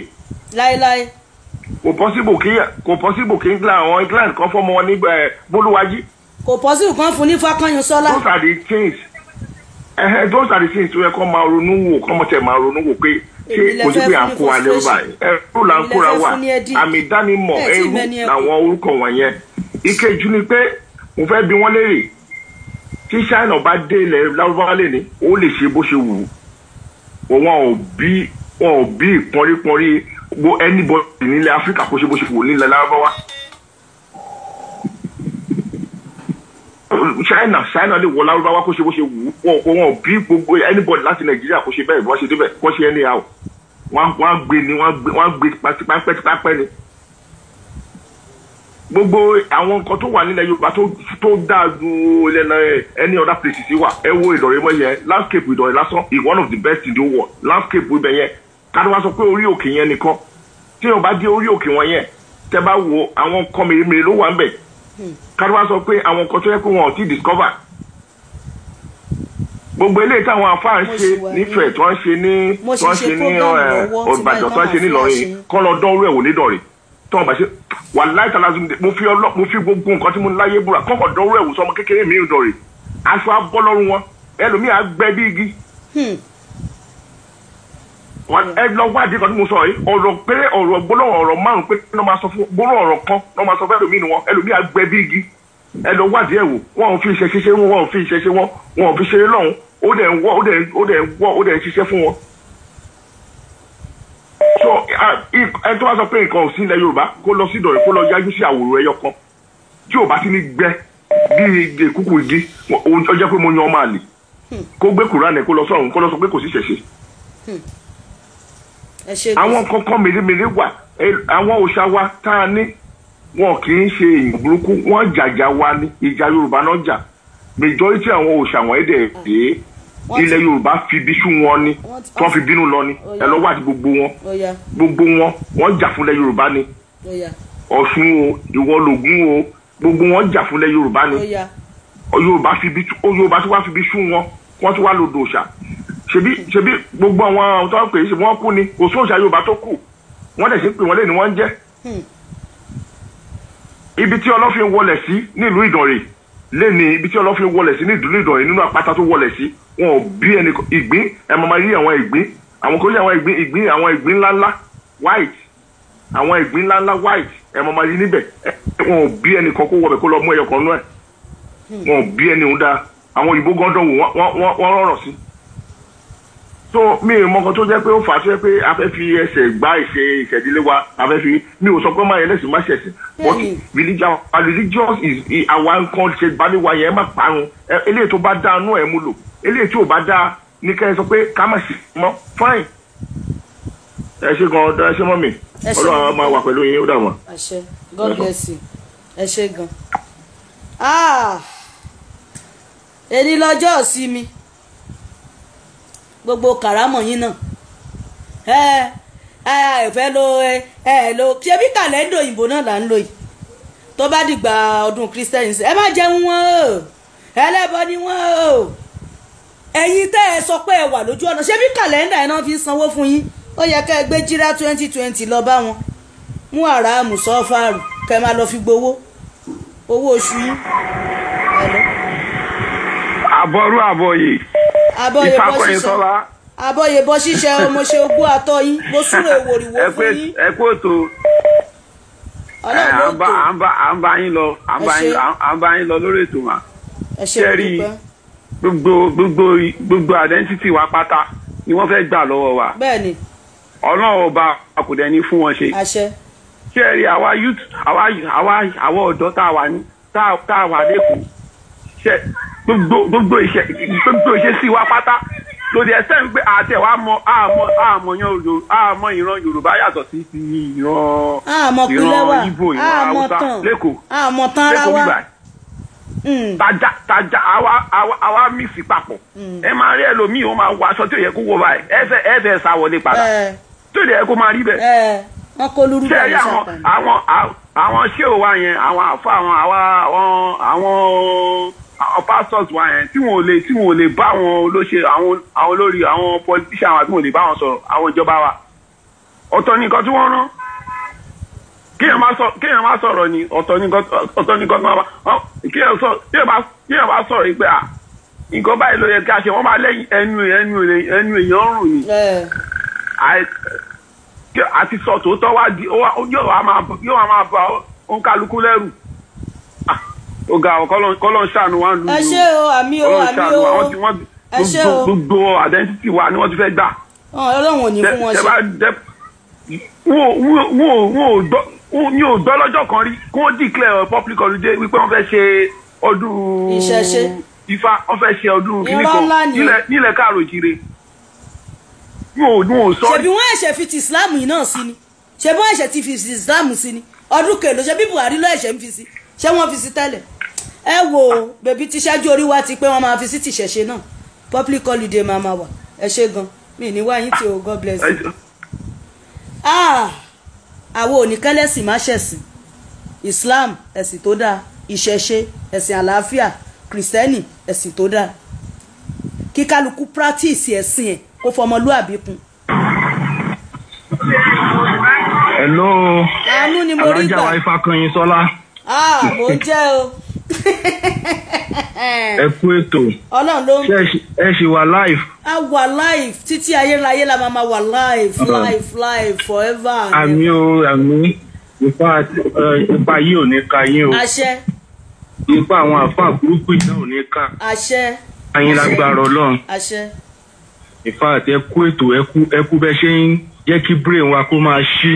láéláé kò pọ́sibù kí kò pọ́sibù kí ńlá àwọn england kan fọ́mọ wọn ní eh, bólúwájí kò pọ́sibù kan fún ní fákànyìn sọ́lá ẹhẹ eh, eh, those are the things tó yẹ kọ́ máa ronú wò kọ́ mọ̀ tẹ̀ máa ronú wò pé ṣé kò sí pé à ń kó wa lẹ́rú báyìí ẹrú eh, là ń kóra wa àmì ìdánimọ̀ ẹrú làwọn orúkọ wọ̀nyẹn ìkejì ni pé mo fẹ́ bi wọ́n léèrè tí China bá dé ilẹ̀ lárúbáwá lè ní ó lè ṣe bó ṣe wù ú wọn ò bí wọn ò bí ìpọ́nrípọ́nrí gbó anybody nílẹ̀ Áfíríkà kó ṣe bó ṣe wù ú nílẹ̀ lárúbáwá. China China lè wọ Lárúbáwá kó ṣe bó ṣe wù ú wọn bí gbogbo anybody láti Nàìjíríà kó ṣe bẹ́ẹ̀ bó ṣe débẹ̀ kó ṣe ẹni àwọ̀ wọ́n gbé ni wọ́n á gbé pápẹ́tipápẹ́ ni. gbogbo àwọn nǹkan tó wà nílẹ̀ Yorùbá tó dáa ju ilẹ̀ any other places wà ẹ wo Ìdọ̀rẹ̀ mọ́ yẹn landscape Ìdọ̀rẹ̀ lásán is one of the best in the world landscape ibẹ̀ yẹn kádùn wá sọ pé orí òkè yẹn nìkan tí Yorùbá dé orí òkè wọn yẹn tẹ́ bá wo àwọn nǹkan mèremère ló wà ń bẹ̀ káríwá sọ pé àwọn nǹkan tó yẹ kó wọn ò tí discover gbogbo eléyìí táwọn afáà ń ṣe nífẹ̀ẹ́ tó ń ṣe ní tó eh, ń ṣe ní ọ̀bàjọ́ tó ń ṣe nílọrin kọ́ lọ dánwó ẹ̀wò nídọ̀rẹ́ tó ń bá ṣe wà láìta lásán mo fi ọlọ́ mo fi gbogbo nǹkan tí mo láyé búra kọ́kọ́ dánwó ẹ̀wò sọmọ kékeré mi ń dọ̀rẹ́ aṣọ abọ́ lọ́rùn wọn ẹlòmíì á gbẹ́ bí igi hmm ẹ lọ wádìí kan tí mo sọ yìí ọ̀rọ̀ pé ọ̀rọ̀ gbólóhùn ọ̀rọ̀ márùn pé lọ́ máa sọ fún gbólóhùn ọ̀rọ̀ kan lọ́ máa sọ fún ẹlòmíì wọn ẹlòmíì àgbẹ̀ bí igi ẹ lọ wádìí ẹ̀ wò wọn ò fi ṣe ṣiṣẹ́ wọn wọn ò fi ṣe ṣe wọn wọn ò fi ṣeré lọ́hùn ó dẹ̀ ń wọ́ ó dẹ̀ ń wọ́ ó dẹ̀ ń ṣiṣẹ́ fún wọn. so ẹ tó wá sọ pé nǹkan ò sí ilẹ̀ Yorùbá kó lọ sí ìdọ̀rẹ́ kó lọ yájú sí àwòrán ẹyọ kan tí ò bá ti ní gbẹ bí igi kúkú igi ọjọ́ pé mo yan ọmọ àlè hmm. kó gbé kúránì kó lọ sọ́run kó lọ sọ pé kò sí ṣẹ̀ṣẹ̀. Hmm àwọn kankan mèremère wà àwọn òòṣà wa tá a ní wọn kì í ṣe èyàn burúkú wọn jàjà wa ní ìjà yorùbá náà jà majority àwọn òòṣà wọn ẹ̀dẹ̀ rèé ilẹ̀ yorùbá fi ibi sú wọn ni tó fi bínú lọ ni ẹ lọ́wọ́ àti gbogbo wọn gbogbo wọn wọn jà fúnlẹ̀ yorùbá ni ọ̀ṣun o ìwọ lògùn o gbogbo wọn jà fúnlẹ̀ yorùbá ni yorùbá tí wàá fi ibi sú wọn wọn tún wá lòdò òòṣà ṣebí ṣebí gbogbo àwọn tó ń pè é ṣebí wọ́n kú ni kò sún òṣà Yorùbá tó kù wọ́n dẹ̀ sí pé wọ́n lé ni wọ́n ń jẹ́ hmm. ibi tí ọlọ́fin wọlẹ̀ sí nílùú Ìdànrè lẹ́ni ibi tí ọlọ́fin wọlẹ̀ sí nílùú Ìdànrè nínú àpáta tó wọlẹ̀ sí wọn ò bí ẹni ìgbín ẹ máa rí àwọn ìgbín àwọn kò rí àwọn ìgbín ìgbín àwọn ìgbín ńláńlá white àwọn ìgbín ńláńlá white ẹ máa rí níbẹ̀ wọn ò bí ẹni kan kó wọbẹ̀ kó lọ mú ẹyọ kan nú ẹ̀ hmm. wọn ò bí ẹni òun dáa àwọn òyìnbó gán dánwò wọn rọrọ sí i so mi ò mọ nǹkan tó jẹ́ pé ó fà á sí pé a fẹ́ fi ẹsẹ̀ gbá ìṣe ìṣẹ̀dílé wa a fẹ́ fi mi ò sọ pé máa yẹ lẹ́sìn má ṣẹ̀sìn but religion religious is àwa nǹkan ṣe gbáléwa yẹn má parun eléyìí tó bá dáa nú ẹ̀ mú lò eléyìí tí ò bá dáa ní kẹ́ ẹ sọ pé ká má sì mọ́ fine ẹ ṣe gan ọdọ ẹ ṣe mọ́ mi ọlọ́run máa wà pẹ̀lú yín ó dà wọ́n. ẹ ṣé ẹ ṣé gan. Ah! èyí lọ́jọ́ ìsinmi gbogbo kàrámọ̀ yín náà ẹ ẹ ẹ fẹ́ lo ẹ ẹ lo ṣé bí kàlẹ́ńdà òyìnbó náà là ń lò yìí tó bá dìgbà ọdún Christians ẹ má jẹun wọn o ẹlẹ́bọ ni wọn o ẹ̀yin tẹ́ ẹ sọ pé ẹ wà lójú ọ̀nà ṣé bí kàlẹ́ńdà ẹ náà fi sanwó fún yín ó yẹ ká ẹ gbé jírá twenty twenty lọ bá wọn mú àràmù sọ́fàrù kẹ́ máa lọ fi gbowó owó oṣù yín àbọrú àbọyè ìfakọyè tọ́lá. àbọyè bọ ṣíṣe ọmọ ṣe ogún àtọ yín mo súnrò ìwòrìwò fún yín. ẹ kó tó ọlọ́run ló tó à ń bá yín lọ à ń bá yín lọ lórí ètò mà ṣe rí gbogbo gbogbo gbogbo identity wa pátá ni wọ́n fẹ́ gbà lọ́wọ́ wa bẹ́ẹ̀ni ọlọ́run ọba kò dẹ̀ ní fún wọn ṣe ṣe rí àwa youth àwa àwa àwa ọ̀dọ́ tá a wà ní tá a wà lẹ́kọ̀ọ́ gbogbo iṣẹ́ gbogbo iṣẹ́ sí wa pátá lórí ẹsẹ̀ ń pé àti ẹ̀wà mọ àmọ́ àmọ́ yan àmọ́ ìran Yorùbá yàtọ̀ sí ti ìran ìran Ìgbò ìran Haúsá lẹ́kọ̀ọ́ lẹ́kọ̀ọ́ bíbá mm. tajà tajà àwa àwa àwa mìsì papọ̀ mm. ẹ máa rí ẹlòmíì ó máa wọ aṣọ tí ò yẹ kó wọ báyìí ẹsẹ̀ ẹsẹ̀ ṣàwọlé padà eh. tí ò yẹ kó máa rí bẹ́ẹ̀ eh, wọn kó lóru bá yẹn àwọn ṣé òwa yẹn àwọn àfa àwọn àwa àwọn pastors wa yẹn tí wọn ò lè tí wọn ò lè bá àwọn olóṣèlú àwọn àwọn olórí àwọn politician wa tí wọn ò lè bá wọn sọ̀rọ̀ àwọn ìjọba wa ọ̀tọ̀ ni nǹkan tí wọ́n rán kéèyàn má sọ̀rọ̀ ni ọ̀tọ̀ ni nǹkan tí wọ́n bá kéèyàn bá sọ̀rọ̀ yìí pé à nǹkan báyìí ló yẹ kí a ṣe wọ́n máa lẹ́yìn ẹnu ẹnu ẹnu èèyàn rùn ni àti sọ tòótọ́ wá di yóò wá máa bá òǹkálukú lẹ́rù ó ga ọ kọ́lọ́ ń ṣàánú wa ń lu ẹ ṣé o àmì o àmì gbogbo identity wa ni wọ́n ti fẹ́ gbà. mi ò gbọ́ lọ́jọ́ kan rí kí declare public holiday wípé wọ́n fẹ́ ṣe ọdún ifá wọ́n fẹ́ ṣe ọdún kìnnìkan nílẹ̀ káàrọ̀ ìjire ṣebí wọn ẹ̀ṣẹ̀ fi ti islam yìí náà sí ni ṣebí wọn ẹ̀ṣẹ̀ ti fi islam sí ni ọdún kèlò ṣebí buhari ló ẹ̀ṣẹ̀ ń fi sí ṣé wọ́n fi sí tẹ́lẹ̀ ẹ wo bèbí ti ṣáájú orí wa ti pé wọ́n máa fi sí tìṣẹ̀ṣe náà public holiday máa máa wà ẹ ṣe gan mi ní wá yín tí o god bless you. Ah, àwọn oníkẹ́lẹ́sìn má ṣẹ̀sìn islam ẹ̀sìn tó dáa ìṣẹ̀ṣe ẹ̀sìn àlàáfíà kìrìsìtẹ́nì ẹ̀sìn tó dáa kí kálukú practice ẹ̀sìn ẹ̀ kó fọmọlúàbí kun. hello alájà wa ifá kan yín sọlá. Ah, mo jẹ́ o ẹ kú ètò ọlọ́run ló ń ẹ ṣì wà live. a wà live títí ayérayé la máa wà live live live forever. àmì o àmì ipa ipa yìí ò ní ka yín o. àṣẹ. ipa àwọn àfa burúkú ìdá ò ní ka. àṣẹ. ayin lágbára ọlọ́run. àṣẹ. ìfà àti ẹ kú ètò ẹ kú ẹ bẹ ṣe ń jẹ́ kí brain wa kó máa ṣí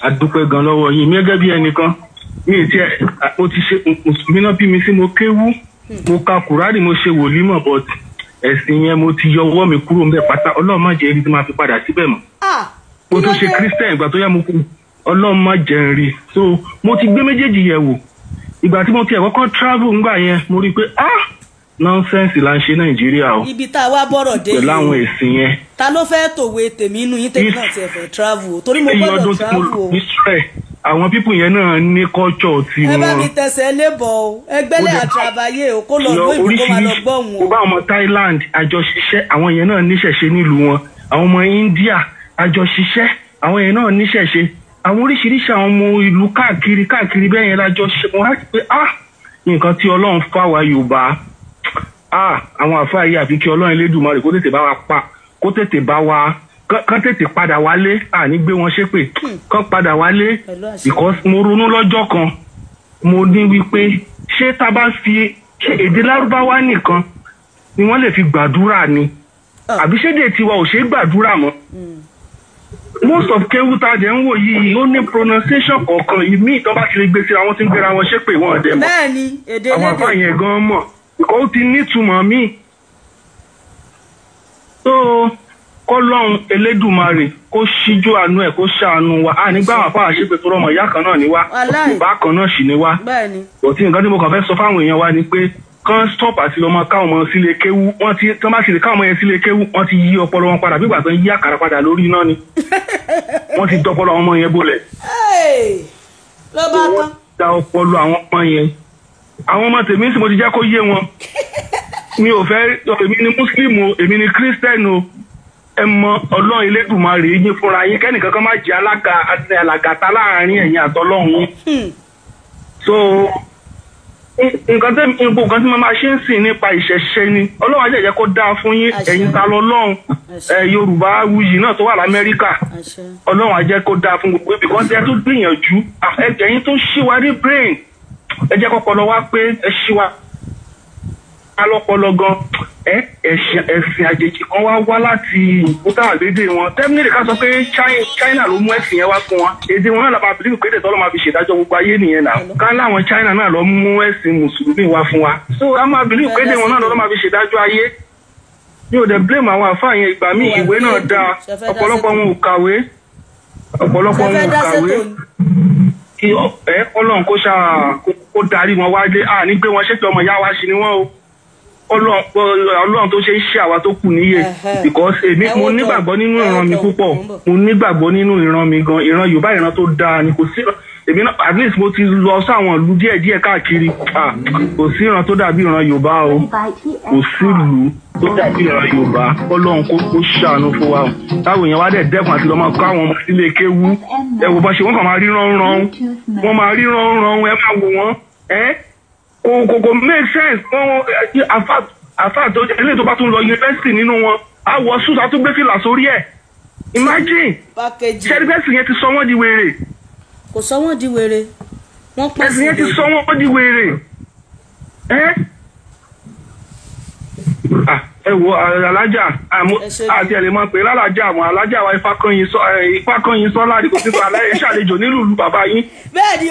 a dúpẹ́ gan yín mi bí ẹnìkan mi ti ẹ o ti ṣe mi náà bí mi sí mo kéwú hmm. mo ka kùránì mo ṣe wòlímọ̀ but ẹ̀sìn yẹn mo ti yọ ọwọ́ mi kúrò ńbẹ̀ pátá ọlọ́run má jẹ́ rí tí máa fi padà síbẹ̀ mọ́ ah, mo tún ṣe christian ìgbà tó yá mo kú ọlọ́run má jẹ́ ń rí so mo ti gbé méjèèjì yẹ̀ wò ìgbà tí mo ti ẹ̀kọ́kọ́ travel ńgbà yẹn mo rí i pé ah nọ́nsẹ́ǹsì là ń ṣe nàìjíríà o ibi tá a wá bọ̀rọ̀ dé pẹ̀lú àwọn ẹ̀sìn yẹn ta ló fẹ́ tòwe tèmi inú yín tèmi ti ẹ̀fẹ̀ travel o torí mo gbọ́dọ̀ travel o àwọn pípù yẹn náà ní kọ́jọ́ ti wọn. ẹ bá mi tẹsẹ̀ lébọ̀ o ẹgbẹ́lẹ̀ àtàbáyé o kó lọ lóyún kó máa lọ gbọ́hùn o. mo bá ọmọ Thailand àjọṣiṣẹ́ àwọn yẹn náà níṣẹ̀ṣe nílùú wọn àwọn ọmọ India àjọṣiṣẹ́ àwọn yẹn náà níṣẹ̀ṣe àwọn oríṣiríṣi àwọn ọmọ ìlú káàkiri káàkiri bẹ́ẹ̀ yẹn lájọ ṣe wọn á ti pé ah nǹkan tí Ọlọ́run fà wá Yorùbá ah àwọn àfáà yìí àfi kí Ọlọ́run Elédùmarè kó tètè bá wa pa kó tètè bá wa kán tètè padà wálé àní gbé wọn ṣépè kán padà wálé because mo ronú lọ́jọ́ kan mo ní wípé ṣé tá a bá fi èdè lárúbáwá nìkan ni wọ́n lè fi gbàdúrà ni ah. àbí ṣédè tiwa ò ṣe é gbàdúrà mọ́ hmm. most of kéwú tá a jẹ ń wò yìí ó ní pronunciation kọ̀ọ̀kan ìmí ìtọ́ bá ti lè gbé síra wọn ti ń gbéra wọn ṣépè wọn ọ̀dẹ mọ́ àwọn àbá yẹn gan mọ̀ ó ti nítumọ̀ míì kọlọ́run elédùmarè kó ṣíjú àánú ẹ̀ kó ṣàánú wa a nígbà wà fáwọn àṣepẹ tó rọmọ ìyá kan náà ni wá bákan náà sì ni wá òtí nǹkan tí mo kàn fẹ́ sọ fáwọn èèyàn wa ni pé kán stop àti lọ́mọ káwọn ọmọ sílé kéwú wọ́n ti tán bá sì lè káwọn ọmọ yẹn sílé kéwú wọ́n ti yí ọpọlọ wọn padà bí tó ń yí àkàrà padà lórí iná ni wọ́n ti dọpọlọ ọmọ yẹn bolẹ̀. ló bá tán. da mi ni mùsùlùmí o èmi ni kírísítẹ́nì o ẹ mọ ọlọ́run elédùnmarè yín fúnra yín kẹ́nìkan kan má jẹ́ alága alàgàtà láàrin ẹ̀yin àtọlọ́run hmm. so nǹkan tẹ́ nǹkan tí mo máa ṣe ń sìn nípa ìṣẹ̀ṣe ni ọlọ́run ajẹ́jẹ́ kó dáa fún yín ẹ̀yin ta lọ lọ́hùn yorùbá wuyì náà tó wà lamẹ́ríkà ọlọ́run ajẹ́ kó dáa fún gbogbo ibì kan tí ẹ tún gbìyànjú ah, ẹ̀jẹ̀ yín tún ṣíwárí brain ẹ jẹ́ kọ́kọ́ lọ wá pé ẹ ṣíwárí alọ́pọlọ gan ẹ̀sìn àjèjì kan wá wá láti ìgbótà àlédè wọn tẹ́mínìlì ká sọ pé China ló mú ẹ̀sìn yẹn wá fún wa èdè wọn náà bàbá bílíù kéde tọ́lọ́ máa fi ṣèdájọ́ gbogbo ayé nìyẹn náà ká láwọn China náà lọ mú ẹ̀sìn mùsùlùmí wá fún wa so ká máa bílíù kéde wọn náà lọ́ọ́ máa fi ṣèdájọ́ ayé mi ò dẹ̀ blame àwọn àfáà yẹn ìgbà míì ìwé náà dáa ọ̀pọ̀lọpọ̀ wọn ò kàwé ọ̀pọ̀lọpọ̀ wọn ò kàwé kí ọlọ́run kó ṣáà kó darí wọn wá dé àní gbé wọn ṣètò ọmọ ìyá wa ṣì ni wọ́n o ọlọ́run tó ṣe ń ṣe àwa tó kù níyè because èmi mo nígbàgbọ́ nínú ìran mi púpọ̀ mo nígbàgbọ́ nínú ìran mi gan ìran yorùbá ìran tó dáa ni kò sí èmi náà at least mo ti lọ sáwọn ìlú díẹ̀ díẹ̀ káàkiri kò sí ìran tó dàbí ìran yorùbá o kò sí ìlú tó dàbí ìran yorùbá ọlọ́run kó kó ṣàánú fún wa o táwọn èèyàn wá dẹ̀ dẹ́kun àti lọ máa kọ́ àwọn ọmọ ilé kéwú ẹ̀wò bá ṣe wọ́n kàn máa ríran rán wọ́n máa ríran rán ẹ máa wò wọ́n ẹ́ kò kò kò make sense wọn àfà àfà tó jẹ ilé tó bá tún lọ yunifásitì nínú wọn á wọ sùn á tún gbé fìlà sórí ẹ̀ imagine sẹrífẹsì yẹn ti sọ wọn di wèrè. kò sọ wọn di wèrè wọn pàṣẹ. ẹsìn yẹn ti sọ wọn di wèrè. ah ẹ wo alájà àti ẹlẹmọ pé lálàjà àwọn alájà wa ifá kanyin sọlá àdìgbò pípa aláìyẹ ṣàlejò nílùú bàbá yín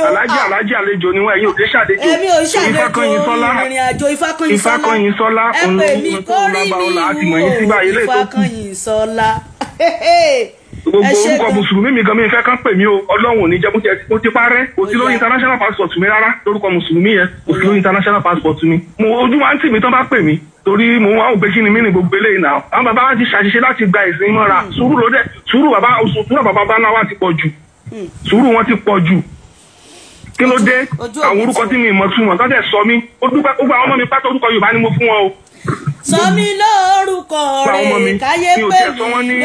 alájà alájà àlejò ni wọn ẹ̀yin ò ṣàlejò ifá kanyin ifá kanyin sọlá òun ní kó lábà ọlà àti mọyìn síbà ilé gbogbo orúkọ mùsùlùmí mi gan mi fẹ́ kán pè mí o ọlọ́run ò ní jẹ́ mo ti parẹ́ kò sí lórí international passport mi rárá lórúkọ mùsùlùmí yẹn kò sí lórí international passport mi mo ojú wa ń tì mí tán bá pè mí torí mo wá òpè kí ni mí ní gbogbo eléyìí náà àwọn bàbá wa ti ṣàṣìṣe láti gba ìsìn mọ́ra hmm. sùúrù ló sùúrù bàbá sùúrù bàbá bá náà ti pọ̀ jù hmm. sùúrù wọn ti pọ̀ jù kí ló dé àwọn orúkọ tí mi mọ̀ fún wọn tó sọ mí ó dúpẹ́ gbogbo àwọn ọmọ mi pátá orúkọ Yorùbá ni mo fún wọn o sọmi lórúkọ rẹ̀ káyé pé mi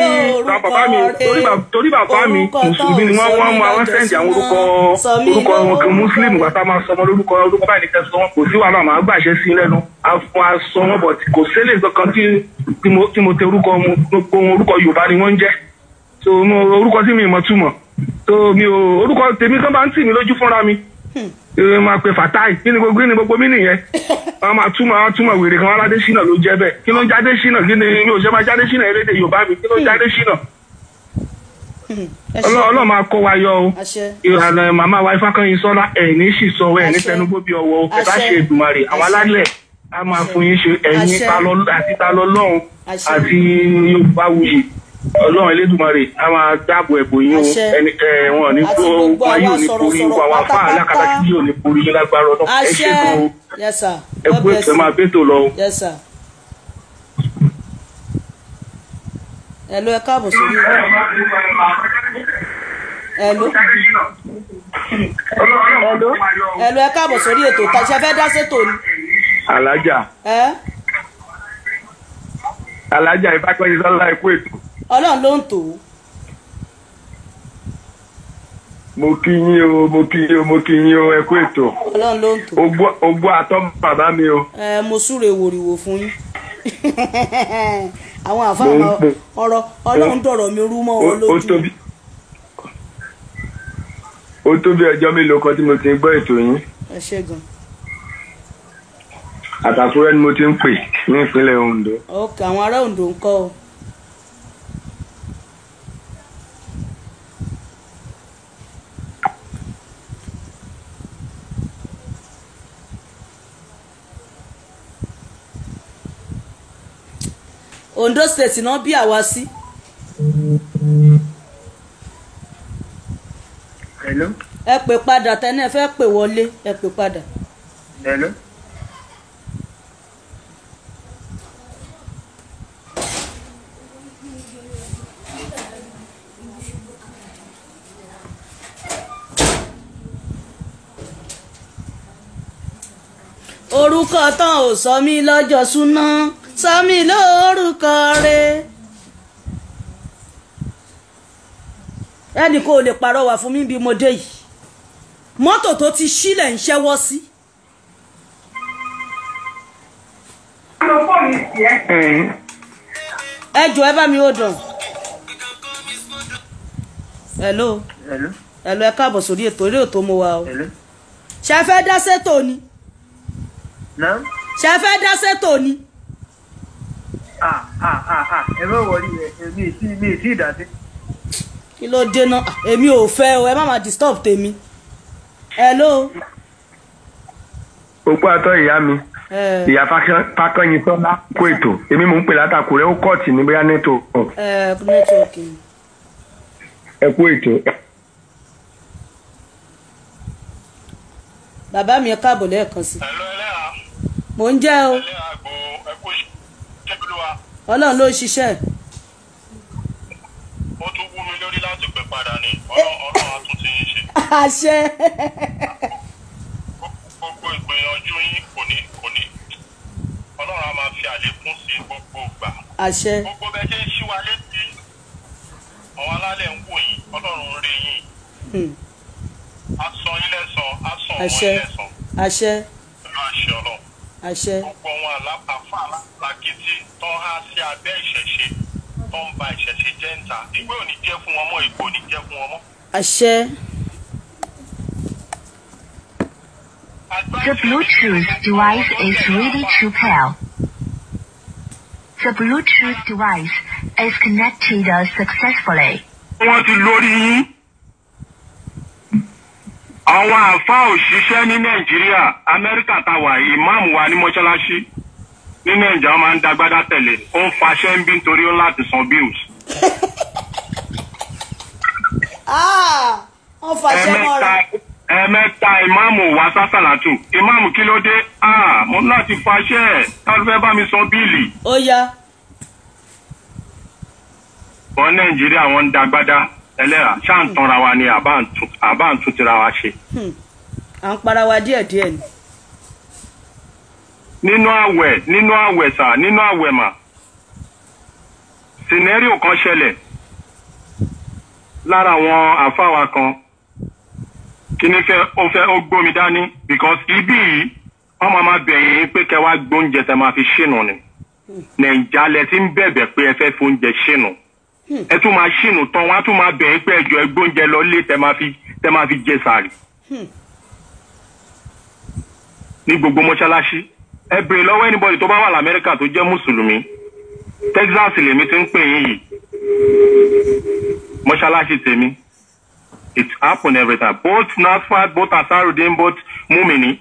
lórúkọ rẹ̀ torí bàbá mi mùsùlùmí ni wọ́n wọ́n máa wọ́n sẹ́ǹdì àwọn orúkọ orúkọ wọn kan mùsùlùmí gbàtà máa sọmọ lórúkọ orúkọ báyìí nìkan sọ wọn kò sí wàhálà màá gbàṣẹ sí lẹ́nu àfọ aṣọ wọn bọ̀ kò ṣẹlẹ̀ kankan tí mo tẹ orúkọ mu gbogbo orúkọ Yorùbá ni wọ́n ń jẹ́ so orúkọ tí mi mọ̀ túmọ̀ so mi ò orúkọ tèmi kan bá ń tì mí lójú fúnra mi. Hmm ìròyìn máa pe fatai kí ni gbogbo gbogbo mí nìyẹn wọn máa túmọ̀ wọn túmọ̀ wèrè kan wọn ládésínà ló jẹ́ bẹ́ẹ̀ kí ló ń jádésínà kí ni mi ò ṣe máa jádésínà elédè yorùbá mi kí ló ń jádésínà hmm. ọlọ́run máa kó wa yọ o ìlànà màmá wa Ifákànyìn Ṣọlá ẹ̀ní sì sọ ọ́ ẹ̀ní tẹnugbó bí ọwọ́ o ṣe Èdùmàrè àwọn alálẹ̀ a máa fún yín ṣe ẹ̀yin àti ta lọ́lọ́run àti Yorùbá wuyì ọlọ́run elédùnmarè a máa dáàbò ẹ̀bù yín o ẹni wọn ò ní kó wọn yóò ní borí wa wá fà á lákàtà tí yóò ní borí yín lágbára ọdún ẹ ṣe kó ẹ kú ẹsẹ máa bẹ́tò lọ. ẹ̀lú ẹ káàbọ̀ sórí ìlú. ẹ̀lú ẹ̀lú ẹ káàbọ̀ sórí ètò tàṣẹ fẹ́ dá sétò ni. alájà alájà ìbákan yìí sọ́lá ẹ̀kú ètò ọlọ́run ló ń tò ó. mo kí yín o mo kí yín o mo kí yín o ẹ kú ètò ọlọ́run ogbó àtọ́ bàbá mi o. ẹ mo súre wòrìwò fún yín àwọn àfáàmà ọ̀rọ̀ ọlọ́run dọ̀rọ̀ mi rú mọ́ ọ lójú. ó tó bí ọjọ́ mélòó kan tí mo ti gbọ́ ètò yín. ẹ ṣé gan. àtàkùrẹ́ ni mo ti ń pè ní ìpínlẹ̀ Ondo. ok àwọn ará Ondo ń kọ́ ọ. Ondo state náà bí àwa sí. hello. ẹ pè padà tẹ́lẹ̀ ẹ fẹ́ pè wọlé ẹ pè padà. hello. orúkọ tán ò sọ mí lọ́jọ́ súná sọmi lórúkọ rẹ ẹnì kò lè parọ́wà fún mi bí mo dé yìí mọ́tò tó ti sílẹ̀ ń ṣẹ́wọ́ sí. ẹ jọ ẹ bá mi hold on. hello hello ẹ káàbọ̀ sórí ètò eré ètò mo wà o ṣe fẹ́ dá sétò ni ṣe fẹ́ dá sétò ni. Ah, ah, ah, ẹ má wọrí èmi ìtì mi ìtì ìdásí. kí ló dé náà èmi ò fẹ́ o ẹ má máa disturb tèmi. hello. ògbó àtọ ìyá mi ìyá fákànyìn tọ́lá kó ètò èmi mò ń pè látàkù rẹ ó kọ́ọ̀tì ní bóyá nẹ́tò. ẹ kú ètò. bàbá mi ẹ káàbọ̀ lẹ́ẹ̀kan sí i mò ń jẹ́ o. Hello, hello ọlọ́run ló ń ṣiṣẹ́. ó tún wú mi lórí láti pè padà ni ọlọ́run á tún ṣe. àṣẹ. gbogbo ìgbìyànjú yín kò ní kò ní ọlọ́run á máa fi àlékún sí gbogbo ìgbà. àṣẹ. gbogbo bẹ́ẹ̀ ṣe ń ṣí létí àwọn alálẹ̀ ń wò yín ọlọ́run rí yín. Hmm. a sọ ilé sọ a sọ ọmọ ilé sọ. àṣẹ. àṣẹ. pẹ̀lú àṣẹ ọlọ́run àṣẹ. ọ̀pọ̀ wọn àfa làkìtì tó há sí abẹ́ ìṣẹ̀ṣe tó ń ba ìṣẹ̀ṣe jẹ́ ń ta ìwé ò ní jẹ́ fún wọn mọ́ ìbò ò ní jẹ́ fún wọn mọ́. àṣẹ. The Bluetooth device is ready to pair. The Bluetooth device is connected successfully. wọ́n ti lórí yín àwọn àáfàá òṣìṣẹ́ ní nàìjíríà amẹ́ríkà ta wà ìmáàmù wa ní mọ́ṣáláṣí ní nàìjíríà máa ń dagbádá tẹ̀lé ó ń faṣẹ́ ń bí nítorí ó láti san bills. ó ah, faṣẹ́ mọ́ra ẹ̀ẹ̀mẹ́ta ìmáàmù wa sásàlátù ìmáàmù kí ló dé ah, mo láti faṣẹ́ ẹ̀ táwọn fẹ́ bá mi san bíìlì. ó yá. wọ́n nàìjíríà wọ́n ń dagbádá ẹlẹ́ra ṣá ń hmm. tanra wa ni àbá ń tún tira wa ṣe. Hmm. à ń para wa díẹ̀díẹ̀ ni. nínú àwẹ̀ nínú àwẹ̀ sà nínú àwẹ̀ mà sinẹ́rìò kan ṣẹlẹ̀ lára àwọn àfáwa kan kíní fẹ́ ó fẹ́ ó gbómi dání because ibi yìí wọ́n máa máa bẹ̀yìn pé kẹ́ wá gbóúnjẹ tẹ́ máa fi ṣìnà ni hmm. nàìjà lẹ ti ń bẹ̀bẹ̀ pé ẹ fẹ́ fóúnjẹ ṣìnà. Hmm. ẹ tún máa ṣìnù tán wọn á tún máa bẹ̀ẹ́ pé ẹjọ́ ẹgbóúnjẹ lọ tẹ máa fi tẹ máa fi jẹ sàárì hmm. ní gbogbo mọ́ṣáláṣí ẹ bèrè lọ́wọ́ anybody tó bá wà lamẹ́ríkà tó jẹ́ mùsùlùmí Texas lèmi ti ń pè yín yìí mọ́ṣáláṣí tèmi it happen every time both nasfat both asarudin both mumini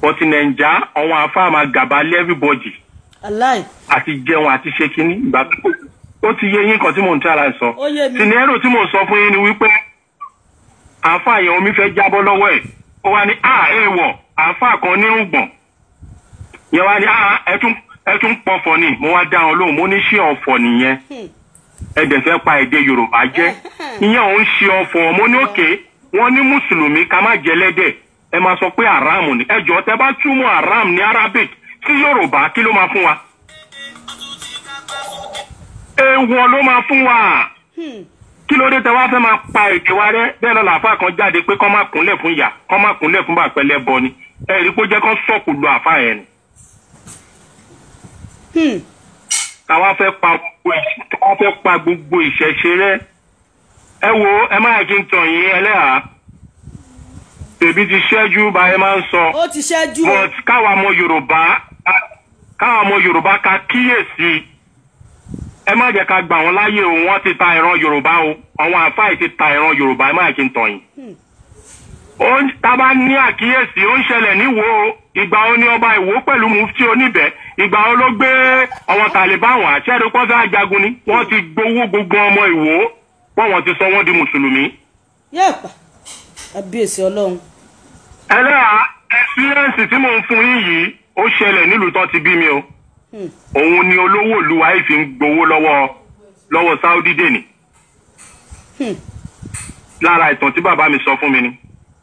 but naija àwọn afáàmà gàbálẹ̀ everybody àti jẹun àti ṣe kínní ìgbà tó kù ó ti yé yín kan tí mò ń tara sọ sinero tí mò ń sọ fún yín ni wípé àáfàá yẹn omi fẹ́ jábọ́ lọ́wọ́ ẹ̀ ó wá ní a ah, èèwọ̀ àáfàá kan ní ògbọ̀n yẹn wá ní a ah, ẹ tún pọ̀fọ̀ ni mo wá dá wọn lóhùn mo ní ṣé ọ̀fọ̀ nìyẹn hmm. ẹ dẹ̀ fẹ́ pa èdè Yorùbá jẹ́ hmm. ìyẹn òun ṣe ọ̀fọ̀ mo ní òkè wọn ní mùsùlùmí ká má jẹ lẹ́dẹ̀ ẹ máa sọ pé haram ni ẹ jọ̀ọ́ tẹ bá túmọ̀ haram ní Arabic sí Yorùbá kí ló máa fún wa èèwọ̀ ló máa fún wa hmm. kí ló dé tẹ wá fẹ́ máa pa èdè wa rẹ bẹ́ẹ̀ lọ́la àfa kan jáde pé kọ́ máa kúnlẹ̀ fún ìyá kọ́ máa kúnlẹ̀ fún bàpẹ́ lẹ́bọ ni ẹ̀rí kó jẹ́ kọ́ sọ̀kù lu àfa yẹn ni. àwa hmm. fẹ́ pa àwa fẹ́ pa gbogbo ìṣẹ̀ṣe rẹ ẹ wo ẹ máa kí n tàn yín ẹlẹ́hàá tèmi ti ṣẹ́jú bá ẹ máa ń sọ but káwa ọmọ Yorùbá káwa ọmọ Yorùbá ká kíyèsí ẹ má jẹ́ ká gbà wọ́n láyè o wọ́n ti ta ìran yorùbá o àwọn àfáì ti ta ìran yorùbá ẹ má kí n tọ̀ yín. Hmm. ó ń tábà ní àkíyèsí ó ń ṣẹlẹ̀ níwò o ìgbà wo ni ọba ìwò pẹ̀lú mufti oníbẹ̀ ìgbà wo ló gbé ọmọ taliban wá ṣẹ́ẹ́rì pọ́sá ajagun ni wọ́n ti gbowó gbogbo ọmọ ìwò wọ́n wọ́n ti sọ wọ́n di mùsùlùmí. yẹ́ẹ̀pà àbíyèsí ọlọ́run. ẹlẹ́yà ẹ̀sírẹ́ǹsì tí mò ń fún yín yìí ó ṣẹlẹ̀ nílùú tó ti bí mi o òun ni olówó olúwa yìí fi ń gbowó lọ́wọ́ lọ́wọ́ Saudi dèní hmm. lára ìtàn tí bàbá mi sọ fún mi ni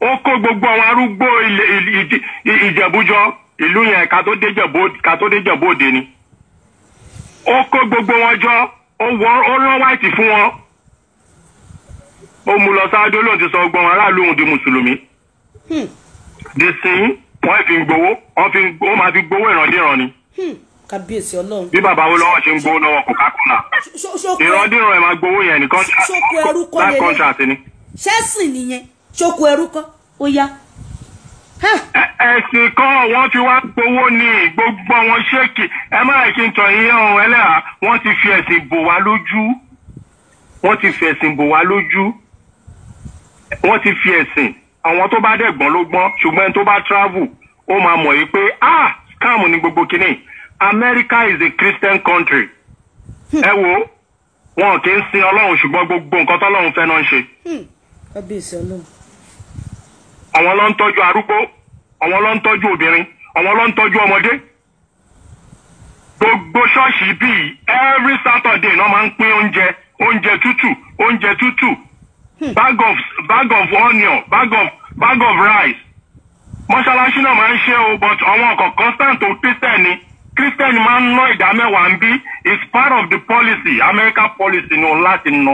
ó kó gbogbo àwọn arúgbó ìjẹ̀bújọ ìlú yẹn ká tó dé jẹ̀bú òde ni ó kó gbogbo wọn jọ ó rán wáìtì fún wọn ó mú lọ Saudi olóhùn ti sọ gbọ́n aráàlú òun di mùsùlùmí dìsín hmm. wọ́n fi ń gbowó wọ́n máa fi gbowó ìrandíran ni. Hmm kábíyèsí ọlọ́run. bí bàbá wo lọ́wọ́ ṣe ń gbowó lọ́wọ́ kò kákùnà ìrọ̀dìrọ̀ ẹ̀ máa gbowó yẹn nìkan ṣáà contract ni. ṣẹ́sìn nìyẹn ṣoko ẹrú kọ́ ó yá. ẹ̀sìn kan wọ́n fi wá gbowó ní gbogbo wọn ṣéèkì ẹ má kí n tàn yín ọ̀hún ẹlẹ́hà wọ́n ti fi ẹ̀sìn bò wá lójú wọ́n ti fi ẹ̀sìn bò wá lójú wọ́n ti fi ẹ̀sìn àwọn tó bá dẹ̀ ló gbọ́n ṣùgbọ́n ẹni tó bá travel ó máa mọ̀ yìí pé ah scam ni gbogbo kinní America is a Christian country. Hmm. ẹ wo wọn kì í sin ọlọ́run ṣùgbọ́n gbogbo nǹkan tọ́lọ́run fẹ́ náà ń ṣe. Hmm. àwọn ló ń tọ́jú arúgbó àwọn ló ń tọ́jú obìnrin àwọn ló ń tọ́jú ọmọdé. gbogbo ṣọ́ọ̀ṣì bíi every Saturday náà máa ń pín oúnjẹ oúnjẹ tútù oúnjẹ tútù hmm. bag of bag of onion bag of bag of rice mọ́ṣáláṣí náà máa ń ṣe o but àwọn ọkọ̀ constant tó tẹ́tẹ̀ ni. christian máa ń ná ìdá mẹ́wàá ń bí is part of the policy america policy ni òun láti ná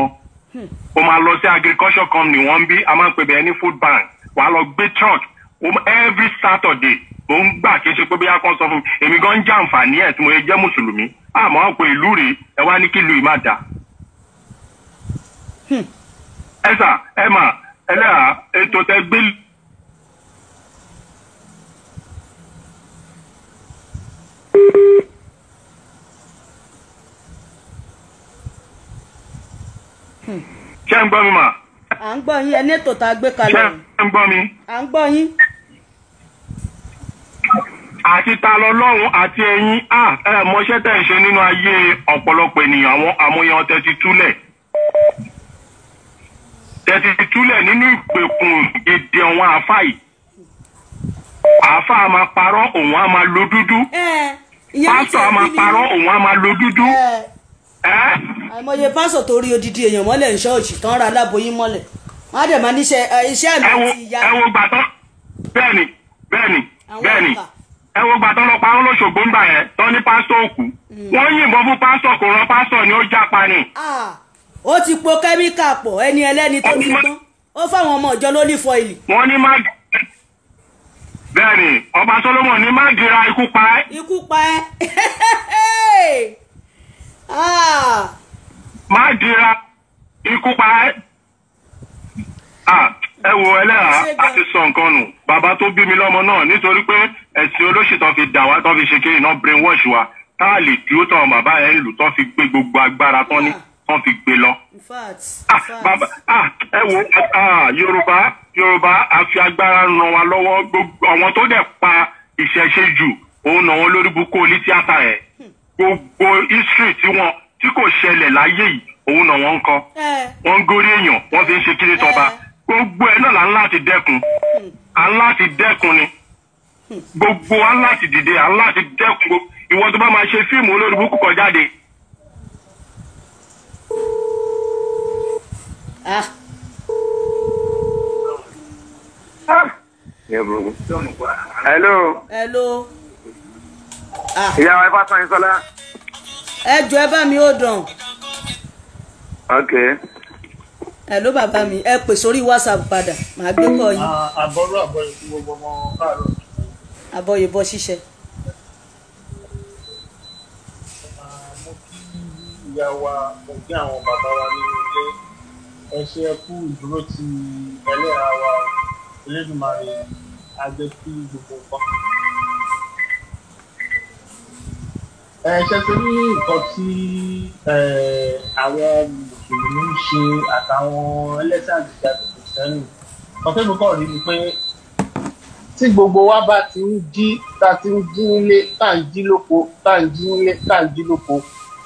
o máa lọ sí agriculture company wọ́n bí a máa ń pè bẹ́ẹ̀ ní food bank wàá lọ gbé truck every saturday mo ń gbà kí n ṣe pé bóyá kan sọ fún mi èmi gan ń àǹfààní ẹ̀ tí mo yẹ jẹ́ mùsùlùmí àmọ́ àpò ìlú rèé ẹ wá ní kí ìlú yìí má dáa. Hmm. ẹ sà ẹ mà ẹlẹ́yà ètò tẹ gbé ṣé ń gbọ́ mi mà. à ń gbọ́ yín ẹni ètò tá gbé kalẹ̀. ṣé ń gbọ́ mi. à ń gbọ́ yín. àti ta lọ́lọ́run àti ẹ̀yin à ẹ mọṣẹ́ tẹ̀ ń ṣe nínú ayé ọ̀pọ̀lọpọ̀ ènìyàn àwọn amóyan tẹ́tí túlẹ̀. tẹ́tí túlẹ̀ nínú ìpèkùn èdè àwọn àáfàá yìí máa parọ́ òun á máa lo dúdú pásọ a máa parọ́ òun a máa lo dúdú. àìmọye pásọ tó rí odidi èèyàn mọ́lẹ̀ ní ṣọ́ọ̀ṣì tán ra aláboyún mọ́lẹ̀ wọ́n á dẹ̀ máa níṣẹ́ iṣẹ́ mi àti ìyá. ẹ wo gbàtọ́ bẹ́ẹ̀ni bẹ́ẹ̀ni bẹ́ẹ̀ni ẹ wo gbàtọ́ lọ pa olóṣogbo ń bà yẹn tán ní pásọ òkú hmm. wọ́n yìnbọn fún pásọ kò rán pásọ ni ó jápa ni. ó ti po kẹ́míkà pọ̀ ẹni ẹlẹ́ni tó ti tán ó fáwọn ọmọ ìjọ lólífọ ìlì. wọ́n ní má bẹ́ẹ̀ni ọba solomon ní má dira ikú pa ẹ́. ikú pa ẹ́. Ah. má dira ikú pa ẹ́. Ah, ẹ wo ẹlẹ́ra a ti sọ nǹkan nù bàbá tó bí mi lọ́mọ náà nítorí pé ẹ̀sìn olóṣì tó fi dà wá tó fi ṣe kí iná brainwash wa tá a lè dúró táwọn bàbá yẹn ń lù tó fi gbé gbogbo agbára tán ní. Yeah wọ́n fi gbé lọ. Ah, bàbá ah, ẹ wo ah, yorùbá yorùbá àfi agbára ràn wá lọ́wọ́ gbogbo àwọn tó dẹ̀ pa ìṣẹ̀ṣe jù òun náà wọn lórí bukó ní tíátà ẹ̀ hmm. gbogbo history tí wọn tí kò ṣẹlẹ̀ láyé yìí òun náà wọ́n ń kọ́ eh. wọ́n ń gorí èèyàn wọ́n fi ń ṣe kíni tọba eh. gbogbo ẹ̀ náà là ń láti dẹ́kun à hmm. ń láti dẹ́kun ni hmm. gbogbo à ń láti dìde à ń láti dẹ́kun gbogbo ìwọ tó bá máa ṣe fíìmù olórí bukú kọ jáde Ah. Ah. Hello. Hello. Ah. Ìyá wa Ifá Sanyin Sọlá. Ẹ jọ ẹ bá mi ó dàn. Ok. Hello bàbá mi, ẹ pè sórí WhatsApp padà, màá gbé kọ yín. Ah, àbọ̀rọ̀ àbọ̀yè fún gbogbo ọmọ káàárọ̀. Àbọ̀yè bọ ṣíṣe. Ah, mo kí ìyá wa, mo kí àwọn bàbá wa nínú ilé ẹ ṣe é kú ìdúró ti ẹlẹ́ra wa Elédùmarè ajẹ́ kí gbogbo nǹkan. ẹ ṣe ti ní nǹkan tí àwọn mùsùlùmí ń ṣe àtàwọn ẹlẹ́sìn àjèjì àti kìrìsìtẹ́nì ọ̀fẹ́ mi kọ̀ rí ni pé tí gbogbo wa bá ti ń jí ta ti ń jí nílé tá ń jí lóko tá ń jí nílé tá ń jí lóko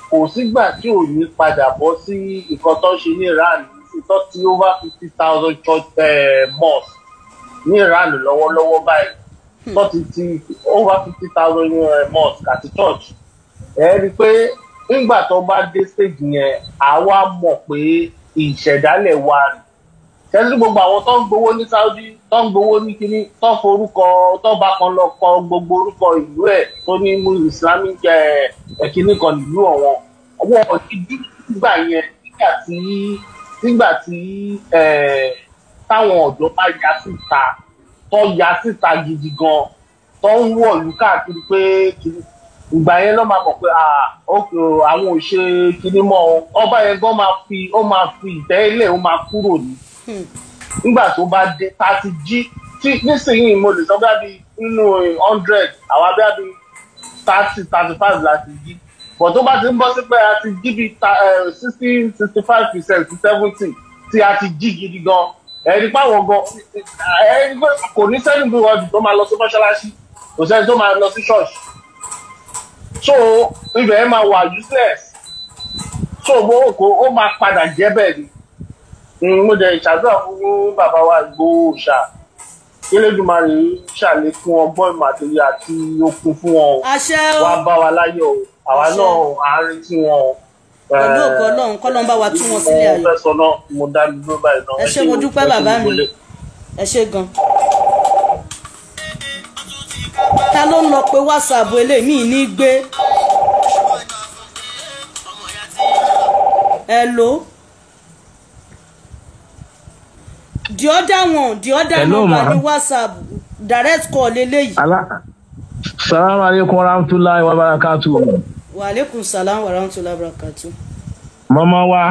kò sígbà tí ò ní padà bọ́ sí nǹkan tó ń ṣe ní Iran ti tọ́ sí over fifty thousand church eh, mosques ní ìránù lọ́wọ́lọ́wọ́ báyìí tọ́ hmm. ti ti over fifty thousand eh, mosques àti church ẹ rí i pé nígbà tó bá dé stage yẹn àwa mọ̀ pé ìṣẹ̀dálẹ̀ wa ni tẹ́lẹ̀ gbogbo àwọn tó ń gbowó ní Saudi tó ń gbowó ní kínní tó forúkọ tó bá kan lọ kọ gbogbo orúkọ ìlú ẹ̀ tó ní mú Islamic ẹ̀kínní eh, kan nílùú ọ̀wọ́n ọwọ́ ìdí gbà yẹn nígbà tí nígbà tí táwọn ọ̀dọ́ bá ya síta tó ya síta gidi gan tó ń wọ̀lú káàkiri pé ìgbà yẹn ló máa mọ̀ pé àwọn ò ṣe kiri mọ́ ọ ọba yẹn gan máa fi ó máa fi ìtẹ́ ilé ó máa kúrò ní. Hmm. nígbà tó bá dé tá a ti jí tí nísìnyìí mo lè sọ bí a bí nínú hundred àwa bí a bí thirty thirty five láti jí but tó bá ti ń bọ́ sí pé a ti jí bi uh, sixty sixty five percent to seventy tí a ti jí gidi gan ẹni páwọn gan ẹni pé kò ní sẹ́ni bí wọ́n tó máa lọ sí mọ́ṣáláṣí kò sẹ́ni tó máa lọ sí ṣọ́ọ̀ṣì so ibẹ̀ yẹn máa wà useless so mo kò ó máa padà jẹ́ bẹ́ẹ̀ ni hmm, mo jẹ ìṣàdúrà fún bàbá wa Ìgbòho kílódùmarè ṣàlékún ọgbọ́n ìmọ̀ àtòyè àti okun fún wọn wàá bá wa láyọ̀ o àwa náà à ń retí wọn o. pẹ̀lú eh, ògo ọlọ́run bá wa tú wọn sílé ayọ̀. mo sọ náà mo dá dúró báyìí náà. ẹ ṣé mo dúpẹ́ bàbá mi ẹ ṣé gan. ta ló ń lọ pé wásaàbù eléyìí ní gbé. hello. the other one the other hello, number ni whatsapp direct call eléyìí. salaamaleykum warahmatulahi wabarakatuh. wa alaikum salam wa rahmatullahi wa barakatuh. mọ́mọ́ wa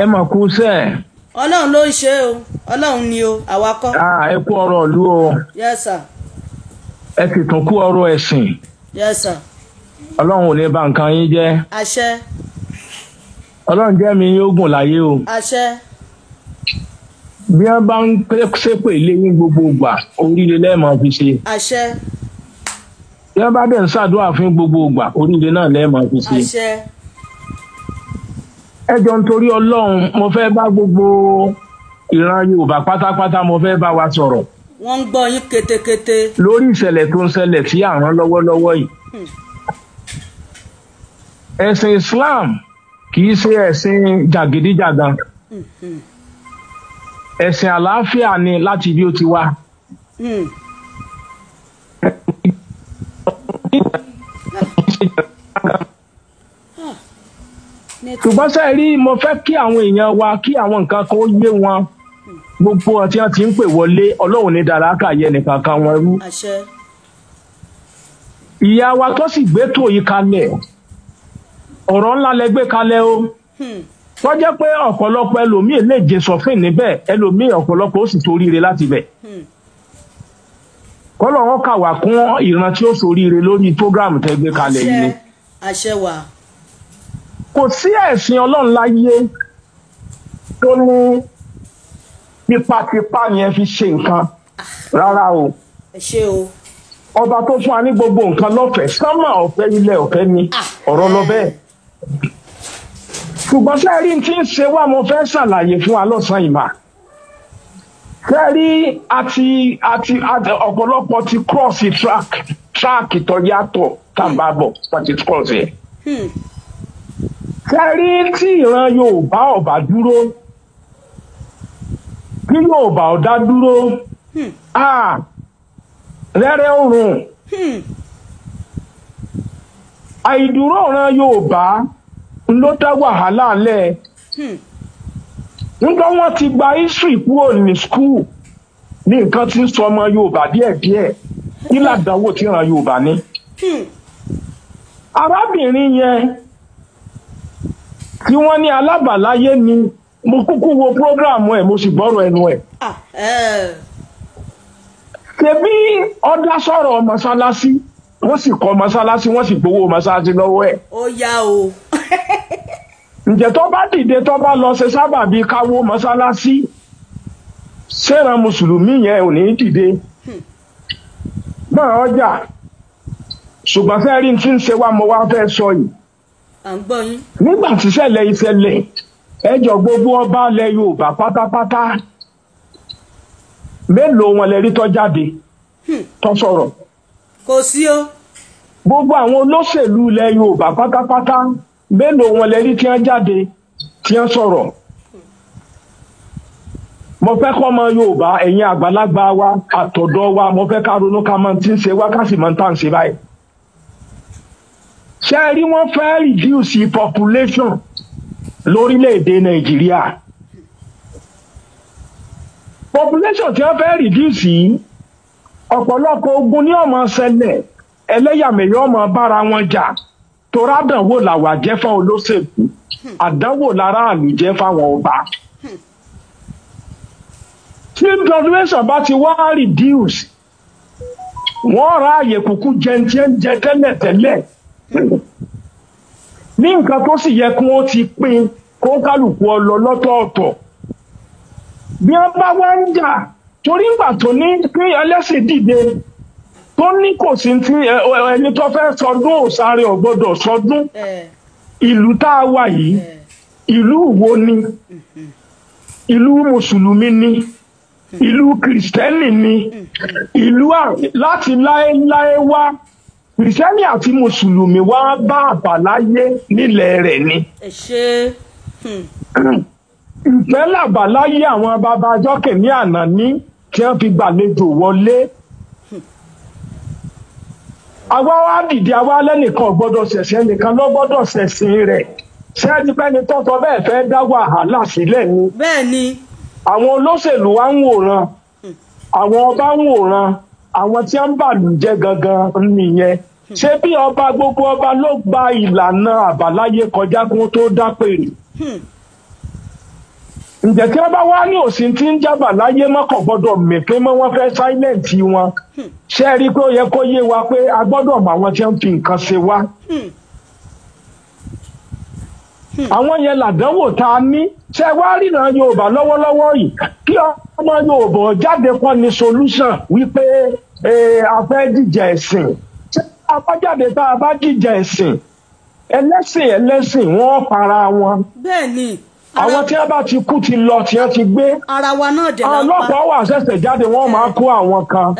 ẹ mọ̀ kú sẹ́. ọlọ́run ló ń ṣe o ọlọ́run ni o àwa kọ́. ẹ kú ọ̀rọ̀ ìlú o. yes sir. ẹ sì tún kú ọ̀rọ̀ ẹ̀sìn. yes sir. ọlọ́run ò ní bà nǹkan yín jẹ́. àṣẹ. ọlọ́run jẹ́ mi yóò gùn láyé o. àṣẹ. bí wọ́n bá ń ṣépè lé ní gbogbo ìgbà oríire lẹ́ẹ̀mọ́ fi ṣe. àṣẹ. bí wọ́n bá dẹ̀ ń ṣàdúrà fún gbogbo ìgbà oríire náà lẹ́ẹ̀mọ́ fi ṣe. àṣẹ. ẹ jọ nítorí ọlọ́run mo fẹ́ bá gbogbo ìran yorùbá pátápátá mo fẹ́ bá wa sọ̀rọ̀. wọ́n ń gbọ́ yín ketekete. lórí ìṣẹ̀lẹ̀ tó ń ṣẹlẹ̀ sí àrán lọ́wọ́lọ́wọ́ yìí. Hmm. ẹ̀sìn Islam kì í ṣe ẹ̀sìn jàgídíjàgan. Mm-hmm. ẹ̀sìn àlàáfíà ni láti bí ó ti wá. Hmm. ṣùgbọ́n ṣe rí mo fẹ́ kí àwọn èèyàn wa kí àwọn nǹkan kan ó yé wọn gbogbo ọtí wọn ti ń pè wọlé ọlọ́run ní dàrákà yẹ nìkan kan wọn rú. ìyá wa tó sì gbé tòyí kalẹ̀ ọ̀rọ̀ ńlá lẹ gbé kalẹ̀ o. Hmm. tó jẹ́ pé ọ̀pọ̀lọpọ̀ ẹlòmíì lè jẹ sọ̀fìn níbẹ̀ ẹlòmíì ọ̀pọ̀lọpọ̀ ó sì toríire láti bẹ̀ hmm. kọ́lọ́wọ́ kà wá kún ìran tí ó soríire lórí program tẹ́ gbé kalẹ̀ yìí ni kò sí ẹ̀sìn ọlọ́run láyé tó ní tipátipá yẹn fi ṣe nǹkan rárá o ọba tó fún wa ní gbogbo nǹkan lọ́fẹ̀ẹ́ sánmà ọ̀fẹ́ ilẹ̀ ọ̀fẹ́ ni ah. ọ̀rọ̀ lọ bẹ́ẹ̀. ṣùgbọ́n ṣe tí ń ṣe wá mo fẹ́ ṣàlàyé fún alọ́sàn lọ́sàn-án ìmà ṣe rí àti àti ọ̀pọ̀lọpọ̀ ti cross track track tó yàtọ̀ tàǹbà bọ̀ pàtí cross yẹn. Hmm. ṣe rí tí ìran Yorùbá ọ̀bà dúró bí Yorùbá ọ̀dá dúró a hmm. rẹ́rẹ́ òrùn hmm. àìdúró ìran Yorùbá. Hmm. ló dá wàhálà lẹ̀ hmm. nígbà wọn ti gba history kúrò ní school ní nǹkan tí ń sọ ọmọ Yorùbá díẹ̀díẹ̀ kí ládàáwò tí ìran Yorùbá ní. Hmm. arábìnrin yẹn tí wọ́n ní alábàláyé ni mo kúkú wo program ẹ̀ mo sì gbọ́rọ̀ ẹnu ẹ̀. Ah, eh. ṣebí ọ̀dà sọ̀rọ̀ mọ́ṣáláṣí wọ́n sì kọ́ mọ́sálásí wọ́n sì gbowó mọ́sálásí lọ́wọ́ ẹ̀. ó yá o. ǹjẹ́ tó bá dìde tó bá lọ ṣe sábà bíi káwó mọ́sálásí ṣẹ́ran mùsùlùmí yẹn ò ní dìde náà ọjà ṣùgbọ́n fẹ́ rí tí ń ṣe wá mo wá fẹ́ sọ yìí. nígbà tí ṣẹlẹ̀ ìṣẹ̀lẹ̀ ẹjọ́ gbogbo ọba ilẹ̀ Yorùbá pátápátá mélòó wọn lè rí tó jáde hmm. tó sọ̀rọ̀ kò sí o. gbogbo àwọn olóṣèlú ilẹ̀ yorùbá pátápátá mélòó wọn lè rí tí wọ́n jáde tí wọ́n sọ̀rọ̀ mo fẹ́ kọ́ ọmọ yorùbá ẹ̀yin àgbàlagbà wa àtọ̀dọ́ wa mo fẹ́ ká ronú ká máa ti ń ṣe wá ká sì máa ń tà ń ṣe báyìí. ṣé ẹ rí wọ́n fẹ́ reduce population lórílẹ̀‐èdè nàìjíríà population tí wọ́n fẹ́ reduce yìí ọ̀pọ̀lọpọ̀ ogun ní ọmọ ṣẹlẹ̀ ẹlẹ́yàmẹ̀yà ọmọ bára wọn jà torá àdánwò làwà jẹ́ fáwọn olóṣèlú àdánwò láràlú jẹ́ fáwọn ọba. tí graduation bá ti wá reduce wọ́n ra àyè kúkú jẹntẹ́njẹ tẹ́lẹ̀tẹ́lẹ̀ ní nǹkan tó sì yẹ kí wọ́n ti pín kó kálukú ọ lọ lọ́tọ̀ọ̀tọ̀ bí wọ́n bá wá ń jà torí ńgbà tó ní kí ẹlẹ́sìn dìde tó ní kò sí ti ẹni tó fẹ́ sọdún òsàrè ọ̀gbọ́dọ̀ sọdún ìlú tá a wà yìí ìlú wo ni mm-hmm. ìlú mùsùlùmí ni mm-hmm. ìlú kìrìsìtẹ́nì ni mm-hmm. ìlú láti láéláé wá kìrìsìtẹ́nì àti mùsùlùmí wá bá àbáláyé nílẹ̀ rẹ̀ ni. Hmm. ìfẹ́ làbáláyé àwọn bàbá ní àná ní. tí wọ́n fi gbàlejò wọlé àwa wá dìde àwa lẹ́nìkan gbọ́dọ̀ ṣẹ̀ṣẹ̀ nìkan ló gbọdọ ṣẹ̀ṣẹ̀ rẹ. ṣé ẹnipẹ́ni tọ́tọ́ bẹ́ẹ̀ fẹ́ dá wàhálà sílẹ̀ ni. bẹ́ẹ̀ àwọn olóṣèlú wa ń wòran àwọn ọba ń wòran àwọn tí wọ́n ń bàlùjẹ́ gangan nìyẹn ṣé bí ọba gbogbo ọba ló gba ìlànà àbáláyé kọjá kó tó dápèrè. ǹjẹ́ tí wọ́n bá wá ní òsì tí ń jábà láyé mọ́kàn gbọ́dọ̀ mèpé mọ́ wọn fẹ́ sáílẹ̀ǹtì wọn ṣé ẹ rí i pé ó yẹ kó yé wa pé a gbọ́dọ̀ mọ àwọn tí wọ́n fi nǹkan ṣe wá. àwọn yẹn làdánwò tá a ní ṣé wá ríran Yorùbá lọ́wọ́lọ́wọ́ yìí kí ọmọ Yorùbá jáde kọ́ ni solution wípé a fẹ́ dìjà ẹ̀sìn ṣé abájáde tá a bá dìjà ẹ̀sìn ẹlẹ́sìn ẹlẹ́sìn wọ́n para wọn. bẹ́ẹ̀ àwọn tí wọn bá ti kú ti lọ tí wọn ti gbé ọlọ́pàá wà ṣẹ̀ṣẹ̀ jáde wọ́n máa kó àwọn kan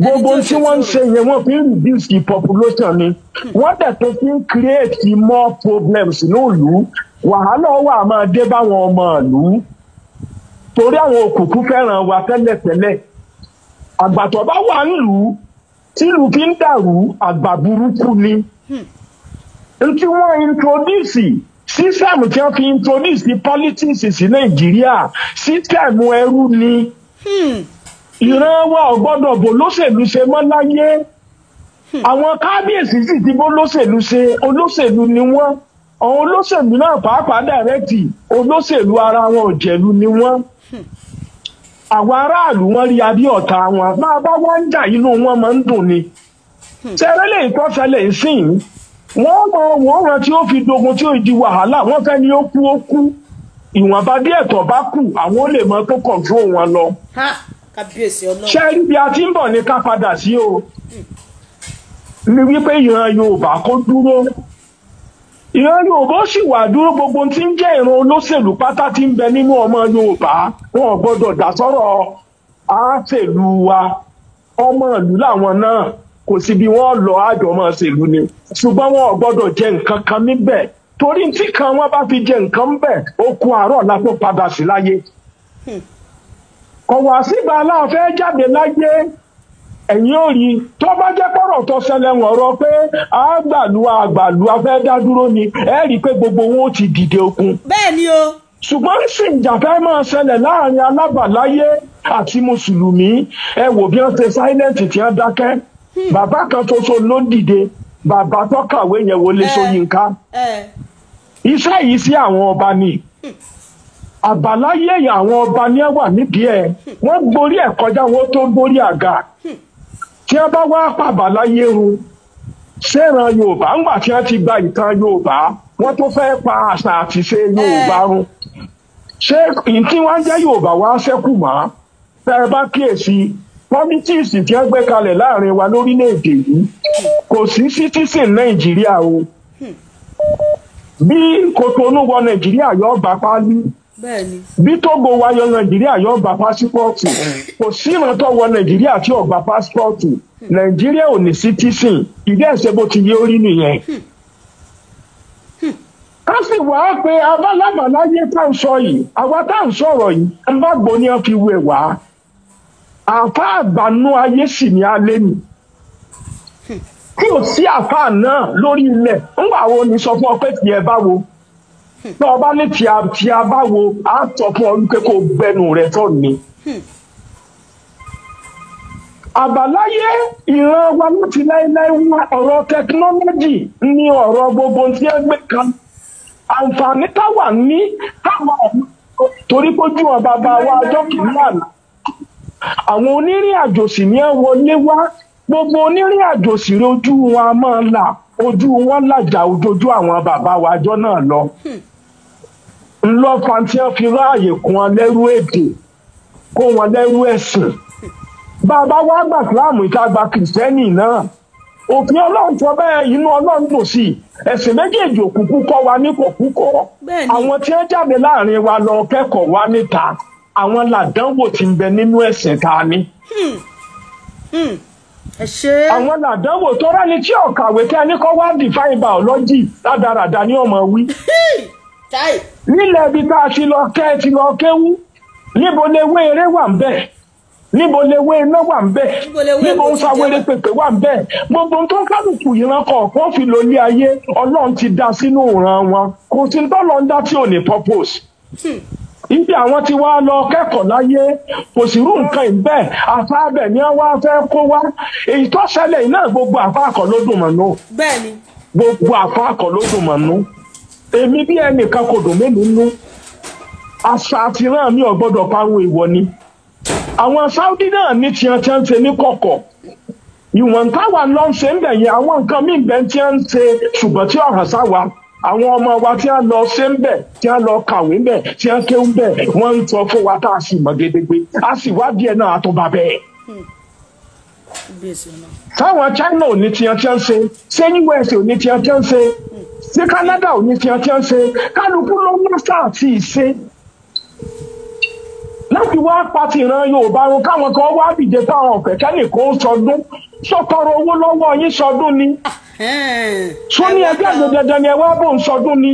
gbogbo tí wọ́n ń ṣe yẹn wọ́n fi ń reduce the population ni hmm. wọ́n dẹ̀ tó fi ń create more problems nílùú wàhálà wà máa dé báwọn ọmọ ìlú torí àwọn òkùnkùn fẹ́ràn wa tẹ́lẹ̀tẹ́lẹ̀ àgbàtọ̀ bá wà ń lù ú tílù fi ń dàrú àgbà burúkú ni hmm. tí wọ́n introduce sísẹ̀mù tí wọ́n fi introduce the politics sí nàìjíríà sísẹ̀mù ẹrú ni hmm. ìran wa ò gbọ́dọ̀ bò lóṣèlú ṣe mọ́ láyé hmm. àwọn kábíyèsí sì ti bó lóṣèlú ṣe olóṣèlú ni wọ́n àwọn olóṣèlú náà pàápàá dàrẹ́tì olóṣèlú ara wọn òjèlú ni wọ́n hmm. àwọn aráàlú wọn rí abí ọ̀tá wọn bá a bá wọ́n ń jà inú wọn máa ń dùn ni ṣẹlẹ̀ lè tọ́ ṣẹlẹ̀ sí yìí wọ́n mọ wọ́n ràn tí ó fi dogun tí ó di wàhálà wọ́n fẹ́ ni ó kú ó kú ìwọ̀nba bí ẹ̀tọ́ bá kù àwọn ó lè mọ tó kọ̀ǹtró wọn lọ. ṣé rí bí a ti ń bọ̀ ní ká padà sí o ni wípé ìran Yorùbá kó dúró ìran Yorùbá ó sì wà dúró gbogbo tí ń jẹ́ ìran olóṣèlú pátá tí ń bẹ nínú ọmọ Yorùbá wọn ò gbọdọ̀ dá sọ́rọ̀ àṣèlú wa ọmọ ìlú làwọn náà kò sí bí wọ́n lọ àjọ máa ṣèlú ni ṣùgbọ́n wọn ò gbọ́dọ̀ jẹ nǹkan kan níbẹ̀ torí tí kan wọn bá fi jẹ nǹkan bẹ̀ okun àárọ̀ la tó padà sí láyé kọ̀wá sígbà aláàfẹ́ jáde láyé ẹ̀yin ò rí tó bá jẹ́ pọ̀rọ̀ tó ṣẹlẹ̀ wọ̀n rọ pé àgbàlú àgbàlú afẹ́ dá dúró ni ẹ rí i pé gbogbo wọn ó ti dìde okun. bẹ́ẹ̀ ni o. ṣùgbọ́n sìn jàfẹ́ máa ṣẹlẹ̀ láàrin alábàláyé àti mùsùlùmí ẹ wò bí wọ́n ṣe sáílẹ̀ǹtì tí wọ́n dákẹ́ Hmm. bàbá kan ṣoṣo ló dìde bàbá tó kàwé yẹn Wọlé eh, Ṣóyínká eh. iṣẹ́ yìí sí àwọn ọba ni hmm. àbáláyé àwọn ọba ni ẹ wà nídìí ẹ hmm. wọ́n gborí ẹ̀ kọjá wọn tó gborí àga tí wọ́n bá wá pàbáláyé run ṣẹ́ran Yorùbá ńgbà tí wọ́n ti gba ìtàn Yorùbá wọ́n tó fẹ́ pa àṣà àtiṣe Yorùbá eh. run ṣé ìtí wọn jẹ́ Yorùbá wá ṣẹ́kù mọ́ tẹ́ ẹ bá kíyèsí politics tí wọ́n gbé kalẹ̀ láàrin wa lórílẹ̀‐èdè yìí kò sí citizen nàìjíríà o bí kòtònú wọ nàìjíríà yóò bá pálí bí tógo wa yọ nàìjíríà yóò bá pásípọ́ọ̀tù kò sí ìrántọ́ wọ nàìjíríà tí ò gba pásípọ́ọ̀tù nàìjíríà ò ní citizen ìdí ẹ̀sẹ̀ bó ti yé orí nìyẹn. ká sì wá pé abálábàláyé tá à ń sọ yìí àwa tá à ń sọ̀rọ̀ yìí ẹ á fi wẹ̀ wá. àfa àgbànú ayé sì ní alẹ́ ni tí ò sí àfa náà lórí ilẹ̀ ńgbà wo ni sọ fún ọ pé tiẹ̀ báwo tó o a ní tiẹ̀ báwo á sọ fún ọ wípé kó o gbẹnu rẹ tọ̀ ni. àbáláyé ìran wa láti láéláé wá ọ̀rọ̀ tẹkinọ́lọ́jì ọ̀rọ̀ gbogbo tí ẹ gbé kan àǹfààní táwa ní táwa torí pójú ọba bá wa ọjọ́ kìíní àná. àwọn onírìn àjò sì ní ẹ wọlé wá gbogbo onírìn àjò sì rí ojú wọn a máa là ojú wọn làjà ojoojú àwọn bàbá wa àjọ náà lọ ńlọ fantiẹ fi ráàyè kún wọn lẹ́rú èdè kó wọn lẹ́rú ẹ̀sìn bàbá wa gbà síláàmù ìta gba kìrìsìtẹ́nì náà òfin ọlọ́run tó bẹ́ẹ̀ inú ọlọ́run dùn sí i ẹ̀sìn méjèèjì òkùnkùn kọ́ wa ní kòkúkọ́ àwọn tí wọ́n jáde láàrin wa lọ kẹ́kọ̀ọ́ wa níta àwọn làdánwò tí ń bẹ nínú ẹ̀sìn tá a ní. àwọn làdánwò tó rẹ́ni tí ọ̀kàwé tẹ́ ẹni kọ́ wá define biology rádaràda ni ọmọ wí. Hmm. nílẹ̀ ibi tá a ti lọ kẹ́ ẹ ti lọ kéwú níbo lewé eré wà ń bẹ̀ níbo lewé iná wà ń bẹ̀ níbo ń sáwéré pèpè wà ń bẹ̀ gbogbo tó ń kálukú ìran kọ̀ọ̀kan fi lólé ayé ọlọ́run ti dá sínú ìran wọn kò sí tọ́lọ́ ń dá tí ò ní purpose. Hmm ibi àwọn ti wá lọ kẹ́kọ̀ọ́ láyé kò sí irú nǹkan ìbẹ́ àfáàbẹ̀ ni wọ́n wá fẹ́ kó wá èyí tó ṣẹlẹ̀ iná gbogbo àfáàkọ̀ ló dùn mọ́nú. bẹ́ẹ̀ni. gbogbo àfáàkọ̀ ló dùn mọ́nú. èmi bí ẹnìkan kò dùn mélòó nú àṣà àtìrán mi ò gbọ́dọ̀ parun ìwọ ni. àwọn Saudi náà ní tiẹ̀ tiẹ̀ ń ṣe ní kọ̀kọ̀ ìwọ̀n táwa ló ń ṣe ń bẹ̀yẹ àwọn nǹkan míì bẹ́ẹ̀ tiẹ̀ ṣe ṣùgbọ́n tí ọ̀hàn sáwa àwọn ọmọ wa tí a lọ ṣe ń bẹ tí a lọ kàwé ń bẹ tí a kéwú ń bẹ wọn ń tọ fún wa tá a sì mọ̀ gédégbé a sì wá díẹ̀ náà a bá bẹ́ẹ̀. táwọn China ò ní tiẹ̀ tiẹ̀ ṣe ṣé US ò ní tiẹ̀ ṣe ṣé Canada ò ní ṣe kálukú ló ń tí láti wá pati ìran yorùbá run káwọn kan wá ni. sọ ní ẹgbẹ́ àgbẹ̀ dandan ni ẹ wá bò ń sọdún ni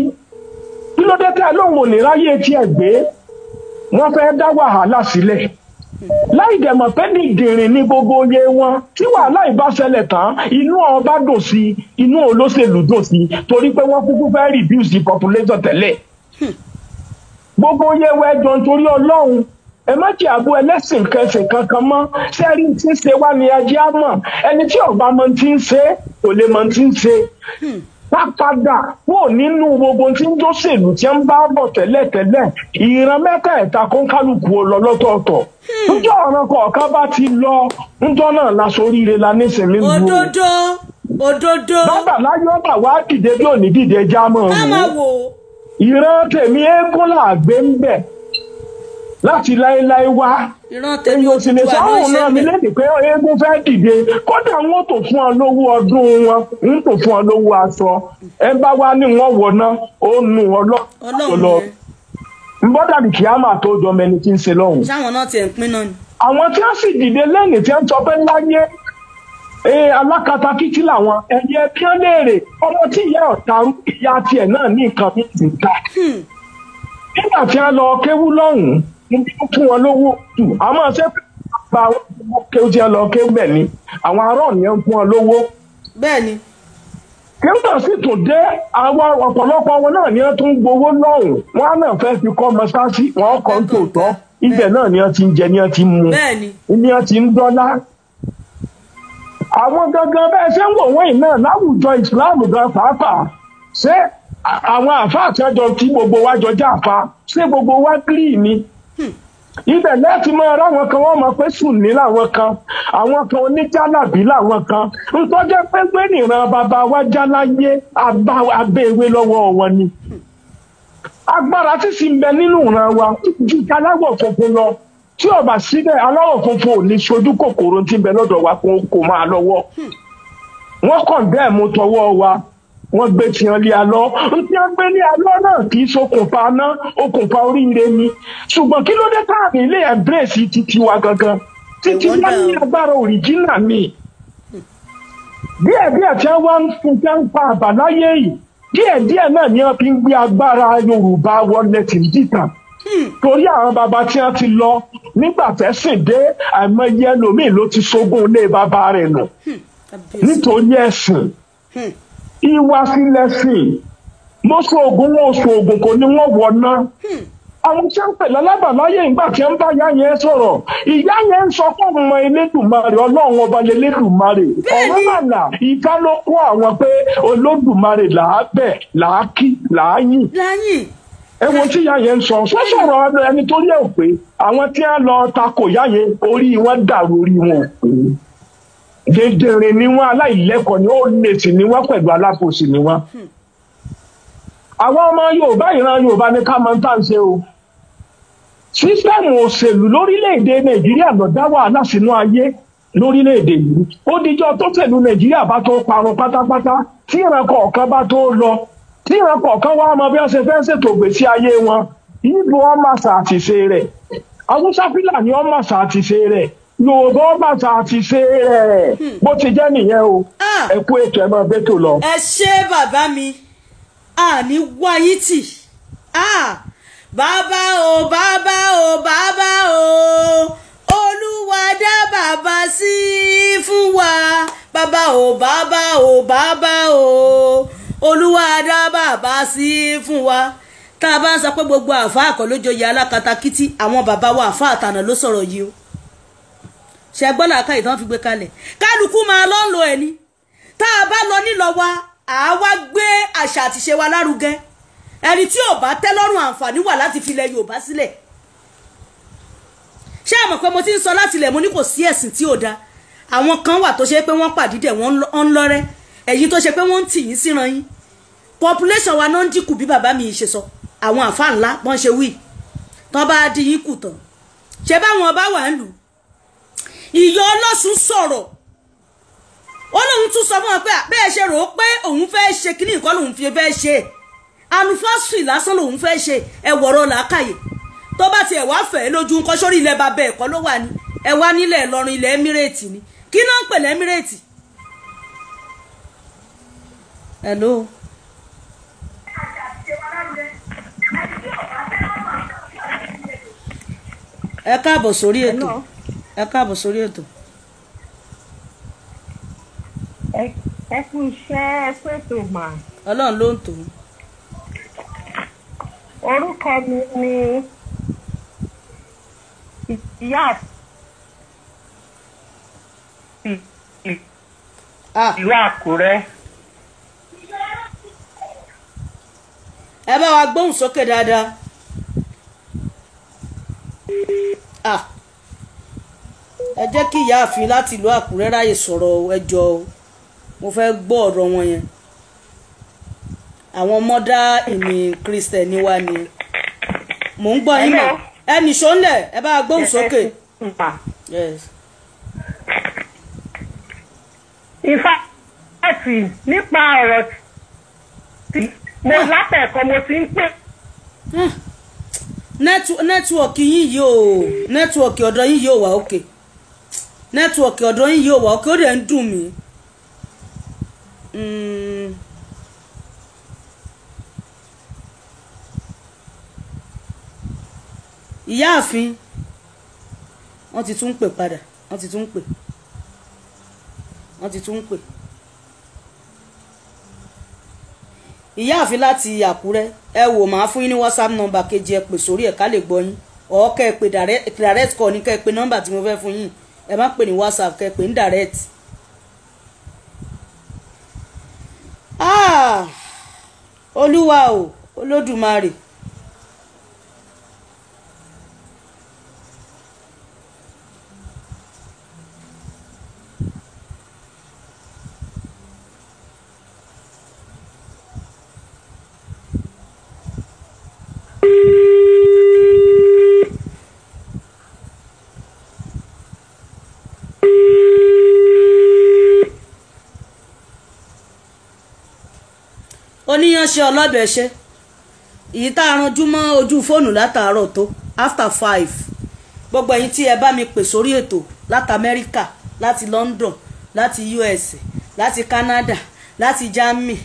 kí ló dé tẹ́ lóun ò lè ráyè tí ẹ gbé wọ́n fẹ́ dá wàhálà sílẹ̀ láì dẹ̀mọ̀ pé nìgèrè ní gbogbo oyè wọn tí wàhálà ìbáṣẹlẹ̀ tán inú ọba dùn sí inú olóṣèlú dùn sí torí pé wọ́n kúkú fẹ́ reduce the population tẹ́lẹ̀ hmm. gbogbo oyè wẹ́jọ nítorí ọlọ́run ẹ má jẹ́ àbú ẹlẹ́sìn kẹsìn kankan mọ́ sẹ́rí tí ń ṣe wá ni ajé á mọ̀ ẹni tí ọba mọ ti ń ṣe kò lè mọ ti ń ṣe hmm. pápádà wò nínú gbogbo tí ń dọ́sèlú tí ń bá bọ̀ tẹ́lẹ̀tẹ́lẹ̀ ìran mẹ́tẹ̀ẹ̀ta kó ń kálukú lọ hmm. níjọ́ ọ̀ràn kọ̀ọ̀kan bá ti lọ níjọ́ náà la soríire la nísìnyí wò. òdodo òdodo. bàbá láyé ọba wa dìde bí òní dìde já mọ́ ọ. ìran tèmi eégún làgbé ń bẹ̀ láti láéláé wá èyí ò sì lè sáwọn náà mi dìde kódà wọn tó fún ọ lówó ọdún wọn ń tó fún ọ lówó aṣọ ẹ bá wá ní wọn ó nu tó jọmọ ẹni tí ń ṣe lọ́hùn. àwọn tí wọ́n sì dìde lẹ́nìí tí wọ́n láyé làwọn ẹ̀yẹ fún wọn lówó jù àmọ́ ṣé gba àwọn ọmọ kéwù tí wọn lọ kéwù bẹ́ẹ̀ ni àwọn ará yẹn fún wọn lówó. bẹ́ẹ̀ni. nígbà sì tún dé àwọn ọ̀pọ̀lọpọ̀ wọn náà ni wọ́n tún gbowó lọ́hùn wọn náà fẹ́ fi kọ́ mọ́sáàsì wọn kọ́ ń tòótọ́ ibẹ̀ náà ni wọ́n ti ń jẹ ni wọ́n ti ń mu ni wọ́n ti ń dọ́lá àwọn gangan bẹ́ẹ̀ ṣe ń wò wọ́n yìí náà láwùjọ ìsìláàmù gan pàápàá ṣé àwọn àfa àtẹ́jọ tí gbogbo wa jọ ṣé gbogbo wa gírì ni ibẹ̀ láti máa ráwọn kan wọ́n mọ̀ pé sùnní làwọn kan àwọn kan oníjàlábí làwọn kan ntọ́jọ́ pé nìran bàbá wa jáláyé abẹ́wé lọ́wọ́ wọn ni agbára tí sì ń bẹ nínú ìran wa ju aláwọ̀ funfun lọ tí ọba síbẹ̀ aláwọ̀ funfun ò ní ṣojú kòkòrò tí ń bẹ lọ́dọ̀ wa kó máa lọ́wọ́ wọ́n kàn bẹ́ẹ̀ mú tọwọ́ wa wọ́n gbé tiwọn lé alọ́ tí wọ́n gbé lé alọ́ náà kì í ṣokùnfà náà okùnfà oríire ni ṣùgbọ́n kí ló dé káàmì ilé embrace ti tiwa gangan títí wọ́n ní agbára òrìjínà mi díẹ̀ díẹ̀ tí wọ́n ń fún tẹ́ ń pa àbáláyé yìí díẹ̀ díẹ̀ náà ni wọ́n fi ń gbé agbára Yorùbá wọlé tìǹdìtà hmm. torí àwọn baba tí wọ́n ti lọ nígbà tẹ́sìn dé àìmọye ẹlòmíín ló ti ṣogún ilé baba rẹ̀ nù hmm. nítorí ẹ̀sìn. Hmm ìwàsí lẹ́sìn mo sọ oògùn wọn ò sọ oògùn kò ní wọn wọ ná hmm. àwọn tí ń pèlè alábàláyé ìgbà tí ń bá ìyá yẹn sọ̀rọ̀ ìyá yẹn ń sọ fún ọmọ elédùnmarè ọlọ́run ọba lélẹ́dùnmarè ọ̀rọ̀ màlà ìdá ló kó àwọn pé olódùmarè làá bẹ̀ làá kí làá yìn ẹ wo tí ìyá yẹn ń sọ sọ sọ̀rọ̀ ẹni tó yẹ òpè àwọn tí ń lọ takò ìyá yẹn orí wọn dàrú orí wọn òpè. dèdèrìn ni wọ́n aláìlẹ́kọ̀ọ́ ni ó nètì ni wọ́n pẹ̀lú aláfòsì ni wọ́n. Hmm. àwọn ọmọ Yorùbá ìran Yorùbá ni ká máa ń tàn ṣe o. sísítẹ́ẹ̀mù òṣèlú lórílẹ̀‐èdè Nàìjíríà ló dá wàhálà sínú ayé lórílẹ̀‐èdè yìí ó dijọ́ tó tẹ̀lú Nàìjíríà bá tó parun pátápátá tí ìran kọ̀ọ̀kan bá tó lọ tí ìran kọ̀ọ̀kan wá bí wọ́n ṣe fẹ́ ṣètò gbèsè ayé wọn ibo ọmọ àṣà àtìṣe rẹ̀ Haúsá ọmọ yorùbá ọgbàtà àti ṣe rẹ hmm. bó ti jẹ́ nìyẹn o ah. ẹ kú ètò ẹ máa bẹtò lọ. ẹ ṣe bàbá mi àní wáyé tì bàbá o bàbá o bàbá o olúwa dá bàbá sí fún wa bàbá o bàbá o bàbá o olúwa dá bàbá sí fún wa tá a bá ń sọ pé gbogbo àfa àkọlójoyè alákatakítí àwọn bàbá wa àfa àtànà ló sọ̀rọ̀ yìí o ṣẹgbọ́n làákà ìtàn fi gbé kalẹ̀ kálukú máa lọ ń lo ẹni tá a bá lọ nílọ wa àá wá gbé àṣà àtìṣe wa lárugẹ ẹni tí ò bá tẹ́ lọ́rùn àǹfààní wà láti fi ilẹ̀ Yorùbá sílẹ̀ ṣé àmọ̀ pé mo ti ń sọ láti ilẹ̀ mo ní kò sí ẹ̀sìn tí ò da àwọn kan wà tó ṣe pé wọ́n pàdídẹ̀ wọ́n ń lọ́rẹ́ ẹ̀yin tó ṣe pé wọ́n ń tì yín síran yín population wa náà ń dínkù bí bàbá mi ṣe sọ àwọn àfa ńlá bọ́n ṣe wí tán bá dín yín kù tán ṣe báwọn ọba wà ń lù ú ìyá ọlọ́sùn sọ̀rọ̀ ó lóun tún sọ fún wọn pé bẹ́ẹ̀ ṣe rò ó pé òun fẹ́ ṣe kíní nǹkan lòun fi fẹ́ ṣe anufásùn lásán lòun fẹ́ ṣe ẹ̀wọ̀rọ̀ làákàyè tó bá ti ẹ̀wá fẹ́ lójú nǹkan sórí ilẹ̀ bàbá ẹ̀kọ́ ló wà ní ẹ̀wá nílẹ̀ ìlọrin ilẹ̀ emirate ni kí náà ń pè lẹ́mírèètì. ẹ káàbọ̀ sórí ètò ẹ káàbọ̀ sórí ètò. ẹ kú iṣẹ́ ẹ kú ètò mà. ọlọ́run ló ń tò. orúkọ mi ni ìyáàf ah. ìlú àkúrẹ́. ẹ bá wa gbóhùn sókè dáadáa. ah ẹ jẹ́ kí ìyáàfin láti ìlú àkúrẹ́ ráyè sọ̀rọ̀ ẹjọ́ mo fẹ́ gbọ́ ọ̀rọ̀ wọn yẹn àwọn mọ́dá ìmì kristẹni wa ni mò ń gbọ́ yín mọ̀ ẹ nìṣó ẹ bá gbóhùn sókè. ìfàtì nípa ọ̀rọ̀ tí mo ah. látẹ̀kọ́ mo ti ń pè. Ah. nẹ́tíwọ̀kì yín yìí nẹ́tíwọ̀kì ọ̀dọ̀ yín yìí wà òkè. Okay Network, ọ̀dọ́ yín yóò wà ó kí ó dẹ̀ ń dùn mí. Mm. ìyáàfin wọ́n ti tún pè padà wọ́n ti tún pè wọ́n ti tún pè ìyáàfin láti àkúrẹ́ ẹ wò máa fún yín ní whatsapp number kejì ẹ pè sórí ẹ̀ ká lè gbọ́ yín ọ̀ọ́ kẹ́ ẹ pè direct call ní kẹ́ ẹ pè nọ́mbà tí mo fẹ́ fún yín ẹ má pè ní whatsapp kẹ pè ní direct. Ah! olúwa o olódùmarè. ṣe ọlọ́bẹ̀ ṣe èyí tá a ranjú mọ́ ojú fóònù látàárọ̀ tó after five gbogbo ẹ̀yin tí ẹ bá mi pè sórí ètò láti Amẹ́ríkà láti London láti US láti Canada láti Germany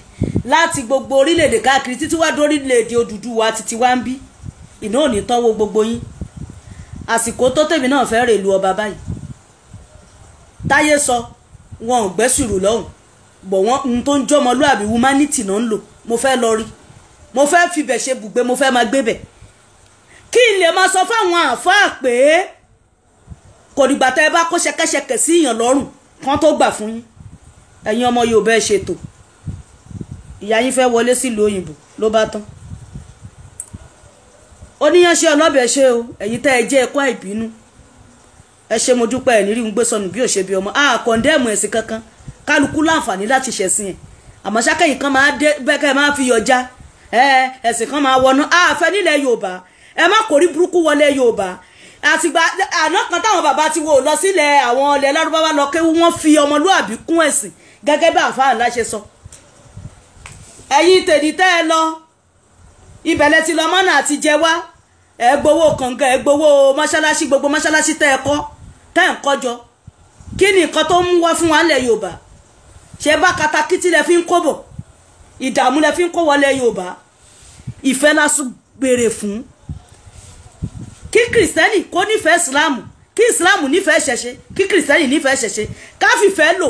láti gbogbo orílẹ̀-èdè káàkiri títí wá dórí orílẹ̀-èdè Odùduwà títí wá ń bí iná ò ní tọ́wọ́ gbogbo yín àsìkò tó tèmi náà fẹ́ rè lu ọba báyìí táyé sọ wọn ò gbẹ́sùrù lọ́hùn bọ̀ wọn ohun tó ń jọmọlúàbí humanity náà ń lò mo fẹ́ lọ rí mo fẹ́ fibẹ̀ ṣe bùgbé mo fẹ́ máa gbébẹ̀ kí n lè máa sọ fáwọn àáfàá pé kò dìgbà tẹ́ ẹ bá kó ṣẹkẹ́ṣẹkẹ̀ sí ìyàn lọ́rùn kan tó gbà fún yín ẹ̀yin ọmọ Yorùbá ẹ ṣètò ìyá yín fẹ́ wọlé sílùú òyìnbó ló bá tán oníyanṣe ọlọ́bẹ̀ ṣe o ẹ̀yin tẹ́ ẹ jẹ́ ẹ̀kọ́ àìbínú ẹ ṣe mo dúpẹ́ ẹ̀ nírí ń gbé sọnù bí òṣèbí ọmọ a kọ̀ndẹ́ẹ̀mù ẹ̀sìn kankan kálukú láǹfààní láti ṣẹ̀sìn ẹ̀ àmọ́ sákẹ́yìn kan máa dé bẹ́kẹ́ máa fi yọjá ẹ̀sìn kan máa wọnú àfẹ́ nílẹ̀ yorùbá ẹ má kórí burúkú wọlé yorùbá àtìgbà àná kan táwọn bàbá ti wò lọ sílẹ̀ àwọn ilẹ̀ lárúbáwá lọ kéwú wọ́n fi ọmọlúàbí kún ẹ̀sìn gẹ́gẹ́ bí àfáà ńlá ṣe sọ ẹ̀yin tèdí tẹ́ ẹ lọ ibẹ̀lẹ̀ ti lọ mọ́nà àti jẹ wá ẹ gbowó kànga ẹ gbowó mọ́ṣáláṣí gbogbo mọ́ṣáláṣí tẹ́ ẹ kọ́ tẹ́ ẹ ń kí ni nǹkan tó ń wá fún wa ńlẹ̀ yorùbá ṣe bá katakítí lẹ fi ń kóbò ìdààmú lẹ fi ń kó wọlé yorùbá ìfẹ́ lásù gbèrè fún kí kìrìsìtẹ́nì kó nífẹ̀ẹ́ ìsìláàmù kí ìsìláàmù nífẹ̀ẹ́ ṣẹ̀ṣe kí kìrìsìtẹ́nì nífẹ̀ẹ́ ṣẹ̀ṣe káfífẹ́ lò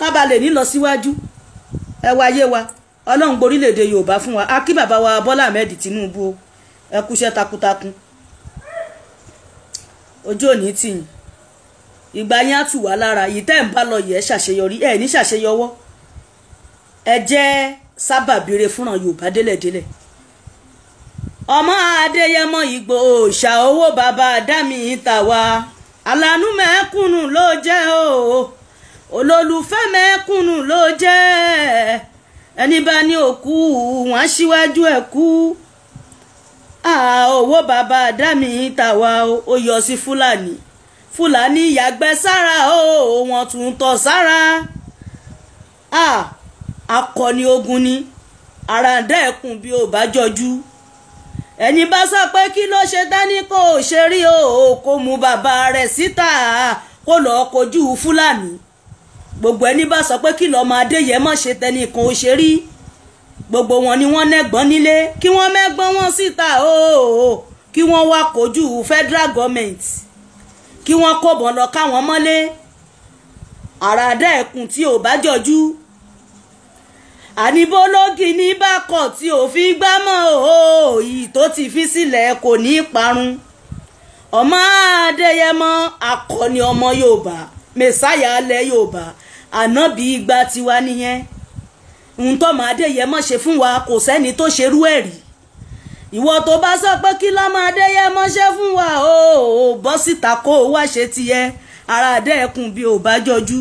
kábàlẹ̀ nílọ síwájú ẹ wá yé wa ọlọ́run gborílẹ̀-èdè yorùbá fún wa akí bàbá wa bọ́lá ahmed tinubu ẹ kúṣẹ́ takuntakun ojú òní tìyìn ìgbà yẹn á tù wá lára yìí tẹ́ ń bá lọ yẹ ṣàṣeyọrí ẹ̀ ní ṣàṣeyọwọ́ ẹ jẹ́ sábàbíire fúnra Yorùbá délẹ̀délẹ̀ ọmọ Adéyẹmọ Ìgbòho ṣà owó bàbá dámì ìta alánú mẹ́kúnnù ló jẹ́ o olólùfẹ́ mẹ́kúnnù ló jẹ́ ẹni bá ní òkú wọn aṣíwájú ẹ̀ kú owó bàbá dámì ìta wa yọ sí Fúlàní fúlàní yàgbẹ́ sára o wọ́n tún tọ̀ sára akọni ogun ni àràǹdà ẹkùn bí ó bá jọjú ẹni bá sọ pé kí ló ṣe dání kó o ṣe rí o kó mú bàbá rẹ̀ síta kó lọ́ọ́ kojú fúlàní gbogbo ẹni bá sọ pé kí lọ́ọ́ máa déyẹ mọ́ ṣe tẹnìkan ó ṣe rí gbogbo wọn ni wọ́n nẹ́gbọ́n nílé kí wọ́n mẹ́gbọ́n wọn síta o kí wọ́n wá kojú federal government kí wọ́n kó bọ̀ lọ káwọn mọ́lé àràdá ẹ̀kùn tí ò bá jọjú àníbólógì ní bákọ̀ tí ò fi gbámọ̀ òòyì tó ti fi sílẹ̀ kò ní parun ọmọ adéyẹmọ akọni ọmọ yorùbá mẹsáyà alẹ yorùbá ànábì igba tiwa nìyẹn ohun adéyẹmọ ṣe fún wa kò sẹ́ni tó ṣerú ẹ̀ ìwọ tó bá sọ pé kí lọ́mọ adéyẹmọṣẹ́ fún wa o ò bọ́ síta kó o wá ṣe tiẹ ara dẹ́kun bí ò bá jọjú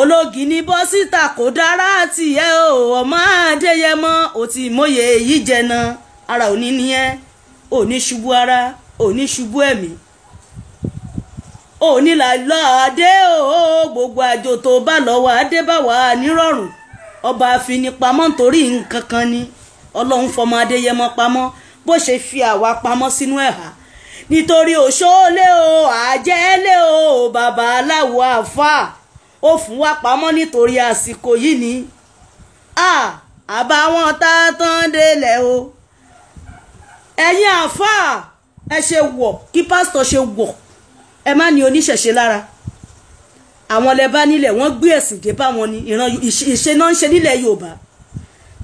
ológi ní bọ́ síta kò dára tiẹ o ọmọ adéyẹmọ ò ti mọyè èyí jẹna ara òní nìyẹn òní ṣubú ara òní ṣubú ẹ̀mí òní làlọ́ adé o gbogbo àjò tó bá lọ́wọ́ adébáwá nírọ̀rùn ọba àfinipamọ́ nítorí nǹkan kan ni. Kakani ọlọ́run fọmọ adéyẹmọ pamọ́ bó ṣe fi àwa pamọ́ sínú ẹ̀há nítorí òṣòlé o àjẹ́lé o bàbá aláwo àfáà ó fún wa pamọ́ nítorí àsìkò yìí ni àbáwọn tá a tán délẹ̀ o ẹ̀yin àfáà ẹ ṣe wọ̀ kí pásítọ̀ ṣe wọ̀ ẹ má ní oníṣẹ̀ṣe lára àwọn lẹ bá nílẹ̀ wọ́n gbé ẹ̀sìn dé bá wọn ni ìran ìṣe náà ń ṣe nílẹ̀ yorùbá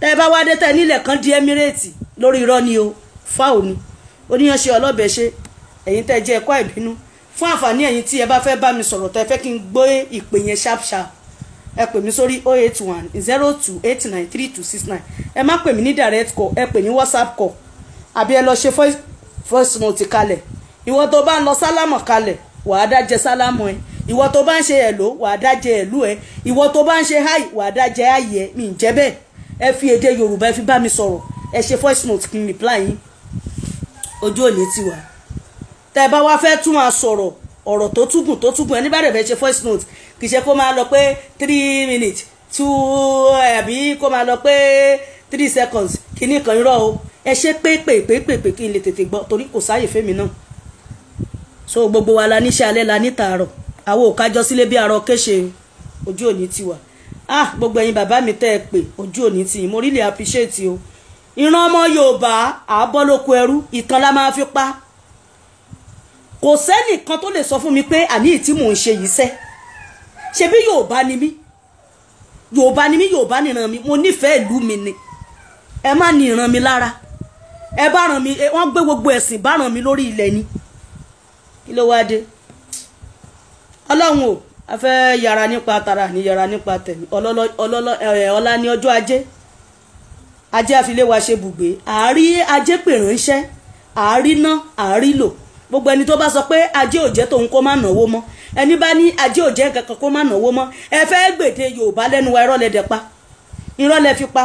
tẹ́ ẹ bá wá dé tẹ́ nílẹ̀ kan di emirate lórí irọ́ ni o fáwọn ni oníyanṣẹ́ ọlọ́bẹ̀ ṣe ẹ̀yin tẹ́ jẹ́ ẹ̀kọ́ ìbínú fún àǹfààní ẹ̀yin tí ẹ bá fẹ́ bá mi sọ̀rọ̀ tẹ́ fẹ́ kí n gbé ìpè yẹn sharp sharp ẹ pè mí sórí oh eight one zero two eight nine three two six nine ẹ má pè mí ní direct call ẹ pè ní whatsapp call àbí ẹ lọ ṣe voice note kalẹ̀ ìwọ tó bá ń lọ sálámọ̀ kalẹ̀ wàá dájẹ́ sálámọ̀ ẹ ìwọ tó bá ń ṣe ẹ̀lò wàá dájẹ́ ẹ̀lú ẹ ìwọ tó bá ń ṣe háì wàá dájẹ́ háì ẹ mi ń jẹ́ bẹ́ẹ̀ ẹ fi èdè yorùbá ẹ fi bá mi sọ̀rọ̀ ẹ ṣe voice note kí n reply yín ojú òní ti wà tẹ bá wá fẹ́ tún máa sọ̀rọ̀ ọ̀rọ̀ tó túgùn tó túgùn ẹni bá rẹ̀ ṣe voice note kì í ṣe kó máa lọ pé three minutes two eh, àbí kó máa lọ pé three seconds kìíní kan irọ́ o ẹ ṣe pépèpépèpè kí n lè tètè gbọ́ torí kò sáàyè fẹ́mi náà so gbogbo wa la níṣẹ́ alẹ́ la ní tààrọ̀ àwọn ò kájọ sílé bí arọ kéṣe ojú òní ti wà ah gbogbo ẹ̀yin bàbá mi tẹ́ ẹ pè ojú òní tì mo really appreciate o ìran ọmọ Yorùbá àbọ̀ lóko ẹrú ìtàn la máa fi pa kò sẹ́nìkan tó lè sọ fún mi pé àní ìtí mò ń ṣe yìí sẹ́ ṣebí Yorùbá ni mí Yorùbá ni mí Yorùbá nìran mi mo nífẹ̀ẹ́ ìlú mi ni ẹ má ní ìran mi lára ẹ bá ràn mí wọ́n gbé gbogbo ẹ̀sìn bá ràn mí lórí ilẹ̀ ni kí ló wá dé ọlọ́run o a fẹ́ yára nípa tara ní yára nípa tẹ̀mí ọlá ní ọjọ́ ajé ajé àfiléwà ṣe bùgbé àárí ajé pè ránṣẹ́ àárí ná àárí lò gbogbo ẹni tó bá sọ pé ajé òjẹ́ tòun kó má náwó mọ́ ẹni bá ní ajé òjẹ́ kankan kó má náwó mọ́ ẹ fẹ́ gbèdé Yorùbá lẹ́nu wa irọ́ dẹ̀ pa irọ́ fi pa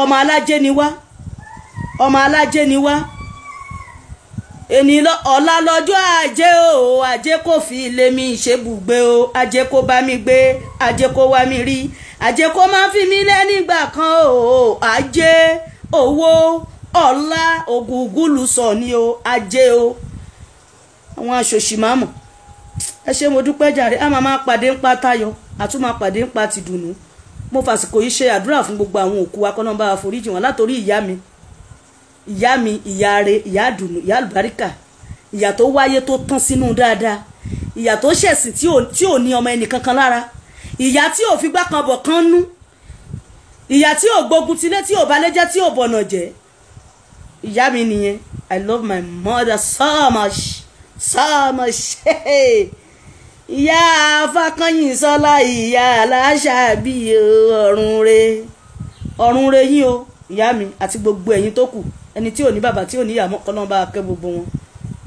ọmọ alájé ni wá ọmọ alájé ni wá èní ọ̀la lọ́jọ́ ajé o ajé kò fi ilé mi ṣebùgbé o ajé kò bá mi gbé ajé kò wá mi rí ajé kò má fi mí lẹ́ nígbà kan o ajé owó ọ̀la ògùngùlù sọ ni o ajé o àwọn aṣòṣì máa mọ̀ ẹ ṣé mo dúpẹ́ jàre a máa máa pàdé ń pa tayọ àtún máa pàdé ń pa tìdùnnú mo fàsìkò yìí ṣe àdúrà fún gbogbo àwọn òkú akọ́nàbá àforíjì wọn látòrí ìyá mi ìyá mi ìyá re ìyá àdùnnú ìyá àlùbáríkà ìyà tó wáyé tó tán sínú dáadáa ìyà tó ṣẹ̀sìn tí ò ní ọmọ ẹnì lára ìyà tí ò figbá kan bọ̀ kan nú ìyà tí ò gbógun tilé tí ò balẹ̀ jẹ́ tí ò bọ̀nà jẹ́ ìyá mi nìyẹn I love my mother so much so much ìyá afákànyìn sọlá ìyá aláṣà bíi ọ̀run re ọ̀run re yín o ìyá mi àti gbogbo ẹ̀yin tó kù ẹni tí ò ní bàbá tí ò ní ìyàmọ́ kọ́nà bá kẹ́ gbogbo wọn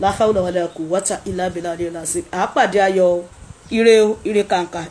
láhàúlà wàlẹ̀ kù wọ́tà ìlàbẹ̀là rẹ̀ làṣẹ àápàdé ayọ̀ ire kàǹkà